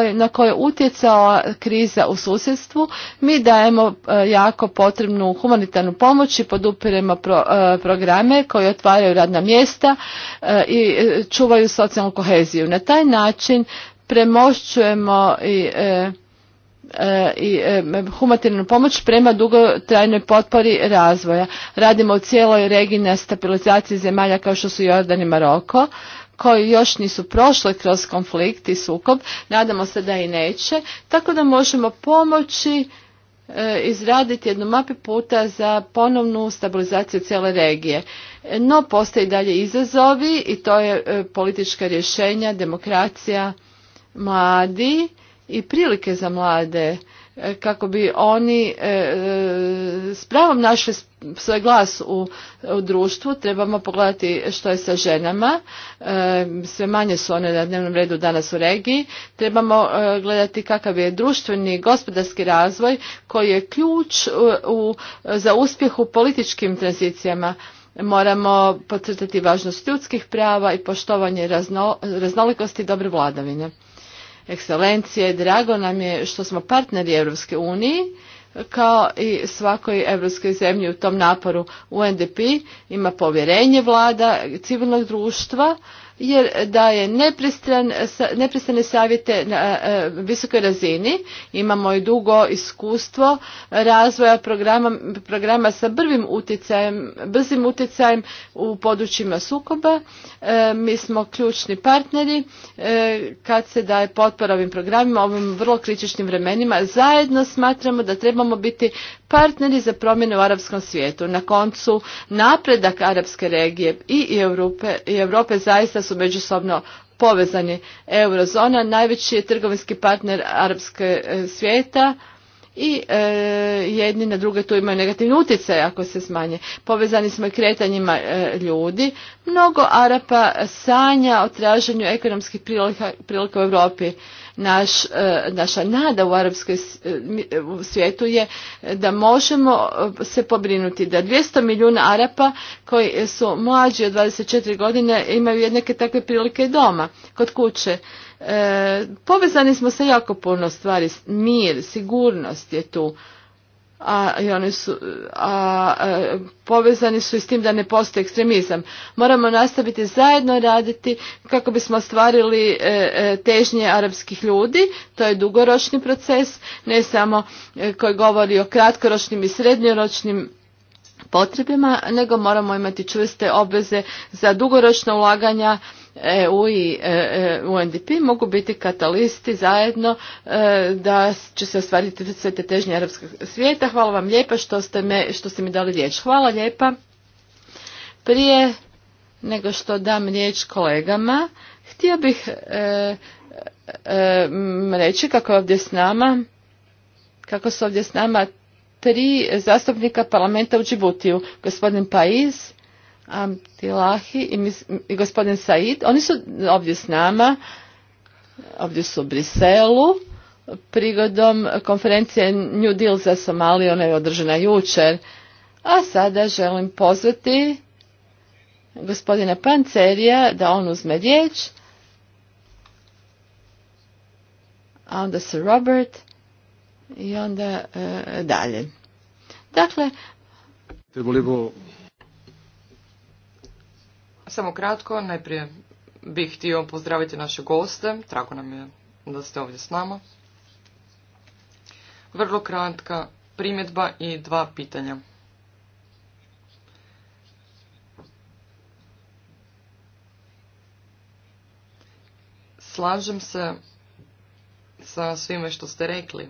e, na koje je utjecala kriza u susjedstvu mi dajemo e, jako potrebnu humanitarnu pomoć i podupiremo e, programe koji otvaraju radna mjesta i čuvaju socijalnu koheziju. Na taj način premošćujemo i i humanitarnu pomoć prema dugotrajnoj potpori razvoja. Radimo u cijeloj regiji na stabilizaciji zemalja kao što su Jordan i Maroko koji još nisu prošle kroz konflikt i sukob, nadamo se da i neće, tako da možemo pomoći e, izraditi jednu mapu puta za ponovnu stabilizaciju cijele regije. No, postoji dalje izazovi i to je e, politička rješenja, demokracija, mladi i prilike za mlade kako bi oni e, e, s pravom našli svoj glas u, društvu. Trebamo pogledati što je sa ženama. E, sve manje su one na dnevnom redu danas u regiji. Trebamo gledati kakav je društveni i gospodarski razvoj koji je ključ u, za uspjeh u političkim tranzicijama. Moramo podcrtati važnost ljudskih prava i poštovanje raznolikosti i dobre vladavine ekscelencije. Drago nam je što smo partneri Europske unije kao i svakoj europskoj zemlji u tom naporu UNDP ima povjerenje vlada, civilnog društva jer daje nepristane savjete na e, visokoj razini. Imamo i dugo iskustvo razvoja programa, programa sa brvim utjecajem, brzim utjecajem u područjima sukoba. E, mi smo ključni partneri e, kad se daje potpora ovim programima, ovim vrlo kritičnim vremenima. Zajedno smatramo da trebamo biti partneri za promjene u arapskom svijetu. Na koncu napredak arapske regije i Europe, Europe zaista su međusobno povezani. Eurozona najveći je trgovinski partner arapske e, svijeta i e, jedni na druge tu imaju negativni utjecaj ako se smanje. Povezani smo i kretanjima e, ljudi. Mnogo Arapa sanja o traženju ekonomskih prilika, prilika u Europi. Naš, e, naša nada u Arapskoj e, e, svijetu je da možemo se pobrinuti da 200 milijuna Arapa koji su mlađi od 24 godine imaju jednake takve prilike doma, kod kuće. povezani smo sa jako puno stvari. Mir, sigurnost je tu a, i oni su, a, e, povezani su i s tim da ne postoji ekstremizam. Moramo nastaviti zajedno raditi kako bismo ostvarili e, e, težnje arapskih ljudi. To je dugoročni proces, ne samo koji govori o kratkoročnim i srednjoročnim potrebima, nego moramo imati čvrste obveze za dugoročna ulaganja EU i e, e, UNDP mogu biti katalisti zajedno e, da će se ostvariti sve te težnje arapskog svijeta. Hvala vam lijepa što ste, mi dali riječ. Hvala lijepa. Prije nego što dam riječ kolegama, htio bih reći kako je ovdje s nama, kako su ovdje s nama tri zastupnika parlamenta u Džibutiju, gospodin Paiz, Amtilahi i, gospodin Said. Oni su ovdje s nama, ovdje su u Briselu. Prigodom konferencije New Deal za Somaliju, ona je održana jučer. A sada želim pozvati gospodina Pancerija da on uzme riječ. A onda se Robert i onda e, dalje. Dakle, samo kratko, najprije bih htio pozdraviti naše goste, drago nam je da ste ovdje s nama. Vrlo kratka primjedba i dva pitanja. Slažem se sa svime što ste rekli.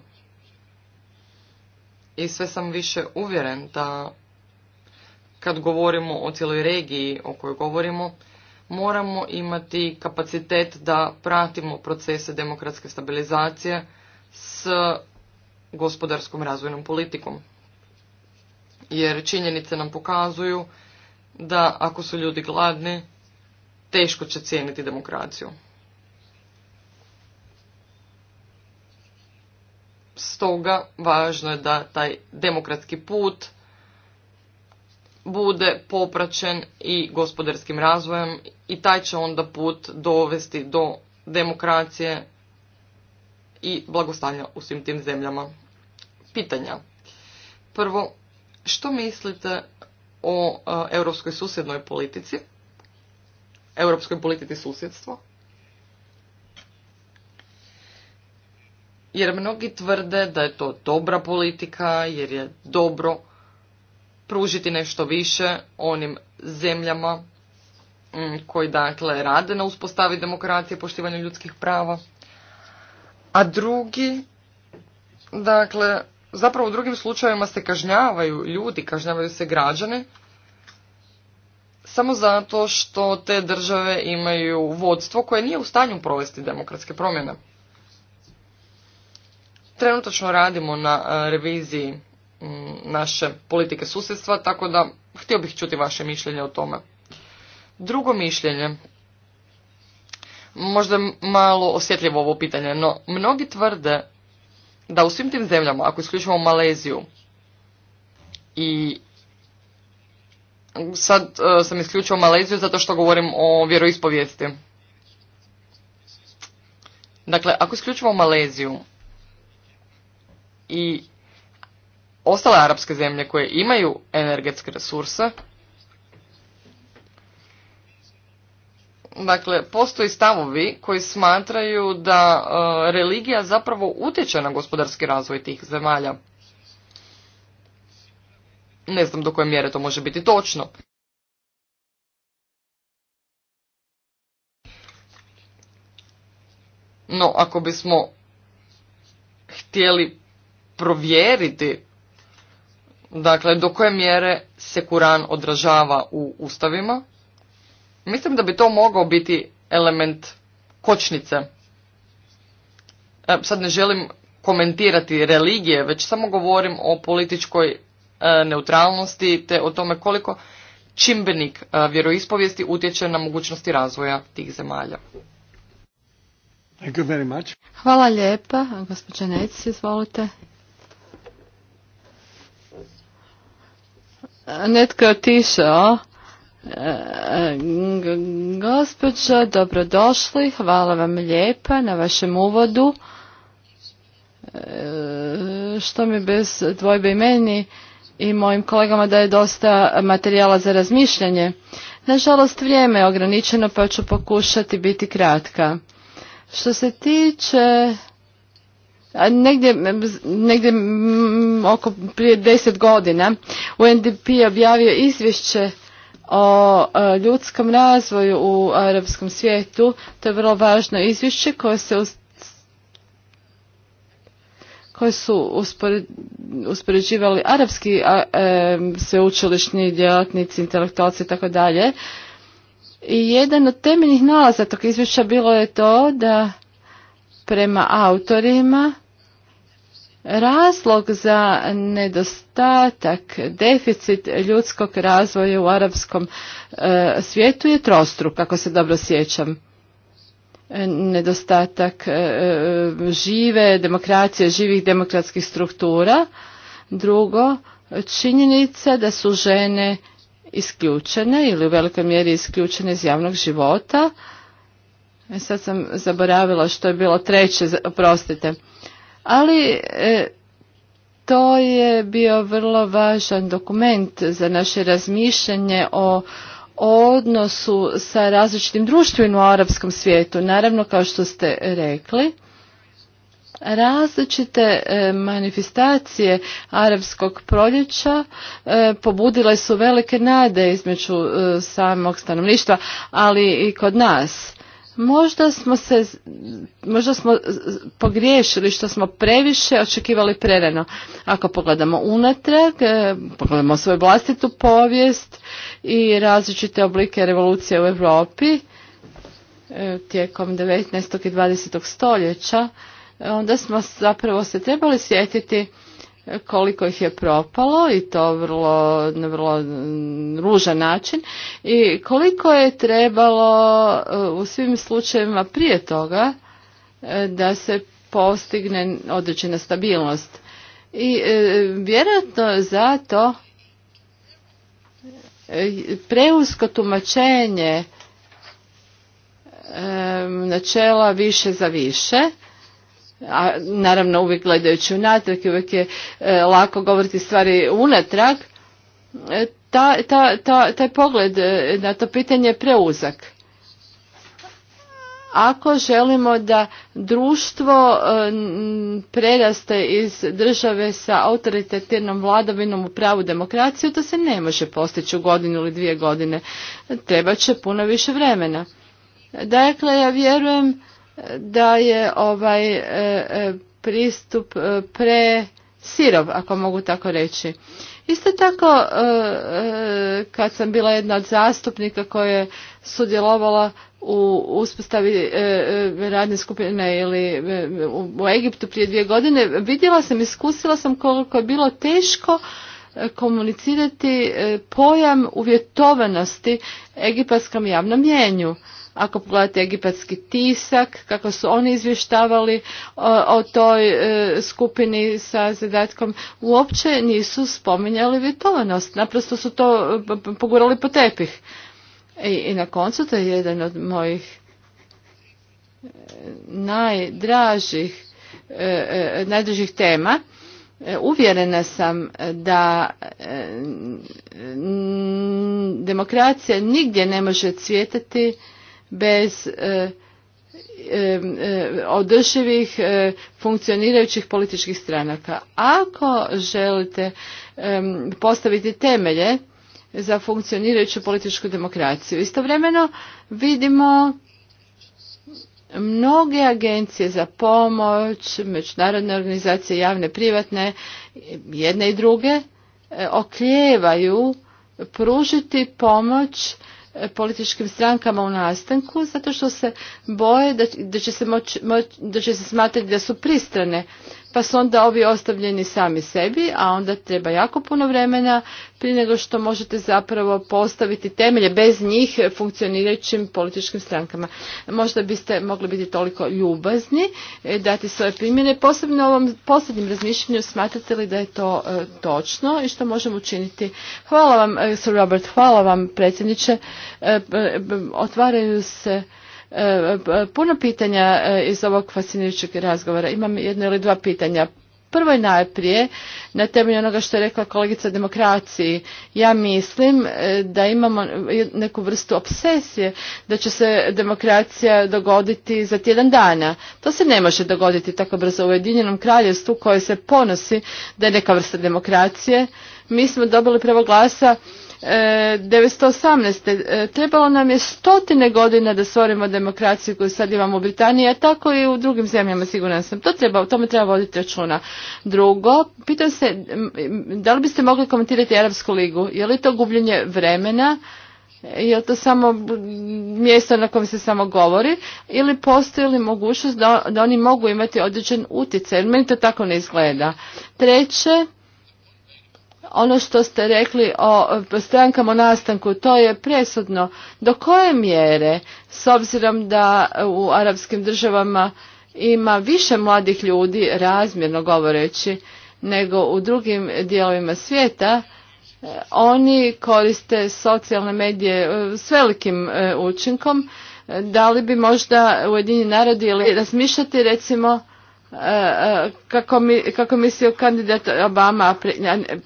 I sve sam više uvjeren da kad govorimo o cijeloj regiji o kojoj govorimo, moramo imati kapacitet da pratimo procese demokratske stabilizacije s gospodarskom razvojnom politikom. Jer činjenice nam pokazuju da ako su ljudi gladni, teško će cijeniti demokraciju. Stoga važno je da taj demokratski put bude popraćen i gospodarskim razvojem i taj će onda put dovesti do demokracije i blagostanja u svim tim zemljama. Pitanja. Prvo, što mislite o e, europskoj susjednoj politici? Europskoj politici susjedstva? Jer mnogi tvrde da je to dobra politika, jer je dobro pružiti nešto više onim zemljama mm, koji dakle rade na uspostavi demokracije, poštivanju ljudskih prava. A drugi, dakle, zapravo u drugim slučajevima se kažnjavaju ljudi, kažnjavaju se građani, samo zato što te države imaju vodstvo koje nije u stanju provesti demokratske promjene. Trenutačno radimo na eh, reviziji Mm, naše politike susjedstva, tako da htio bih čuti vaše mišljenje o tome. Drugo mišljenje, možda malo osjetljivo ovo pitanje, no mnogi tvrde da u svim tim zemljama, ako isključimo Maleziju i sad e, sam isključio Maleziju zato što govorim o vjeroispovijesti. Dakle, ako isključimo Maleziju i ostale arapske zemlje koje imaju energetske resurse, Dakle, postoji stavovi koji smatraju da e, religija zapravo utječe na gospodarski razvoj tih zemalja. Ne znam do koje mjere to može biti točno. No, ako bismo htjeli provjeriti Dakle, do koje mjere se Kuran odražava u ustavima? Mislim da bi to mogao biti element kočnice. E, sad ne želim komentirati religije, već samo govorim o političkoj e, neutralnosti te o tome koliko čimbenik e, vjeroispovijesti utječe na mogućnosti razvoja tih zemalja. Hvala lijepa. Gospođa Neci, izvolite. netko je otišao. E, e, gospođo, dobrodošli, hvala vam lijepa na vašem uvodu, e, što mi bez dvojbe i meni i mojim kolegama daje dosta materijala za razmišljanje. Nažalost, vrijeme je ograničeno pa ću pokušati biti kratka. Što se tiče Negdje, oko prije deset godina UNDP je objavio izvješće o e, ljudskom razvoju u arapskom svijetu. To je vrlo važno izvješće koje se koje su uspoređivali arapski e, sveučilišni djelatnici, intelektualci i tako dalje. I jedan od temeljnih nalaza tog izvješća bilo je to da prema autorima Razlog za nedostatak, deficit ljudskog razvoja u arapskom e, svijetu je trostru, kako se dobro sjećam. E, nedostatak e, žive demokracije, živih demokratskih struktura. Drugo, činjenica da su žene isključene ili u velikoj mjeri isključene iz javnog života. sad sam zaboravila što je bilo treće, oprostite ali e, to je bio vrlo važan dokument za naše razmišljanje o odnosu sa različitim društvima u arapskom svijetu. Naravno, kao što ste rekli, različite e, manifestacije arapskog proljeća e, pobudile su velike nade između samog stanovništva, ali i kod nas. Možda smo se, možda smo pogriješili što smo previše očekivali prerano. Ako pogledamo unatrag, e, pogledamo svoju vlastitu povijest i različite oblike revolucije u Europi e, tijekom 19. i 20. stoljeća, onda smo zapravo se trebali sjetiti koliko ih je propalo i to vrlo, na vrlo mm, ružan način i koliko je trebalo eh, u svim slučajevima prije toga eh, da se postigne određena stabilnost. I eh, vjerojatno zato preusko tumačenje načela više za više a naravno uvijek gledajući unatrag i uvijek je e, lako govoriti stvari unatrag, e, ta, ta, taj pogled e, na to pitanje je preuzak. Ako želimo da društvo preraste iz države sa autoritetnom vladavinom u pravu demokraciju, to se ne može postići u godinu ili dvije godine. Treba će puno više vremena. Dakle, ja vjerujem da je ovaj e, e, pristup e, pre sirov, ako mogu tako reći. Isto tako, kad sam bila jedna od zastupnika koja je sudjelovala u uspostavi radne skupine ili u Egiptu prije dvije godine, vidjela sam, iskusila sam koliko je bilo teško komunicirati pojam uvjetovanosti egipatskom javnom mjenju. Ako pogledate egipatski tisak, kako su oni izvještavali e, o, toj e, skupini sa zadatkom, uopće nisu spominjali vjetovanost. Naprosto su to e, pogurali po tepih. I, na koncu to je jedan od mojih najdražih e, najdražih tema uvjerena sam da demokracija nigdje ne može cvjetati bez e, e, e, održivih funkcionirajućih političkih stranaka. Ako želite postaviti temelje za funkcionirajuću političku demokraciju, istovremeno vidimo mnoge agencije za pomoć, međunarodne organizacije, javne, privatne, jedne i druge, okljevaju pružiti pomoć političkim strankama u nastanku zato što se boje da, će, se će se smatrati da su pristrane pa su onda ovi ostavljeni sami sebi, a onda treba jako puno vremena prije nego što možete zapravo postaviti temelje bez njih funkcionirajućim političkim strankama. Možda biste mogli biti toliko ljubazni, e, dati svoje primjene. Posebno u ovom posljednjem razmišljenju smatrate li da je to e, točno i što možemo učiniti. Hvala vam, e, Sir Robert, hvala vam predsjedniče. Otvaraju se E, puno pitanja e, iz ovog fascinirajućeg razgovora. Imam jedno ili dva pitanja. Prvo je najprije, na temelju onoga što je rekla kolegica demokraciji, ja mislim e, da imamo neku vrstu obsesije da će se demokracija dogoditi za tjedan dana. To se ne može dogoditi tako brzo u Ujedinjenom kraljevstvu koje se ponosi da je neka vrsta demokracije. Mi smo dobili pravo glasa 1918. E, trebalo nam je stotine godina da stvorimo demokraciju koju sad imamo u Britaniji, a tako i u drugim zemljama, siguran sam. To treba, o tome treba voditi računa. Drugo, pitam se, da li biste mogli komentirati Arabsku ligu? Je li to gubljenje vremena? Je li to samo mjesto na kojem se samo govori? Ili postoji li mogućnost da, da oni mogu imati određen utjecaj? Meni to tako ne izgleda. Treće, ono što ste rekli o strankama nastanku, to je presudno. Do koje mjere, s obzirom da u arapskim državama ima više mladih ljudi, razmjerno govoreći, nego u drugim dijelovima svijeta, e, oni koriste socijalne medije e, s velikim e, učinkom. Da li bi možda Ujedinjeni narodi razmišljati recimo E, e, kako, mi, kako mislio kandidat Obama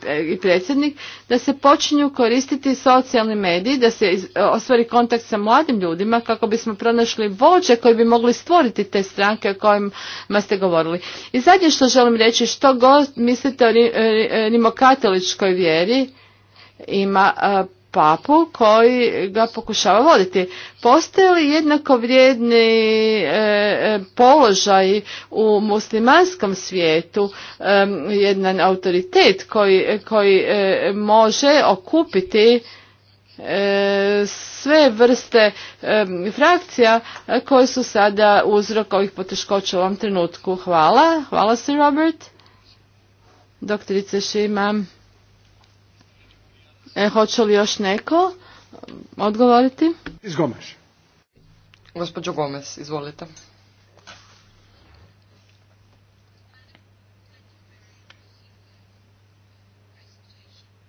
e, i predsjednik, da se počinju koristiti socijalni mediji, da se ostvari kontakt sa mladim ljudima kako bismo pronašli vođe koji bi mogli stvoriti te stranke o kojima ste govorili. I zadnje što želim reći, što god mislite o rimokatoličkoj vjeri, ima papu koji ga pokušava voditi. Postoje li jednako vrijedni e, e položaj u muslimanskom svijetu, e, jedan autoritet koji, koji e, može okupiti e, sve vrste frakcija koje su sada uzrok ovih poteškoća u ovom trenutku. Hvala. Hvala se Robert. Doktorice Šima. E, hoće li još neko odgovoriti? Iz Gomeš. Gospođo Gomez, izvolite.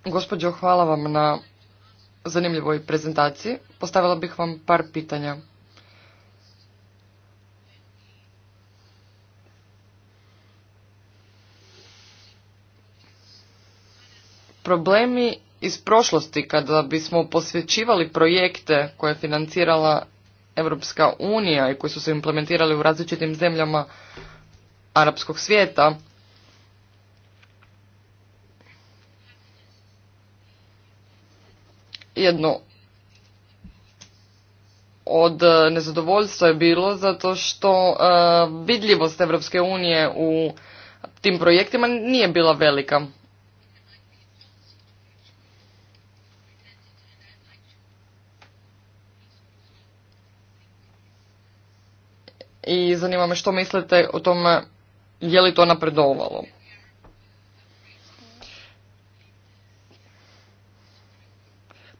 Gospođo, hvala vam na zanimljivoj prezentaciji. Postavila bih vam par pitanja. Problemi iz prošlosti kada bismo posvećivali projekte koje je financirala Europska unija i koji su se implementirali u različitim zemljama arapskog svijeta, jedno od nezadovoljstva je bilo zato što e, vidljivost Europske unije u tim projektima nije bila velika. i zanima me što mislite o tome je li to napredovalo.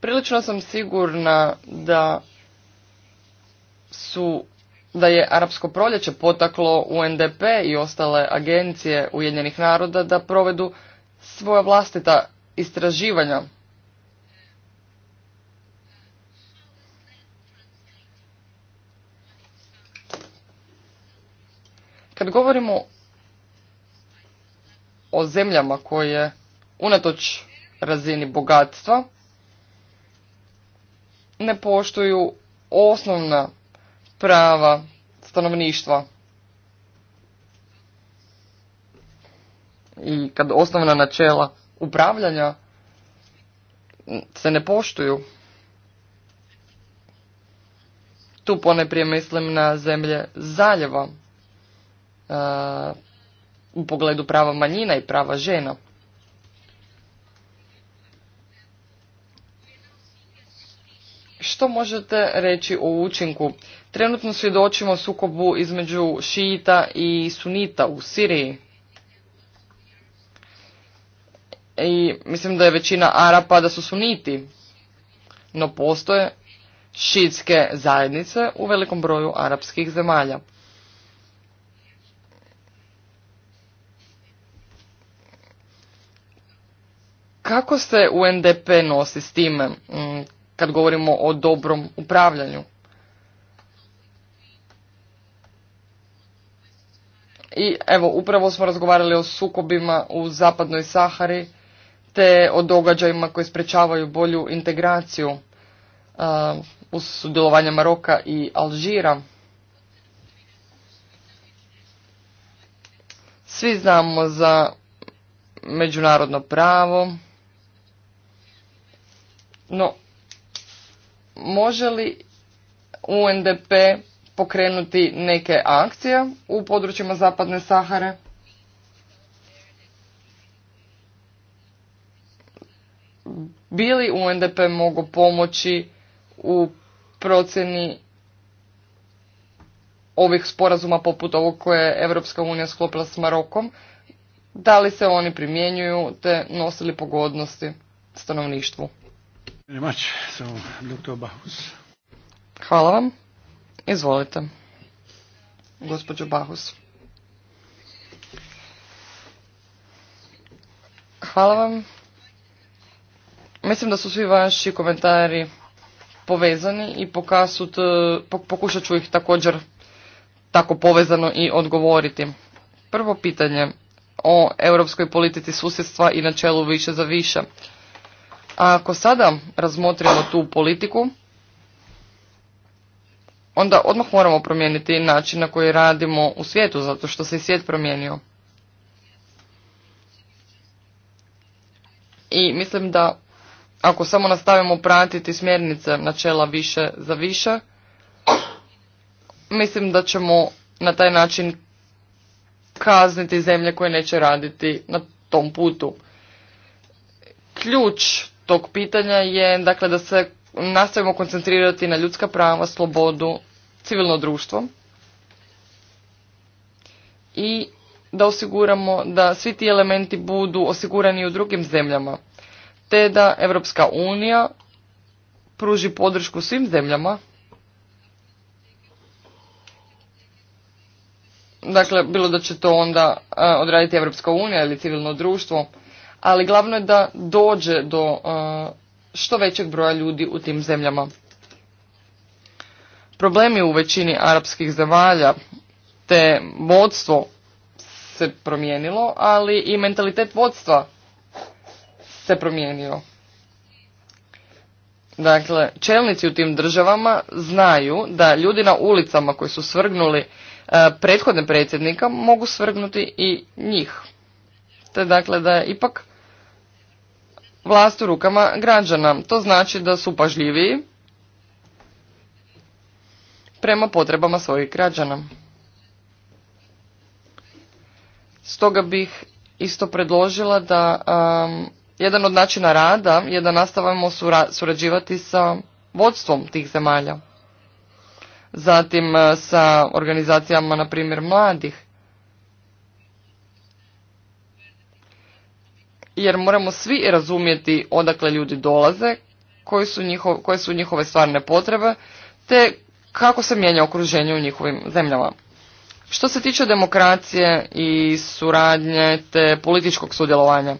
Prilično sam sigurna da su da je arapsko proljeće potaklo UNDP i ostale agencije Ujedinjenih naroda da provedu svoja vlastita istraživanja Kad govorimo o zemljama koje unatoč razini bogatstva ne poštuju osnovna prava stanovništva i kad osnovna načela upravljanja se ne poštuju. Tu pone mislim na zemlje zaljeva E, u pogledu prava manjina i prava žena. Što možete reći o učinku? Trenutno svjedočimo sukobu između šijita i sunita u Siriji. I mislim da je većina Arapa da su suniti, no postoje šitske zajednice u velikom broju arapskih zemalja. Kako se UNDP nosi s time mm, kad govorimo o dobrom upravljanju? I evo, upravo smo razgovarali o sukobima u zapadnoj Sahari te o događajima koji sprečavaju bolju integraciju u uz sudjelovanje Maroka i Alžira. Svi znamo za međunarodno pravo. No, može li UNDP pokrenuti neke akcije u područjima Zapadne Sahare? Bili UNDP mogu pomoći u procjeni ovih sporazuma poput ovog koje je Europska unija sklopila s Marokom, da li se oni primjenjuju te nosili pogodnosti stanovništvu? Hvala vam. Izvolite. Gospođo Bahus. Hvala vam. Mislim da su svi vaši komentari povezani i pokasut, pokušat ću ih također tako povezano i odgovoriti. Prvo pitanje o europskoj politici susjedstva i načelu više za više. A ako sada razmotrimo tu politiku, onda odmah moramo promijeniti način na koji radimo u svijetu, zato što se i svijet promijenio. I mislim da ako samo nastavimo pratiti smjernice načela više za više, mislim da ćemo na taj način kazniti zemlje koje neće raditi na tom putu. Ključ tog pitanja je dakle da se nastavimo koncentrirati na ljudska prava, slobodu, civilno društvo i da osiguramo da svi ti elementi budu osigurani u drugim zemljama, te da Europska unija pruži podršku svim zemljama. Dakle, bilo da će to onda eh, odraditi Europska unija ili civilno društvo, ali glavno je da dođe do uh, što većeg broja ljudi u tim zemljama. Problemi u većini arapskih zemalja te vodstvo se promijenilo, ali i mentalitet vodstva se promijenio. Dakle, čelnici u tim državama znaju da ljudi na ulicama koji su svrgnuli e, prethodne predsjednika mogu svrgnuti i njih. Te dakle da je ipak vlast u rukama građana. To znači da su pažljiviji prema potrebama svojih građana. Stoga bih isto predložila da um, jedan od načina rada je da nastavimo surađivati sa vodstvom tih zemalja. Zatim uh, sa organizacijama, na primjer, mladih. jer moramo svi razumjeti odakle ljudi dolaze, su koje su njihove stvarne potrebe, te kako se mijenja okruženje u njihovim zemljama. Što se tiče demokracije i suradnje te političkog sudjelovanja,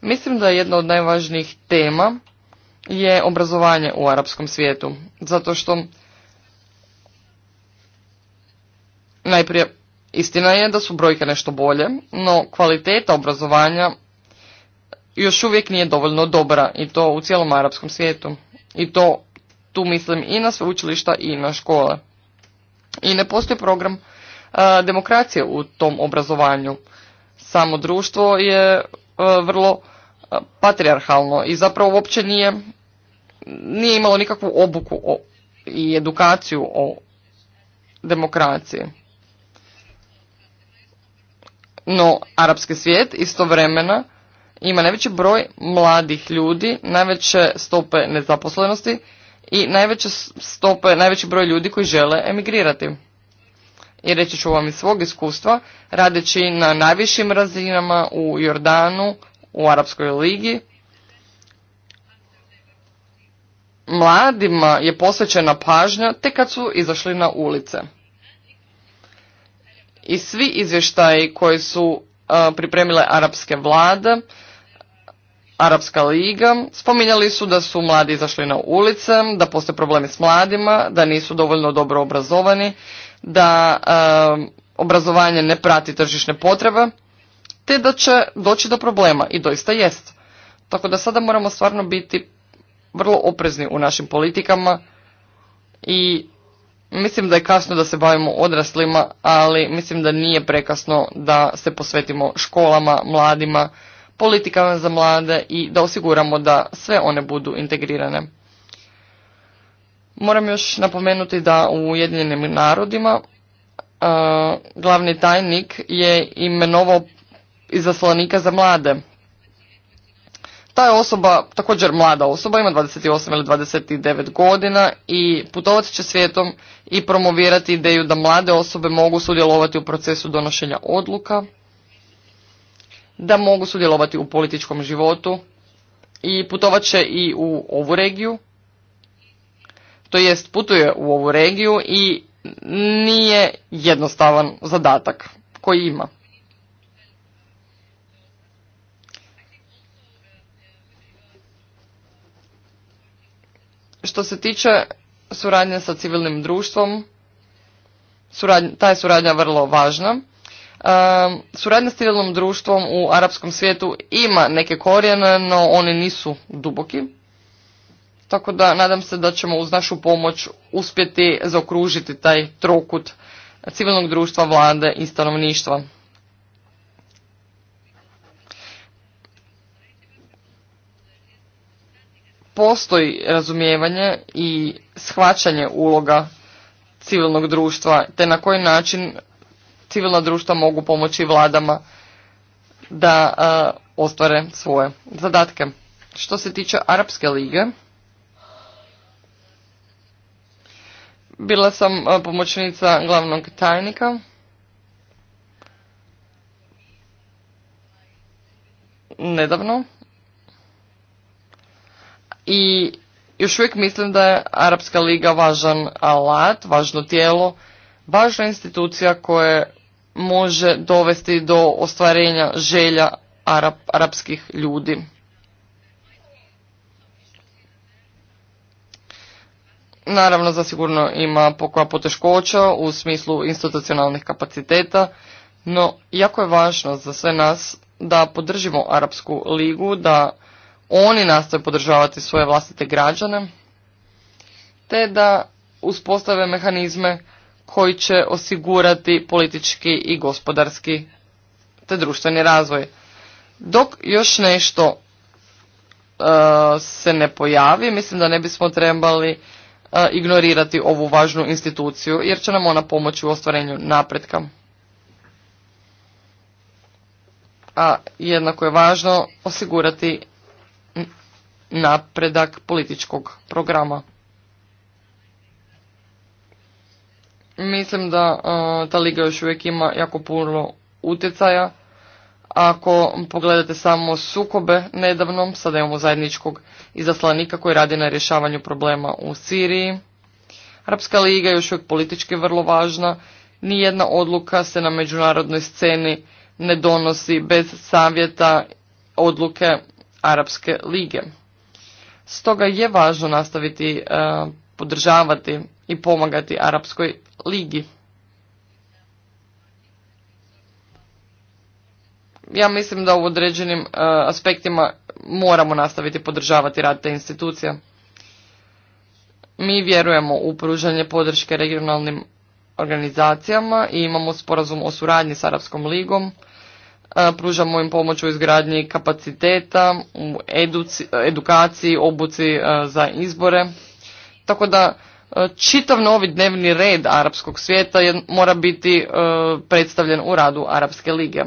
mislim da je jedna od najvažnijih tema je obrazovanje u arapskom svijetu, zato što najprije istina je da su brojke nešto bolje, no kvaliteta obrazovanja još uvijek nije dovoljno dobra i to u cijelom arapskom svijetu. I to tu mislim i na sveučilišta i na škole. I ne postoji program demokracije u tom obrazovanju. Samo društvo je vrlo a, patriarhalno i zapravo uopće nije, nije imalo nikakvu obuku o, i edukaciju o demokraciji. No, arapski svijet istovremeno ima najveći broj mladih ljudi, najveće stope nezaposlenosti i najveće stope, najveći broj ljudi koji žele emigrirati. I reći ću vam iz svog iskustva, radeći na najvišim razinama u Jordanu, u Arapskoj ligi, mladima je posvećena pažnja te kad su izašli na ulice. I svi izvještaji koji su pripremile arapske vlade Arapska liga, spominjali su da su mladi izašli na ulice, da postoje problemi s mladima, da nisu dovoljno dobro obrazovani, da obrazovanje ne prati tržišne potrebe, te da će doći do problema i doista jest. Tako da sada moramo stvarno biti vrlo oprezni u našim politikama i mislim da je kasno da se bavimo odraslima, ali mislim da nije prekasno da se posvetimo školama, mladima, politikama za mlade i da osiguramo da sve one budu integrirane. Moram još napomenuti da u Ujedinjenim narodima e, glavni tajnik je imenovao izaslanika za mlade. Ta je osoba, također mlada osoba, ima 28 ili 29 godina i putovat će svijetom i promovirati ideju da mlade osobe mogu sudjelovati u procesu donošenja odluka da mogu sudjelovati u političkom životu i putovat će i u ovu regiju, to jest putuje u ovu regiju i nije jednostavan zadatak koji ima. Što se tiče suradnje sa civilnim društvom, ta je suradnja vrlo važna Ehm, suradnja s civilnom društvom u arapskom svijetu ima neke korijene, no oni nisu duboki. Tako da nadam se da ćemo uz našu pomoć uspjeti zaokružiti taj trokut civilnog društva, vlade i stanovništva. Postoji razumijevanje i shvaćanje uloga civilnog društva, te na koji način civilna društva mogu pomoći vladama da e, ostvare svoje zadatke. Što se tiče Arapske lige, bila sam e, pomoćnica glavnog tajnika. Nedavno. I još uvijek mislim da je Arapska liga važan alat, važno tijelo, važna institucija koje može dovesti do ostvarenja želja arapskih ljudi. Naravno, zasigurno ima pokoja poteškoća u smislu institucionalnih kapaciteta, no jako je važno za sve nas da podržimo Arapsku ligu, da oni nastoje podržavati svoje vlastite građane, te da uspostave mehanizme koji će osigurati politički i gospodarski te društveni razvoj. Dok još nešto e, se ne pojavi, mislim da ne bismo trebali e, ignorirati ovu važnu instituciju jer će nam ona pomoći u ostvarenju napretka. A jednako je važno osigurati napredak političkog programa. Mislim da e, ta liga još uvijek ima jako puno utjecaja. Ako pogledate samo sukobe nedavnom, sada imamo zajedničkog izaslanika koji radi na rješavanju problema u Siriji. Arapska liga je još uvijek politički vrlo važna. Nijedna odluka se na međunarodnoj sceni ne donosi bez savjeta odluke Arapske lige. Stoga je važno nastaviti e, podržavati i pomagati Arapskoj ligi. Ja mislim da u određenim e, aspektima moramo nastaviti podržavati rad te institucija. Mi vjerujemo u pružanje podrške regionalnim organizacijama i imamo sporazum o suradnji s Arapskom ligom. E, pružamo im pomoć u izgradnji kapaciteta, u edukaciji, obuci e, za izbore. Tako da E, čitav novi dnevni red arapskog svijeta mora biti e, predstavljen u radu Arapske lige.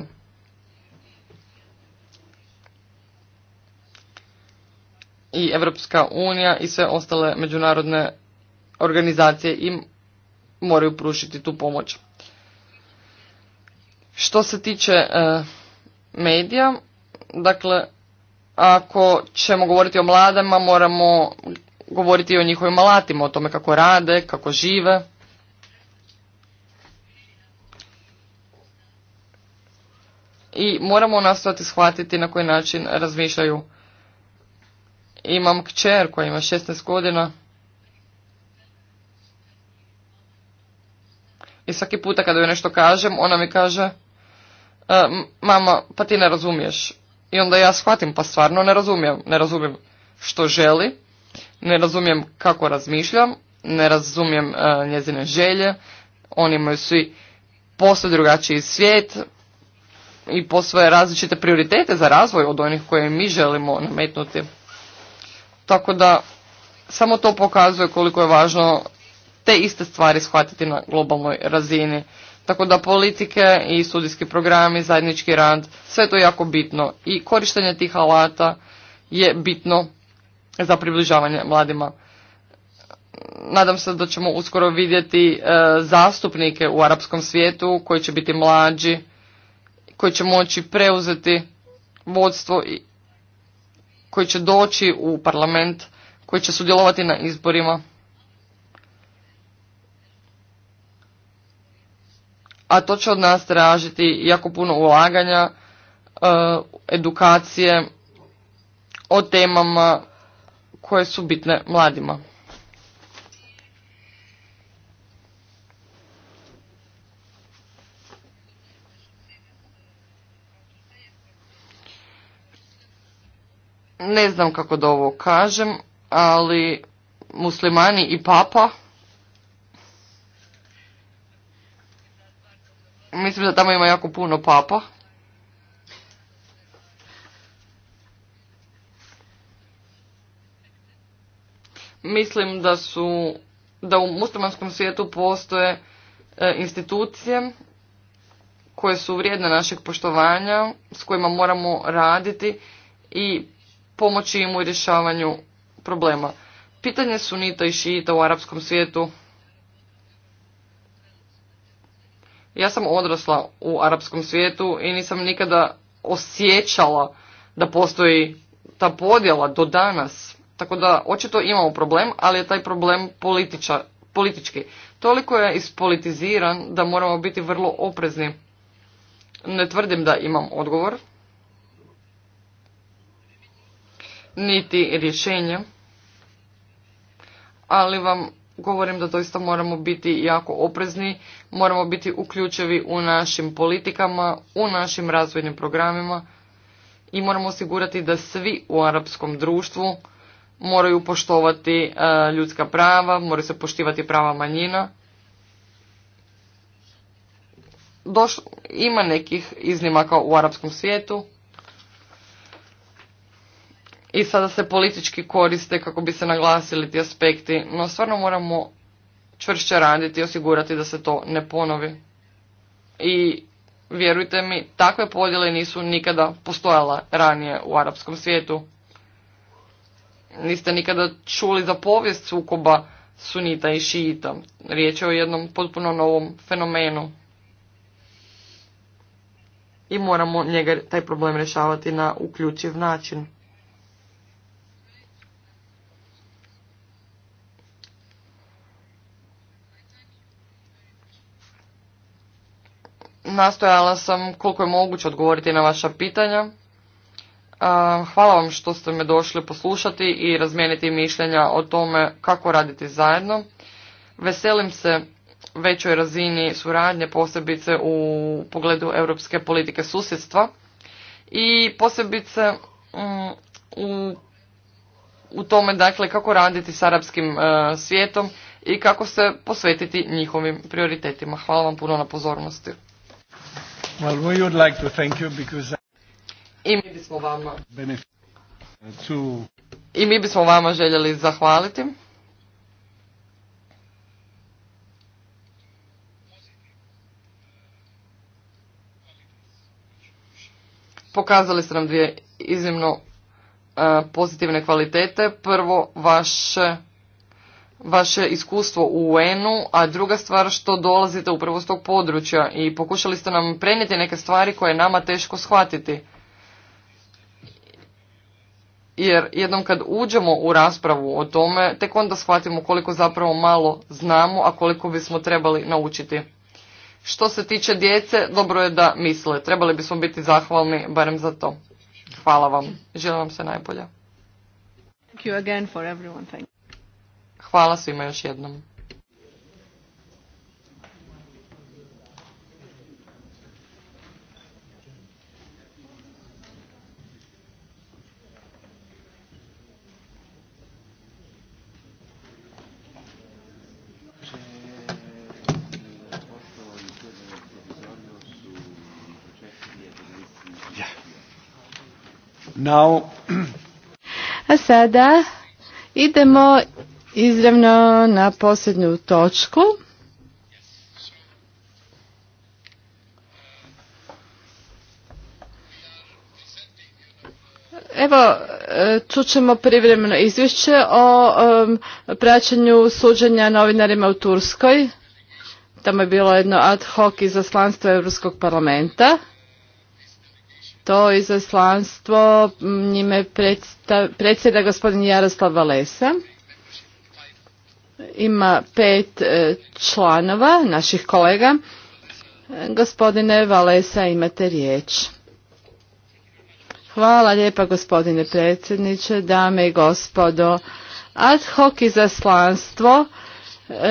I Evropska unija i sve ostale međunarodne organizacije im moraju prušiti tu pomoć. Što se tiče e, medija, dakle, ako ćemo govoriti o mladama, moramo govoriti o njihovim alatima, o tome kako rade, kako žive. I moramo nastojati shvatiti na koji način razmišljaju. Imam kćer koja ima 16 godina. I svaki puta kada joj nešto kažem, ona mi kaže, e, mama, pa ti ne razumiješ. I onda ja shvatim, pa stvarno ne razumijem. Ne razumijem što želi, ne razumijem kako razmišljam, ne razumijem e, njezine želje, oni imaju svi posve drugačiji svijet i posve različite prioritete za razvoj od onih koje mi želimo nametnuti. Tako da samo to pokazuje koliko je važno te iste stvari shvatiti na globalnoj razini. Tako da politike i studijski programi, zajednički rad, sve to je jako bitno i korištenje tih alata je bitno za približavanje mladima. Nadam se da ćemo uskoro vidjeti e, zastupnike u arapskom svijetu koji će biti mlađi, koji će moći preuzeti vodstvo i koji će doći u parlament, koji će sudjelovati na izborima. A to će od nas tražiti jako puno ulaganja, e, edukacije o temama koje su bitne mladima. Ne znam kako da ovo kažem, ali muslimani i papa mislim da tamo ima jako puno papa Mislim da su, da u muslimanskom svijetu postoje e, institucije koje su vrijedne našeg poštovanja, s kojima moramo raditi i pomoći im u rješavanju problema. Pitanje sunita i šita u arapskom svijetu. Ja sam odrasla u arapskom svijetu i nisam nikada osjećala da postoji ta podjela do danas. Tako da očito imamo problem, ali je taj problem političa, politički. Toliko je ispolitiziran da moramo biti vrlo oprezni. Ne tvrdim da imam odgovor, niti rješenje, ali vam govorim da doista moramo biti jako oprezni, moramo biti uključivi u našim politikama, u našim razvojnim programima i moramo osigurati da svi u arapskom društvu moraju poštovati e, ljudska prava, moraju se poštivati prava manjina. Došlo, ima nekih iznimaka u arapskom svijetu i sada se politički koriste kako bi se naglasili ti aspekti, no stvarno moramo čvršće raditi i osigurati da se to ne ponovi. I vjerujte mi, takve podjele nisu nikada postojala ranije u arapskom svijetu. Niste nikada čuli za povijest sukoba sunita i šiita. Riječ je o jednom potpuno novom fenomenu. I moramo njega, taj problem rješavati na uključiv način. Nastojala sam koliko je moguće odgovoriti na vaša pitanja. Hvala vam što ste me došli poslušati i razmijeniti mišljenja o tome kako raditi zajedno. Veselim se većoj razini suradnje, posebice u pogledu europske politike susjedstva i posebice mm, u, tome dakle kako raditi s arapskim e, svijetom i kako se posvetiti njihovim prioritetima. Hvala vam puno na pozornosti. Well, we would like to thank you because... I mi bismo vama... I mi bismo vama željeli zahvaliti. Pokazali ste nam dvije iznimno e, pozitivne kvalitete. Prvo, vaše, iskustvo u UN-u, a druga stvar što dolazite upravo s tog područja i pokušali ste nam prenijeti neke stvari koje je nama teško shvatiti jer jednom kad uđemo u raspravu o tome, tek onda shvatimo koliko zapravo malo znamo, a koliko bismo trebali naučiti. Što se tiče djece, dobro je da misle. Trebali bismo biti zahvalni barem za to. Hvala vam. Želim vam se najbolje. Hvala svima još jednom. Now... A sada idemo izravno na posljednju točku. Evo, e, čućemo privremeno izvješće o praćenju suđenja novinarima u Turskoj. Tamo je bilo jedno ad hoc izaslanstvo Europskog parlamenta to izaslanstvo njime mm, predsjeda gospodin Jaroslav Valesa. Ima pet e, članova naših kolega. Gospodine Valesa, imate riječ. Hvala lijepa gospodine predsjedniče, dame i gospodo. Ad hoc izaslanstvo e,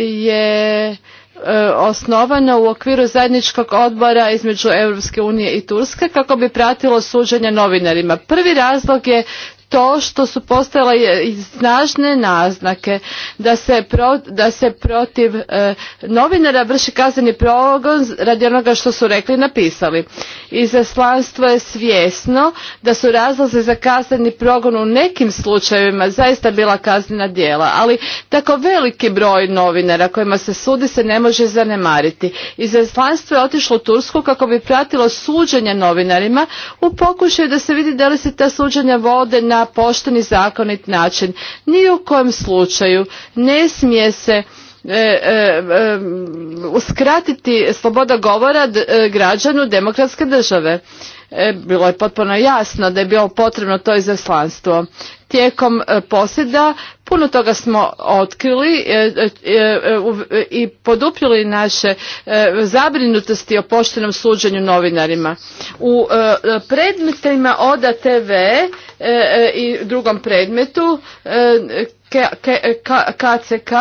je E, osnovana u okviru zajedničkog odbora između Europske unije i Turske kako bi pratilo suđenje novinarima. Prvi razlog je to što su postale snažne naznake da se, protiv e, novinara vrši kazneni progon radi onoga što su rekli i napisali. Izaslanstvo je svjesno da su razlozi za kazneni progon u nekim slučajevima zaista bila kaznena djela, ali tako veliki broj novinara kojima se sudi se ne može zanemariti. Izaslanstvo je otišlo u Tursku kako bi pratilo suđenje novinarima u pokušaju da se vidi da li se ta suđenja vode na na pošten zakonit način. Ni u kojem slučaju ne smije se e, e, e, uskratiti sloboda govora građanu demokratske države. E, bilo je potpuno jasno da je bilo potrebno to izaslanstvo. Tijekom e, posjeda puno toga smo otkrili e, i podupljili naše zabrinutosti o poštenom suđenju novinarima. U predmetima ODA TV i drugom predmetu KCK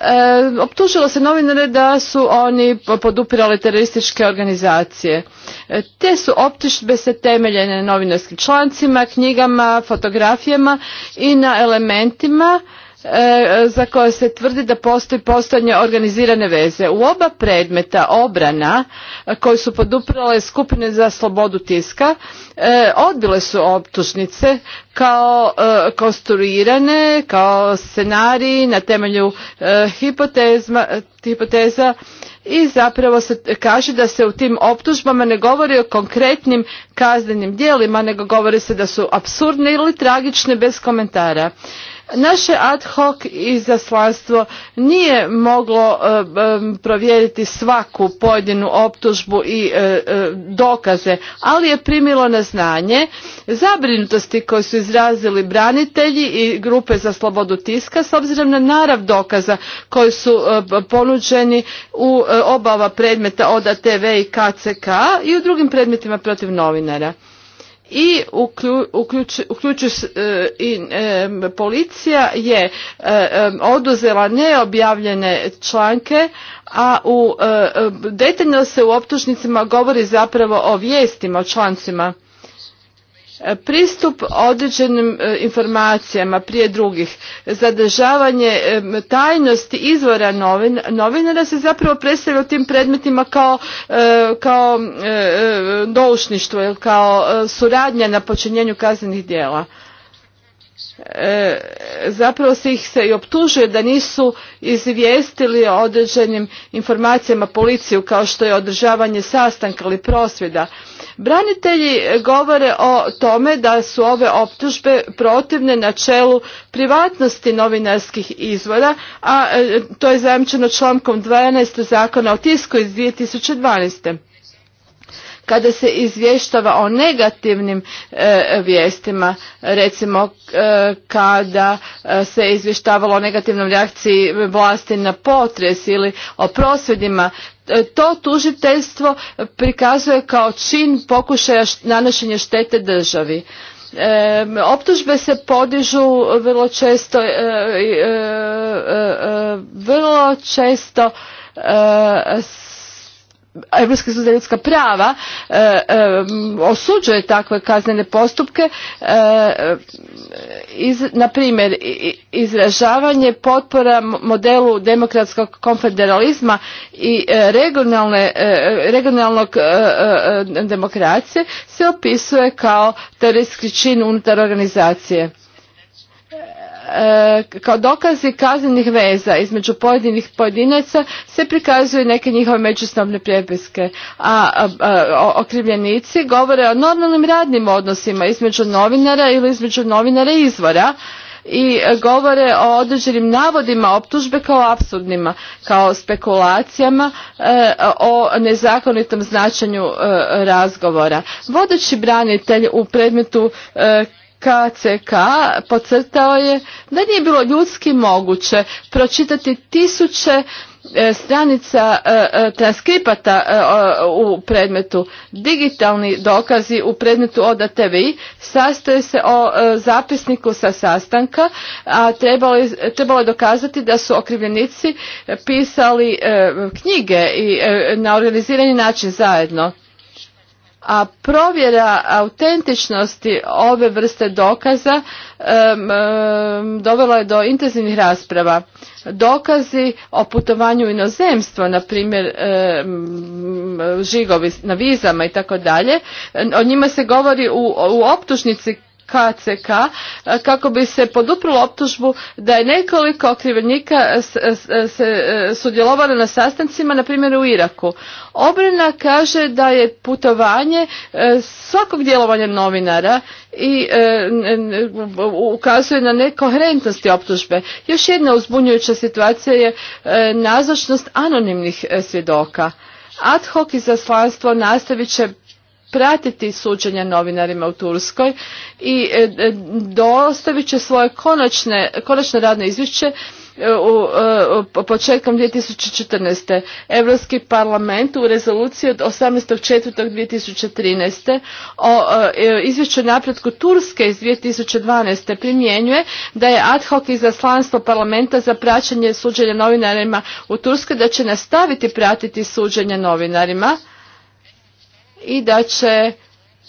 E, optužilo se novinare da su oni podupirali terorističke organizacije. E, te su optužbe se temeljene na novinarskim člancima, knjigama, fotografijama i na elementima E, za koje se tvrdi da postoji postojanje organizirane veze. U oba predmeta obrana e, koje su poduprle skupine za slobodu tiska e, odbile su optužnice kao konstruirane, kao scenariji na temelju hipoteza i zapravo se kaže da se u tim optužbama ne govori o konkretnim kaznenim djelima, nego govori se da su apsurdne ili tragične bez komentara. Naše ad hoc izaslanstvo nije moglo e, provjeriti svaku pojedinu optužbu i e, e, dokaze, ali je primilo na znanje zabrinutosti koje su izrazili branitelji i grupe za slobodu tiska s obzirom na narav dokaza koji su ponuđeni u obava predmeta od ATV i KCK i u drugim predmetima protiv novinara i uključuje i e, policija je e, e, oduzela neobjavljene članke a u detaljno se u optužnicama govori zapravo o vijestima o člancima E, pristup određenim e, informacijama prije drugih, zadržavanje e, tajnosti izvora novinara se zapravo predstavlja u tim predmetima kao, kao doušništvo ili kao suradnja na počinjenju kaznenih djela. zapravo se ih se i optužuje da nisu izvijestili o određenim informacijama policiju kao što je održavanje sastanka ili prosvjeda Branitelji govore o tome da su ove optužbe protivne načelu privatnosti novinarskih izvora, a e, to je zajamčeno člankom 12. zakona o tisku iz 2012 kada se izvještava o negativnim e, vijestima recimo e, kada se izvještavalo o negativnom reakciji vlasti na potres ili o prosvjedima E, to tužiteljstvo prikazuje kao čin pokušaja nanošenja štete državi. E, optužbe se podižu vrlo često e, vrlo često Europski sud za ljudska prava e, e, osuđuje takve kaznene postupke, e, na primjer izražavanje potpora modelu demokratskog konfederalizma i regionalnog demokracije se opisuje kao teroristički čin unutar organizacije. E, kao dokazi kaznenih veza između pojedinih pojedinaca se prikazuju neke njihove međusobne prepiske, a, okrivljenici govore o normalnim radnim odnosima između novinara ili između novinara izvora i govore o određenim navodima optužbe kao apsurdnima, kao spekulacijama e, o nezakonitom značenju e, razgovora. Vodeći branitelj u predmetu KCK podcrtao je da nije bilo ljudski moguće pročitati tisuće e, stranica e, e, transkripata u predmetu digitalni dokazi u predmetu oda TVI sastoje se o zapisniku sa sastanka a trebalo je, trebalo dokazati da su okrivljenici pisali knjige i na organizirani način zajedno a provjera autentičnosti ove vrste dokaza um, dovela je do intenzivnih rasprava. Dokazi o putovanju inozemstvo, na primjer žigovi na vizama i tako dalje, o njima se govori u, u optužnici KCK e, kako bi se poduprilo optužbu da je nekoliko okrivljenika e, sudjelovalo na sastancima, na primjer u Iraku. Obrana kaže da je putovanje e, svakog djelovanja novinara i ukazuje na nekoherentnosti optužbe. Još jedna uzbunjujuća situacija je nazočnost anonimnih svjedoka. Ad hoc izaslanstvo nastavit će pratiti suđenja novinarima u Turskoj i e, e, dostavit će svoje konačne, konačne radno izvješće e, u, u, početkom 2014. Europski parlament u rezoluciji od 18.4.2013. o izvješću napretku Turske iz 2012. primjenjuje da je ad hoc izaslanstvo parlamenta za praćenje suđenja novinarima u Turskoj da će nastaviti pratiti suđenje novinarima i da će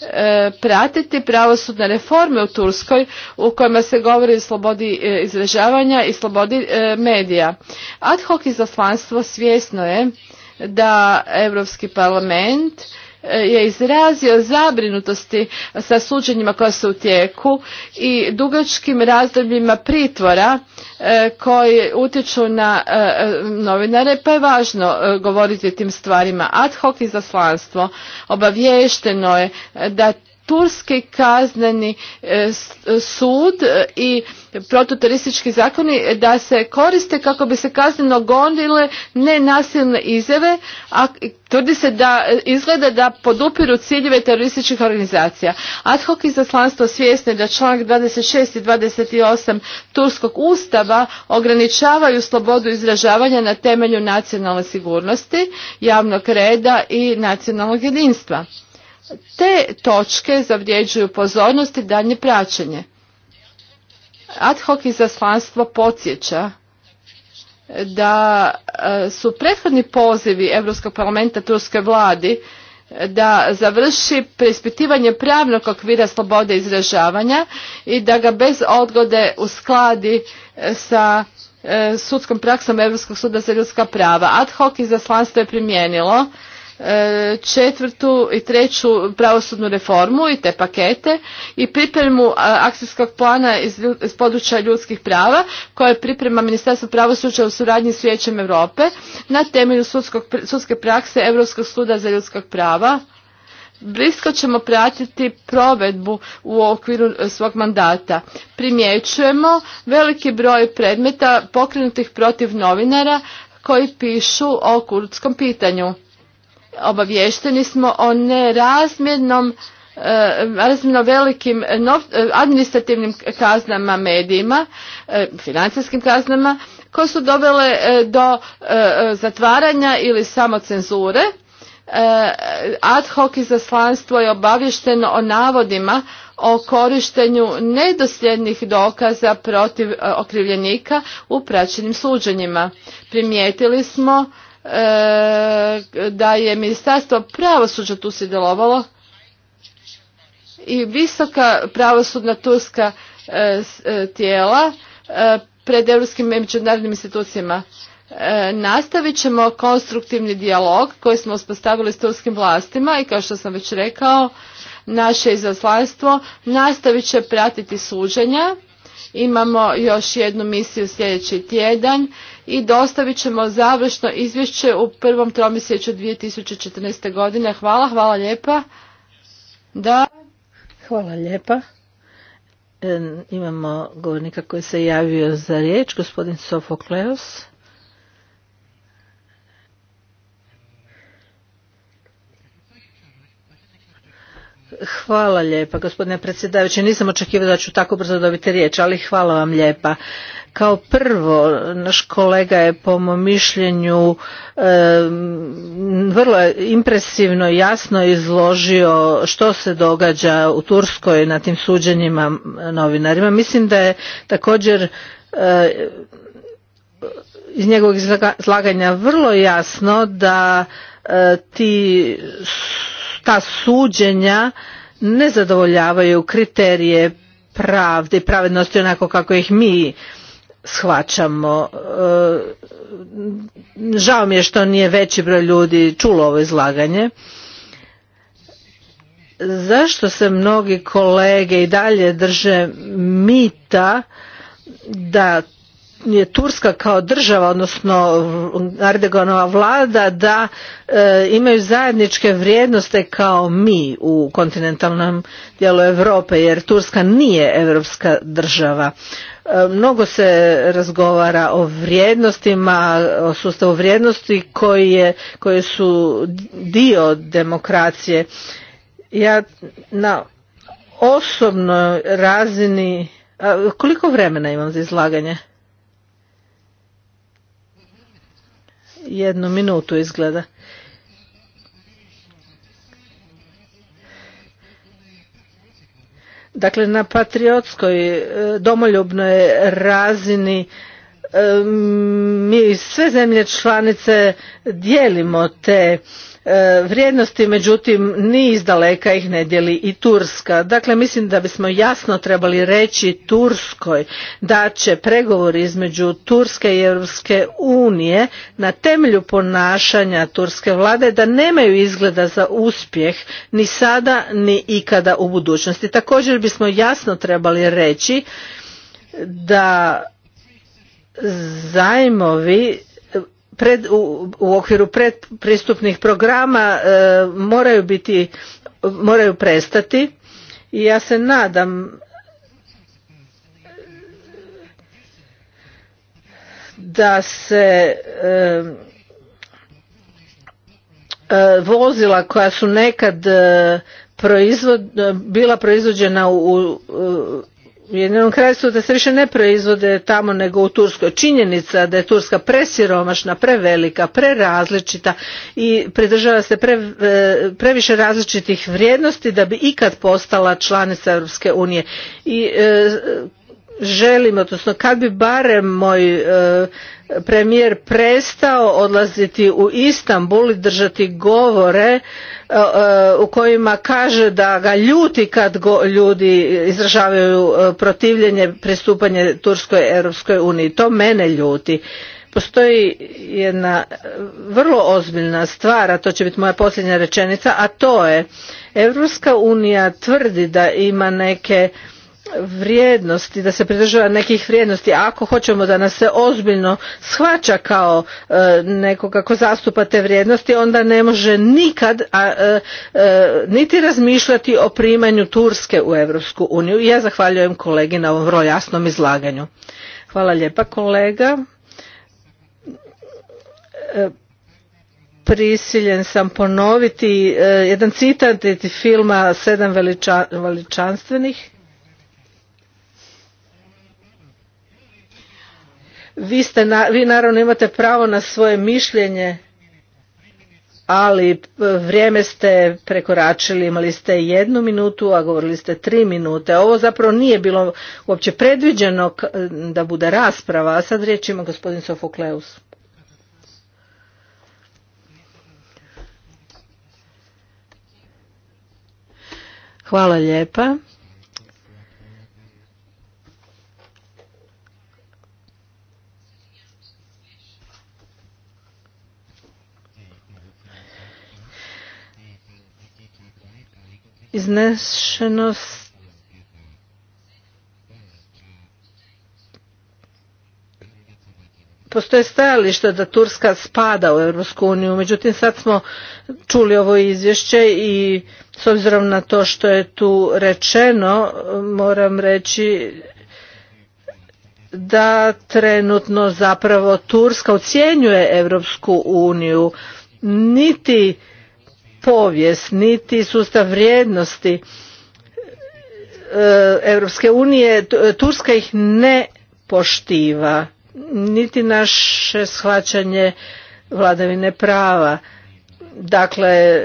e, pratiti pravosudne reforme u Turskoj u kojima se govori o slobodi e, izražavanja i slobodi e, medija. Ad hoc izaslanstvo svjesno je da Europski parlament je izrazio zabrinutosti sa suđenjima koja su u tijeku i dugačkim razdobljima pritvora e, koji utječu na e, novinare pa je važno e, govoriti o tim stvarima ad hoc izaslanstvo obaviješteno je da turski kazneni e, e, sud e, i protuteroristički zakoni da se koriste kako bi se kazneno gonile nenasilne izjave, a tvrdi se da izgleda da podupiru ciljeve terorističkih organizacija. Ad hoc izaslanstvo svjesne da članak 26 i 28 Turskog ustava ograničavaju slobodu izražavanja na temelju nacionalne sigurnosti, javnog reda i nacionalnog jedinstva. Te točke zavrjeđuju pozornost i dalje praćenje. Ad hoc izaslanstvo podsjeća da e, su prethodni pozivi Europskog parlamenta turske vladi e, da završi preispitivanje pravnog okvira slobode izražavanja i da ga bez odgode uskladi e, sa sudskom praksom Europskog suda za ljudska prava. Ad hoc izaslanstvo je primijenilo četvrtu i treću pravosudnu reformu i te pakete i pripremu akcijskog plana iz, područja ljudskih prava koje priprema Ministarstvo pravosuđa u suradnji s Vijećem Europe na temelju sudske prakse Europskog suda za ljudska prava. Blisko ćemo pratiti provedbu u okviru e, svog mandata. Primjećujemo veliki broj predmeta pokrenutih protiv novinara koji pišu o kurdskom pitanju obavješteni smo o nerazmjernom e, razmjerno velikim e, administrativnim kaznama medijima, e, financijskim kaznama, koje su dovele do zatvaranja ili samocenzure. Ad hoc izaslanstvo je obavješteno o navodima o korištenju nedosljednih dokaza protiv okrivljenika u praćenim suđenjima. Primijetili smo E, da je ministarstvo pravosuđa tu sudjelovalo i visoka pravosudna turska e, e, tijela pred europskim međunarodnim institucijama. Nastavit ćemo konstruktivni dijalog koji smo uspostavili s turskim vlastima i kao što sam već rekao, naše izaslanstvo nastavit će pratiti suđenja. Imamo još jednu misiju sljedeći tjedan i dostavit ćemo završno izvješće u prvom tromjesečju 2014. godine. Hvala, hvala lijepa. Da. Hvala lijepa. E, imamo govornika koji se javio za riječ, gospodin Sofokleos. Hvala lijepa gospodine predsjedavajući. Nisam očekivala da ću tako brzo dobiti riječ, ali hvala vam lijepa. Kao prvo, naš kolega je po mom mišljenju vrlo impresivno i jasno izložio što se događa u Turskoj na tim suđenjima novinarima. Mislim da je također eh, iz njegovog izlaganja vrlo jasno da eh, ti ta suđenja ne zadovoljavaju kriterije pravde i pravednosti onako kako ih mi shvaćamo. E, žao mi je što nije veći broj ljudi čulo ovo izlaganje. Zašto se mnogi kolege i dalje drže mita da je Turska kao država, odnosno Erdoganova vlada, da e, imaju zajedničke vrijednosti kao mi u kontinentalnom dijelu Europe, jer Turska nije europska država. E, mnogo se razgovara o vrijednostima, o sustavu vrijednosti koji je, koje su dio demokracije. Ja na osobnoj razini... koliko vremena imam za izlaganje? jednu minutu izgleda. Dakle, na patriotskoj e, domoljubnoj razini e, mi sve zemlje članice dijelimo te E, vrijednosti, međutim ni izdaleka ih ne dijeli i Turska. Dakle, mislim da bismo jasno trebali reći Turskoj da će pregovori između Turske i Europske unije na temelju ponašanja turske vlade da nemaju izgleda za uspjeh ni sada ni ikada u budućnosti. Također bismo jasno trebali reći da zajmovi u, okviru pretpristupnih programa e, moraju prestati i ja se nadam da se e, e, vozila koja su nekad bila proizvođena u ujedinjenom su da se više ne proizvode tamo nego u Turskoj. Činjenica da je Turska presiromašna, prevelika, prerazličita i pridržava se e, previše različitih vrijednosti da bi ikad postala članica Europske unije. I e, želim, odnosno kad bi barem moj e, premijer prestao odlaziti u Istanbul i držati govore e, e, u kojima kaže da ga ljuti kad ljudi izražavaju e, protivljenje pristupanje Turskoj Europskoj uniji. To mene ljuti. Postoji jedna vrlo ozbiljna stvar, a to će biti moja posljednja rečenica, a to je Europska unija tvrdi da ima neke vrijednosti, da se pridržava nekih vrijednosti, ako hoćemo da nas se ozbiljno shvaća kao e, neko kako zastupa te vrijednosti, onda ne može nikad a, e, e, niti razmišljati o primanju Turske u Europsku uniju. I ja zahvaljujem kolegi na ovom vrlo jasnom izlaganju. Hvala lijepa kolega. E, prisiljen sam ponoviti jedan citat iz filma Sedam veličanstvenih Vi, ste, vi naravno imate pravo na svoje mišljenje, ali e, vrijeme ste prekoračili, imali ste jednu minutu, a govorili ste tri minute. Ovo zapravo nije bilo uopće predviđeno e, da bude rasprava, a sad riječ ima gospodin Sofokleus. Hvala lijepa. iznešenost postoje stajališta da Turska spada u Europsku uniju, međutim sad smo čuli ovo izvješće i s obzirom na to što je tu rečeno, moram reći da trenutno zapravo Turska ocjenjuje Europsku uniju, niti povijest niti sustav vrijednosti e, Europske unije e, Turska ih ne poštiva niti naše shvaćanje vladavine prava dakle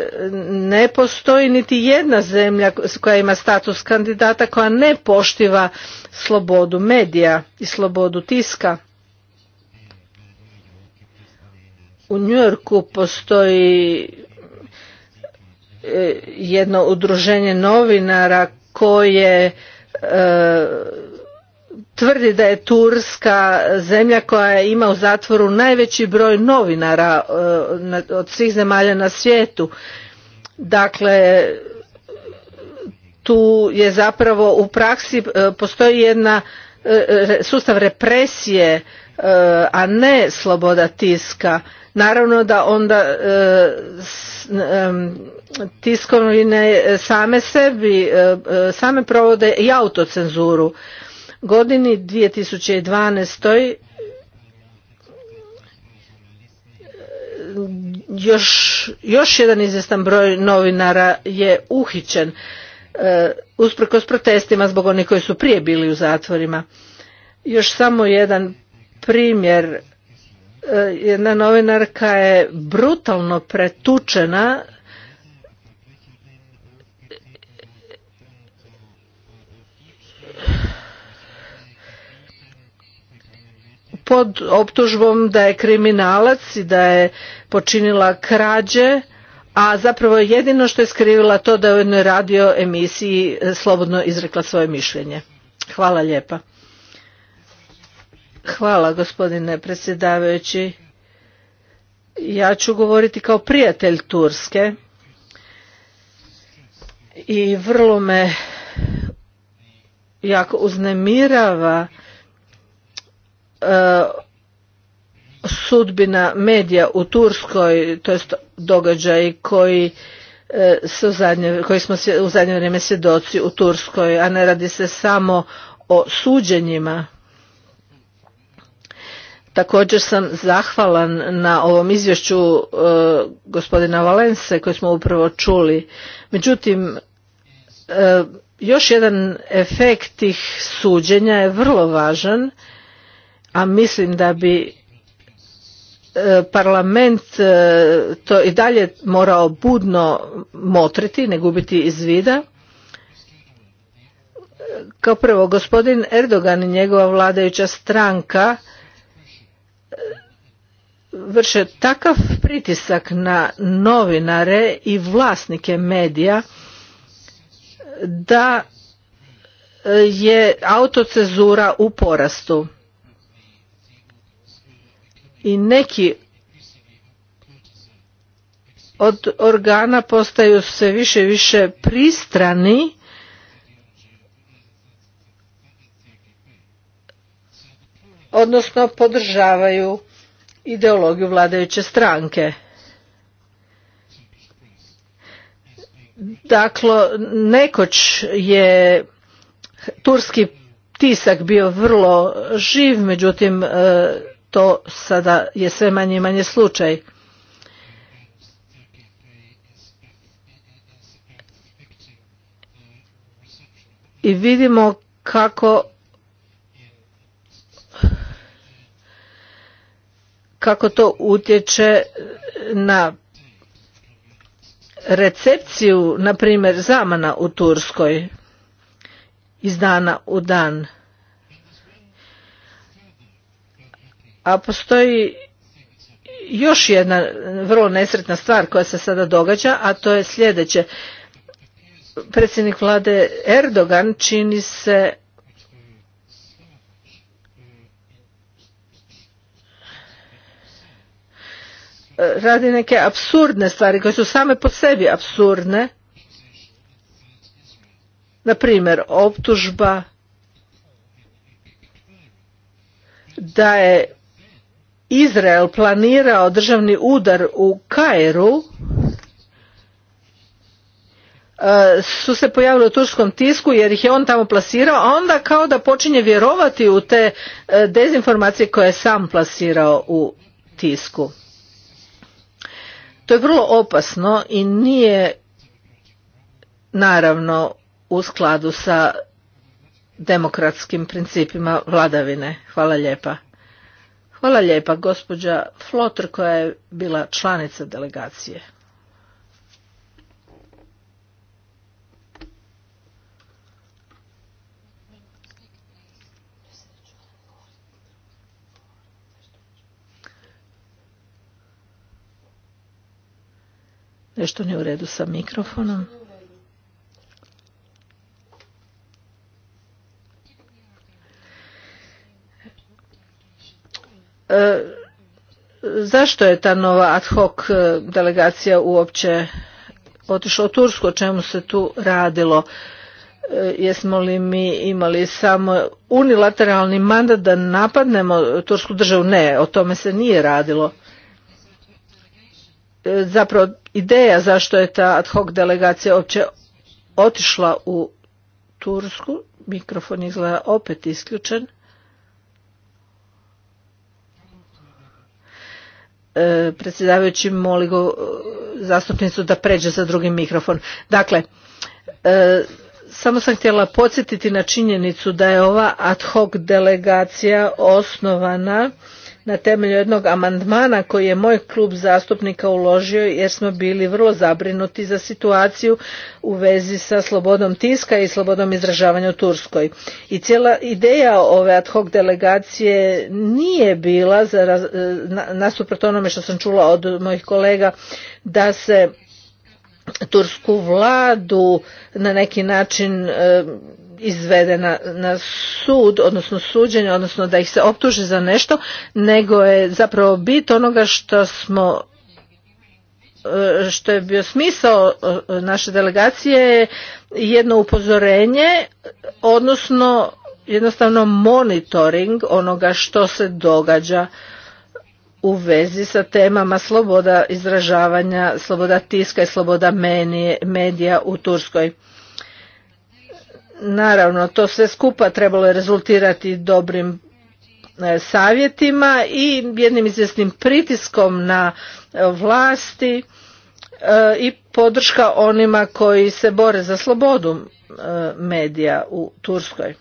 ne postoji niti jedna zemlja koja ima status kandidata koja ne poštiva slobodu medija i slobodu tiska u Njujorku postoji E, jedno udruženje novinara koje e, tvrdi da je Turska zemlja koja ima u zatvoru najveći broj novinara e, od svih zemalja na svijetu. Dakle, tu je zapravo u praksi postoji jedna sustav represije, a ne sloboda tiska. Naravno da onda tiskovine e, same sebi, e, e, same provode i autocenzuru. Godini 2012. još, još jedan izvjestan broj novinara je uhićen usprkos protestima zbog onih koji su prije bili u zatvorima. Još samo jedan primjer. Jedna novinarka je brutalno pretučena pod optužbom da je kriminalac i da je počinila krađe, a zapravo jedino što je skrivila to da je u jednoj radio emisiji e, slobodno izrekla svoje mišljenje. Hvala lijepa. Hvala gospodine predsjedavajući. Ja ću govoriti kao prijatelj Turske i vrlo me jako uznemirava E, sudbina medija u Turskoj, to jest događaji koji e, zadnje, koji smo u zadnje vrijeme svjedoci u Turskoj, a ne radi se samo o suđenjima. Također sam zahvalan na ovom izvješću e, gospodina Valense koji smo upravo čuli. Međutim, još jedan efekt tih suđenja je vrlo važan a mislim da bi e, parlament e, to i dalje morao budno motriti, ne gubiti iz vida. Kao prvo, gospodin Erdogan i njegova vladajuća stranka e, vrše takav pritisak na novinare i vlasnike medija da je autocezura u porastu i neki od organa postaju sve više i više pristrani odnosno podržavaju ideologiju vladajuće stranke. Dakle, nekoć je turski tisak bio vrlo živ, međutim e, to sada je sve manje i manje slučaj. I vidimo kako kako to utječe na recepciju, na primjer, zamana u Turskoj iz dana u dan. A postoji još jedna vrlo nesretna stvar koja se sada događa, a to je sljedeće. Predsjednik vlade Erdogan čini se radi neke apsurdne stvari koje su same po sebi apsurdne. Na optužba da je Izrael planirao državni udar u Kairu e, su se pojavili u turskom tisku jer ih je on tamo plasirao, a onda kao da počinje vjerovati u te e, dezinformacije koje je sam plasirao u tisku. To je vrlo opasno i nije naravno u skladu sa demokratskim principima vladavine. Hvala lijepa. Hvala lijepa gospođa Flotr koja je bila članica delegacije. Nešto nije u redu sa mikrofonom. E, zašto je ta nova ad hoc e, delegacija uopće otišla u Tursku, o čemu se tu radilo? E, jesmo li mi imali samo unilateralni mandat da napadnemo Tursku državu? Ne, o tome se nije radilo. Zapravo ideja zašto je ta ad hoc delegacija uopće otišla u Tursku, mikrofon izgleda opet isključen. E, predsjedavajući moli go e, zastupnicu da pređe za drugi mikrofon. Dakle, e, samo sam htjela podsjetiti na činjenicu da je ova ad hoc delegacija osnovana na temelju jednog amandmana koji je moj klub zastupnika uložio jer smo bili vrlo zabrinuti za situaciju u vezi sa slobodom tiska i slobodom izražavanja u Turskoj. I cijela ideja ove ad hoc delegacije nije bila, za, nasuprot onome što sam čula od mojih kolega, da se tursku vladu na neki način e, izvedena na sud, odnosno suđenje, odnosno da ih se optuži za nešto, nego je zapravo bit onoga što smo što je bio smisao e, naše delegacije je jedno upozorenje, odnosno jednostavno monitoring onoga što se događa u vezi sa temama sloboda izražavanja, sloboda tiska i sloboda medija u Turskoj. Naravno, to sve skupa trebalo je rezultirati dobrim e, savjetima i jednim izvjesnim pritiskom na e, vlasti e, i podrška onima koji se bore za slobodu medija u Turskoj.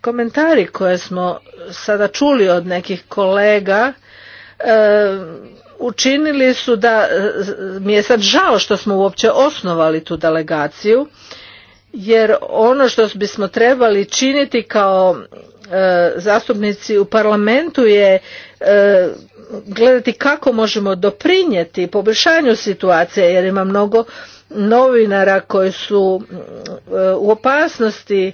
Komentari koje smo sada čuli od nekih kolega učinili su da mi je sad žao što smo uopće osnovali tu delegaciju jer ono što bismo trebali činiti kao e, zastupnici u parlamentu je e, gledati kako možemo doprinijeti poboljšanju situacije jer ima mnogo novinara koji su e, u opasnosti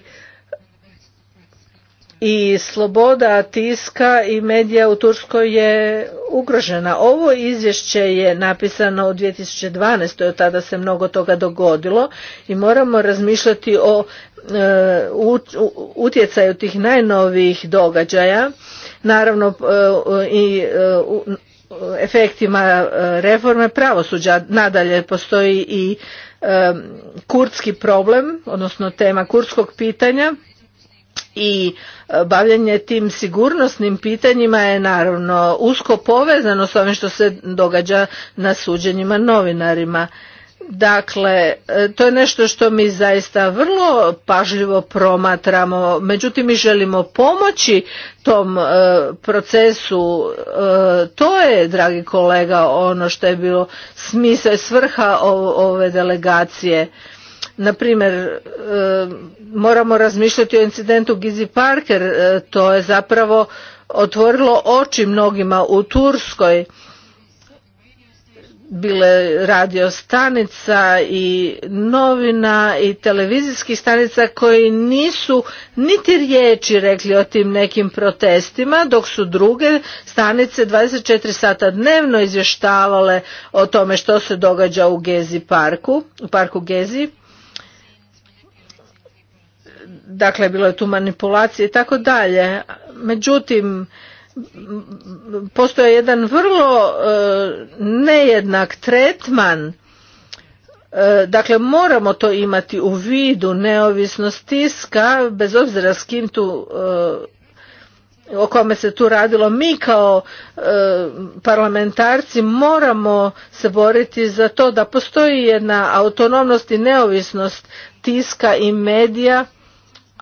i sloboda tiska i medija u Turskoj je ugrožena. Ovo izvješće je napisano u 2012. od tada se mnogo toga dogodilo i moramo razmišljati o e, utjecaju tih najnovijih događaja. Naravno e, i e, efektima reforme pravosuđa nadalje postoji i kurdski problem, odnosno tema kurdskog pitanja i e, bavljanje tim sigurnosnim pitanjima je naravno usko povezano s ovim što se događa na suđenjima novinarima. Dakle, e, to je nešto što mi zaista vrlo pažljivo promatramo, međutim mi želimo pomoći tom e, procesu, to je, dragi kolega, ono što je bilo smisao i svrha ove delegacije na primjer e, moramo razmišljati o incidentu Gizi Parker e, to je zapravo otvorilo oči mnogima u Turskoj bile radio stanica i novina i televizijskih stanica koji nisu niti riječi rekli o tim nekim protestima dok su druge stanice 24 sata dnevno izvještavale o tome što se događa u Gezi parku, u parku Gezi dakle bilo je tu manipulacije i tako dalje. Međutim, postoje jedan vrlo e, nejednak tretman e, Dakle, moramo to imati u vidu neovisnost tiska, bez obzira s kim tu e, o kome se tu radilo mi kao parlamentarci moramo se boriti za to da postoji jedna autonomnost i neovisnost tiska i medija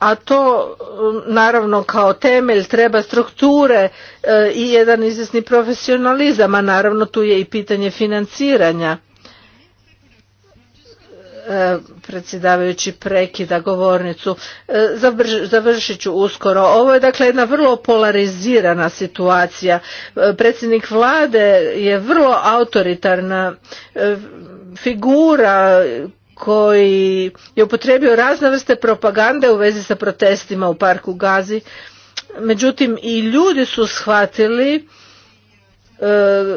a to um, naravno kao temelj treba strukture uh, i jedan izvjesni profesionalizam, a naravno tu je i pitanje financiranja. Uh, predsjedavajući prekida govornicu. Uh, završit ću uskoro. Ovo je dakle jedna vrlo polarizirana situacija. Predsjednik vlade je vrlo autoritarna figura koji je upotrijebio razne vrste propagande u vezi sa protestima u parku Gazi. Međutim, i ljudi su shvatili e,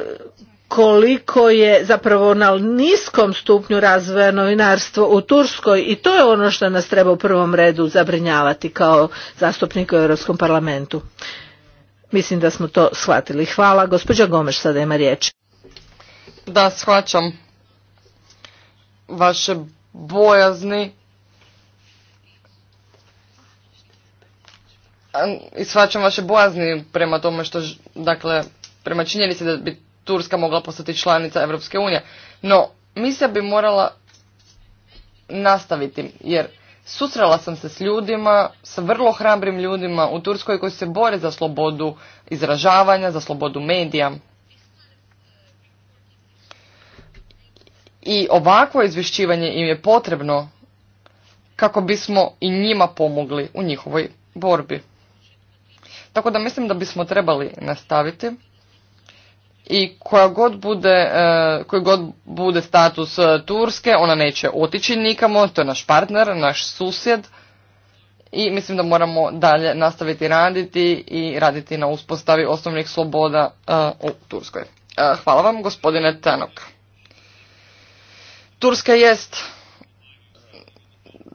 koliko je zapravo na niskom stupnju razvoja novinarstvo u Turskoj i to je ono što nas treba u prvom redu zabrinjavati kao zastupnika u Europskom parlamentu. Mislim da smo to shvatili. Hvala. Gospođa Gomeš sada ima riječ. Da, shvaćam vaše bojazni i shvaćam vaše bojazni prema tome što, dakle, prema činjenici da bi Turska mogla postati članica Europske unije. No, misija bi morala nastaviti, jer susrela sam se s ljudima, s vrlo hrabrim ljudima u Turskoj koji se bore za slobodu izražavanja, za slobodu medija. i ovakvo izvješćivanje im je potrebno kako bismo i njima pomogli u njihovoj borbi. Tako da mislim da bismo trebali nastaviti i koja god bude, e, koji god bude status e, Turske, ona neće otići nikamo, to je naš partner, naš susjed i mislim da moramo dalje nastaviti raditi i raditi na uspostavi osnovnih sloboda e, u Turskoj. Hvala vam gospodine Tanok. Turska jest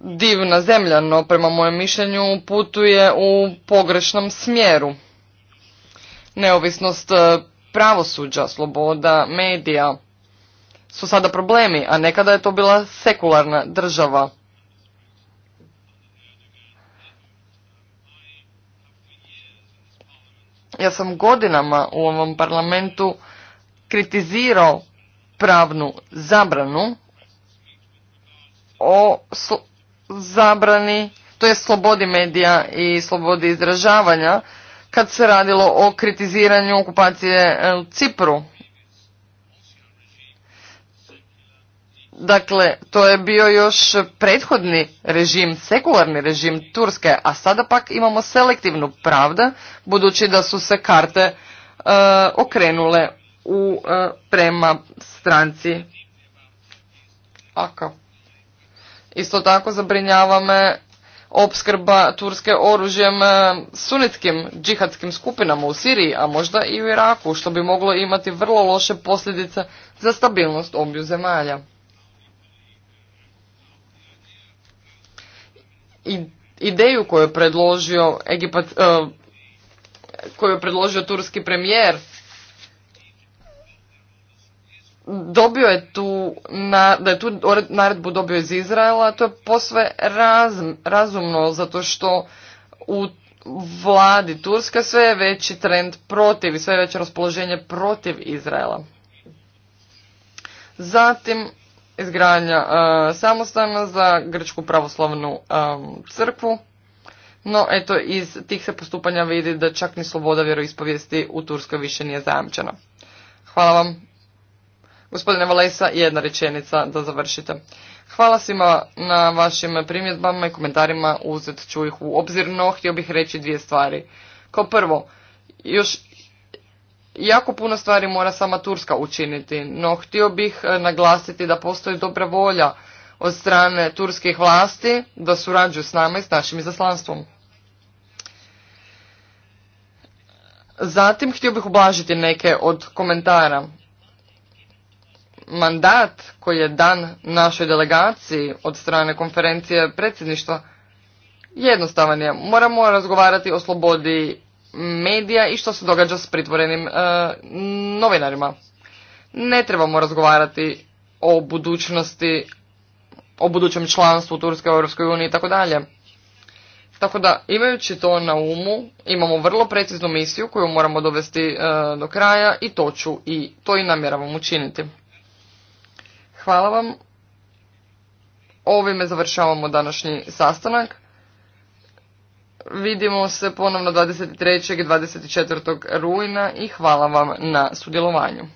divna zemlja, no prema mojem mišljenju putuje u pogrešnom smjeru. Neovisnost e, pravosuđa, sloboda, medija su sada problemi, a nekada je to bila sekularna država. Ja sam godinama u ovom parlamentu kritizirao pravnu zabranu o zabrani, to je slobodi medija i slobodi izražavanja, kad se radilo o kritiziranju okupacije e, u Cipru. Dakle, to je bio još prethodni režim, sekularni režim Turske, a sada pak imamo selektivnu pravda, budući da su se karte e, okrenule u, e, prema stranci AKP. Isto tako zabrinjava me opskrba Turske oružjem e, sunitskim džihadskim skupinama u Siriji, a možda i u Iraku, što bi moglo imati vrlo loše posljedice za stabilnost obju zemalja. ideju koju je predložio Egipat, e, koju je predložio turski premijer dobio je tu, na, da je tu naredbu dobio iz Izraela, to je posve razumno, zato što u vladi Turske sve je veći trend protiv i sve je veće raspoloženje protiv Izraela. Zatim izgradnja e, samostalna za Grčku pravoslavnu e, crkvu. No, eto, iz tih se postupanja vidi da čak ni sloboda vjeroispovijesti u Turskoj više nije zajamčena. Hvala vam. Gospodine Valesa, jedna rečenica da završite. Hvala svima na vašim primjedbama i komentarima, uzet ću ih u obzir, no htio bih reći dvije stvari. Kao prvo, još jako puno stvari mora sama Turska učiniti, no htio bih eh, naglasiti da postoji dobra volja od strane turskih vlasti da surađuju s nama i s našim izaslanstvom. Zatim htio bih ublažiti neke od komentara mandat koji je dan našoj delegaciji od strane konferencije predsjedništva jednostavan je. Moramo razgovarati o slobodi medija i što se događa s pritvorenim e, novinarima. Ne trebamo razgovarati o budućnosti, o budućem članstvu Turske u EU i tako dalje. Tako da, imajući to na umu, imamo vrlo preciznu misiju koju moramo dovesti e, do kraja i to ću i to i namjeravam učiniti. Hvala vam. Ovime završavamo današnji sastanak. Vidimo se ponovno 23. i 24. rujna i hvala vam na sudjelovanju.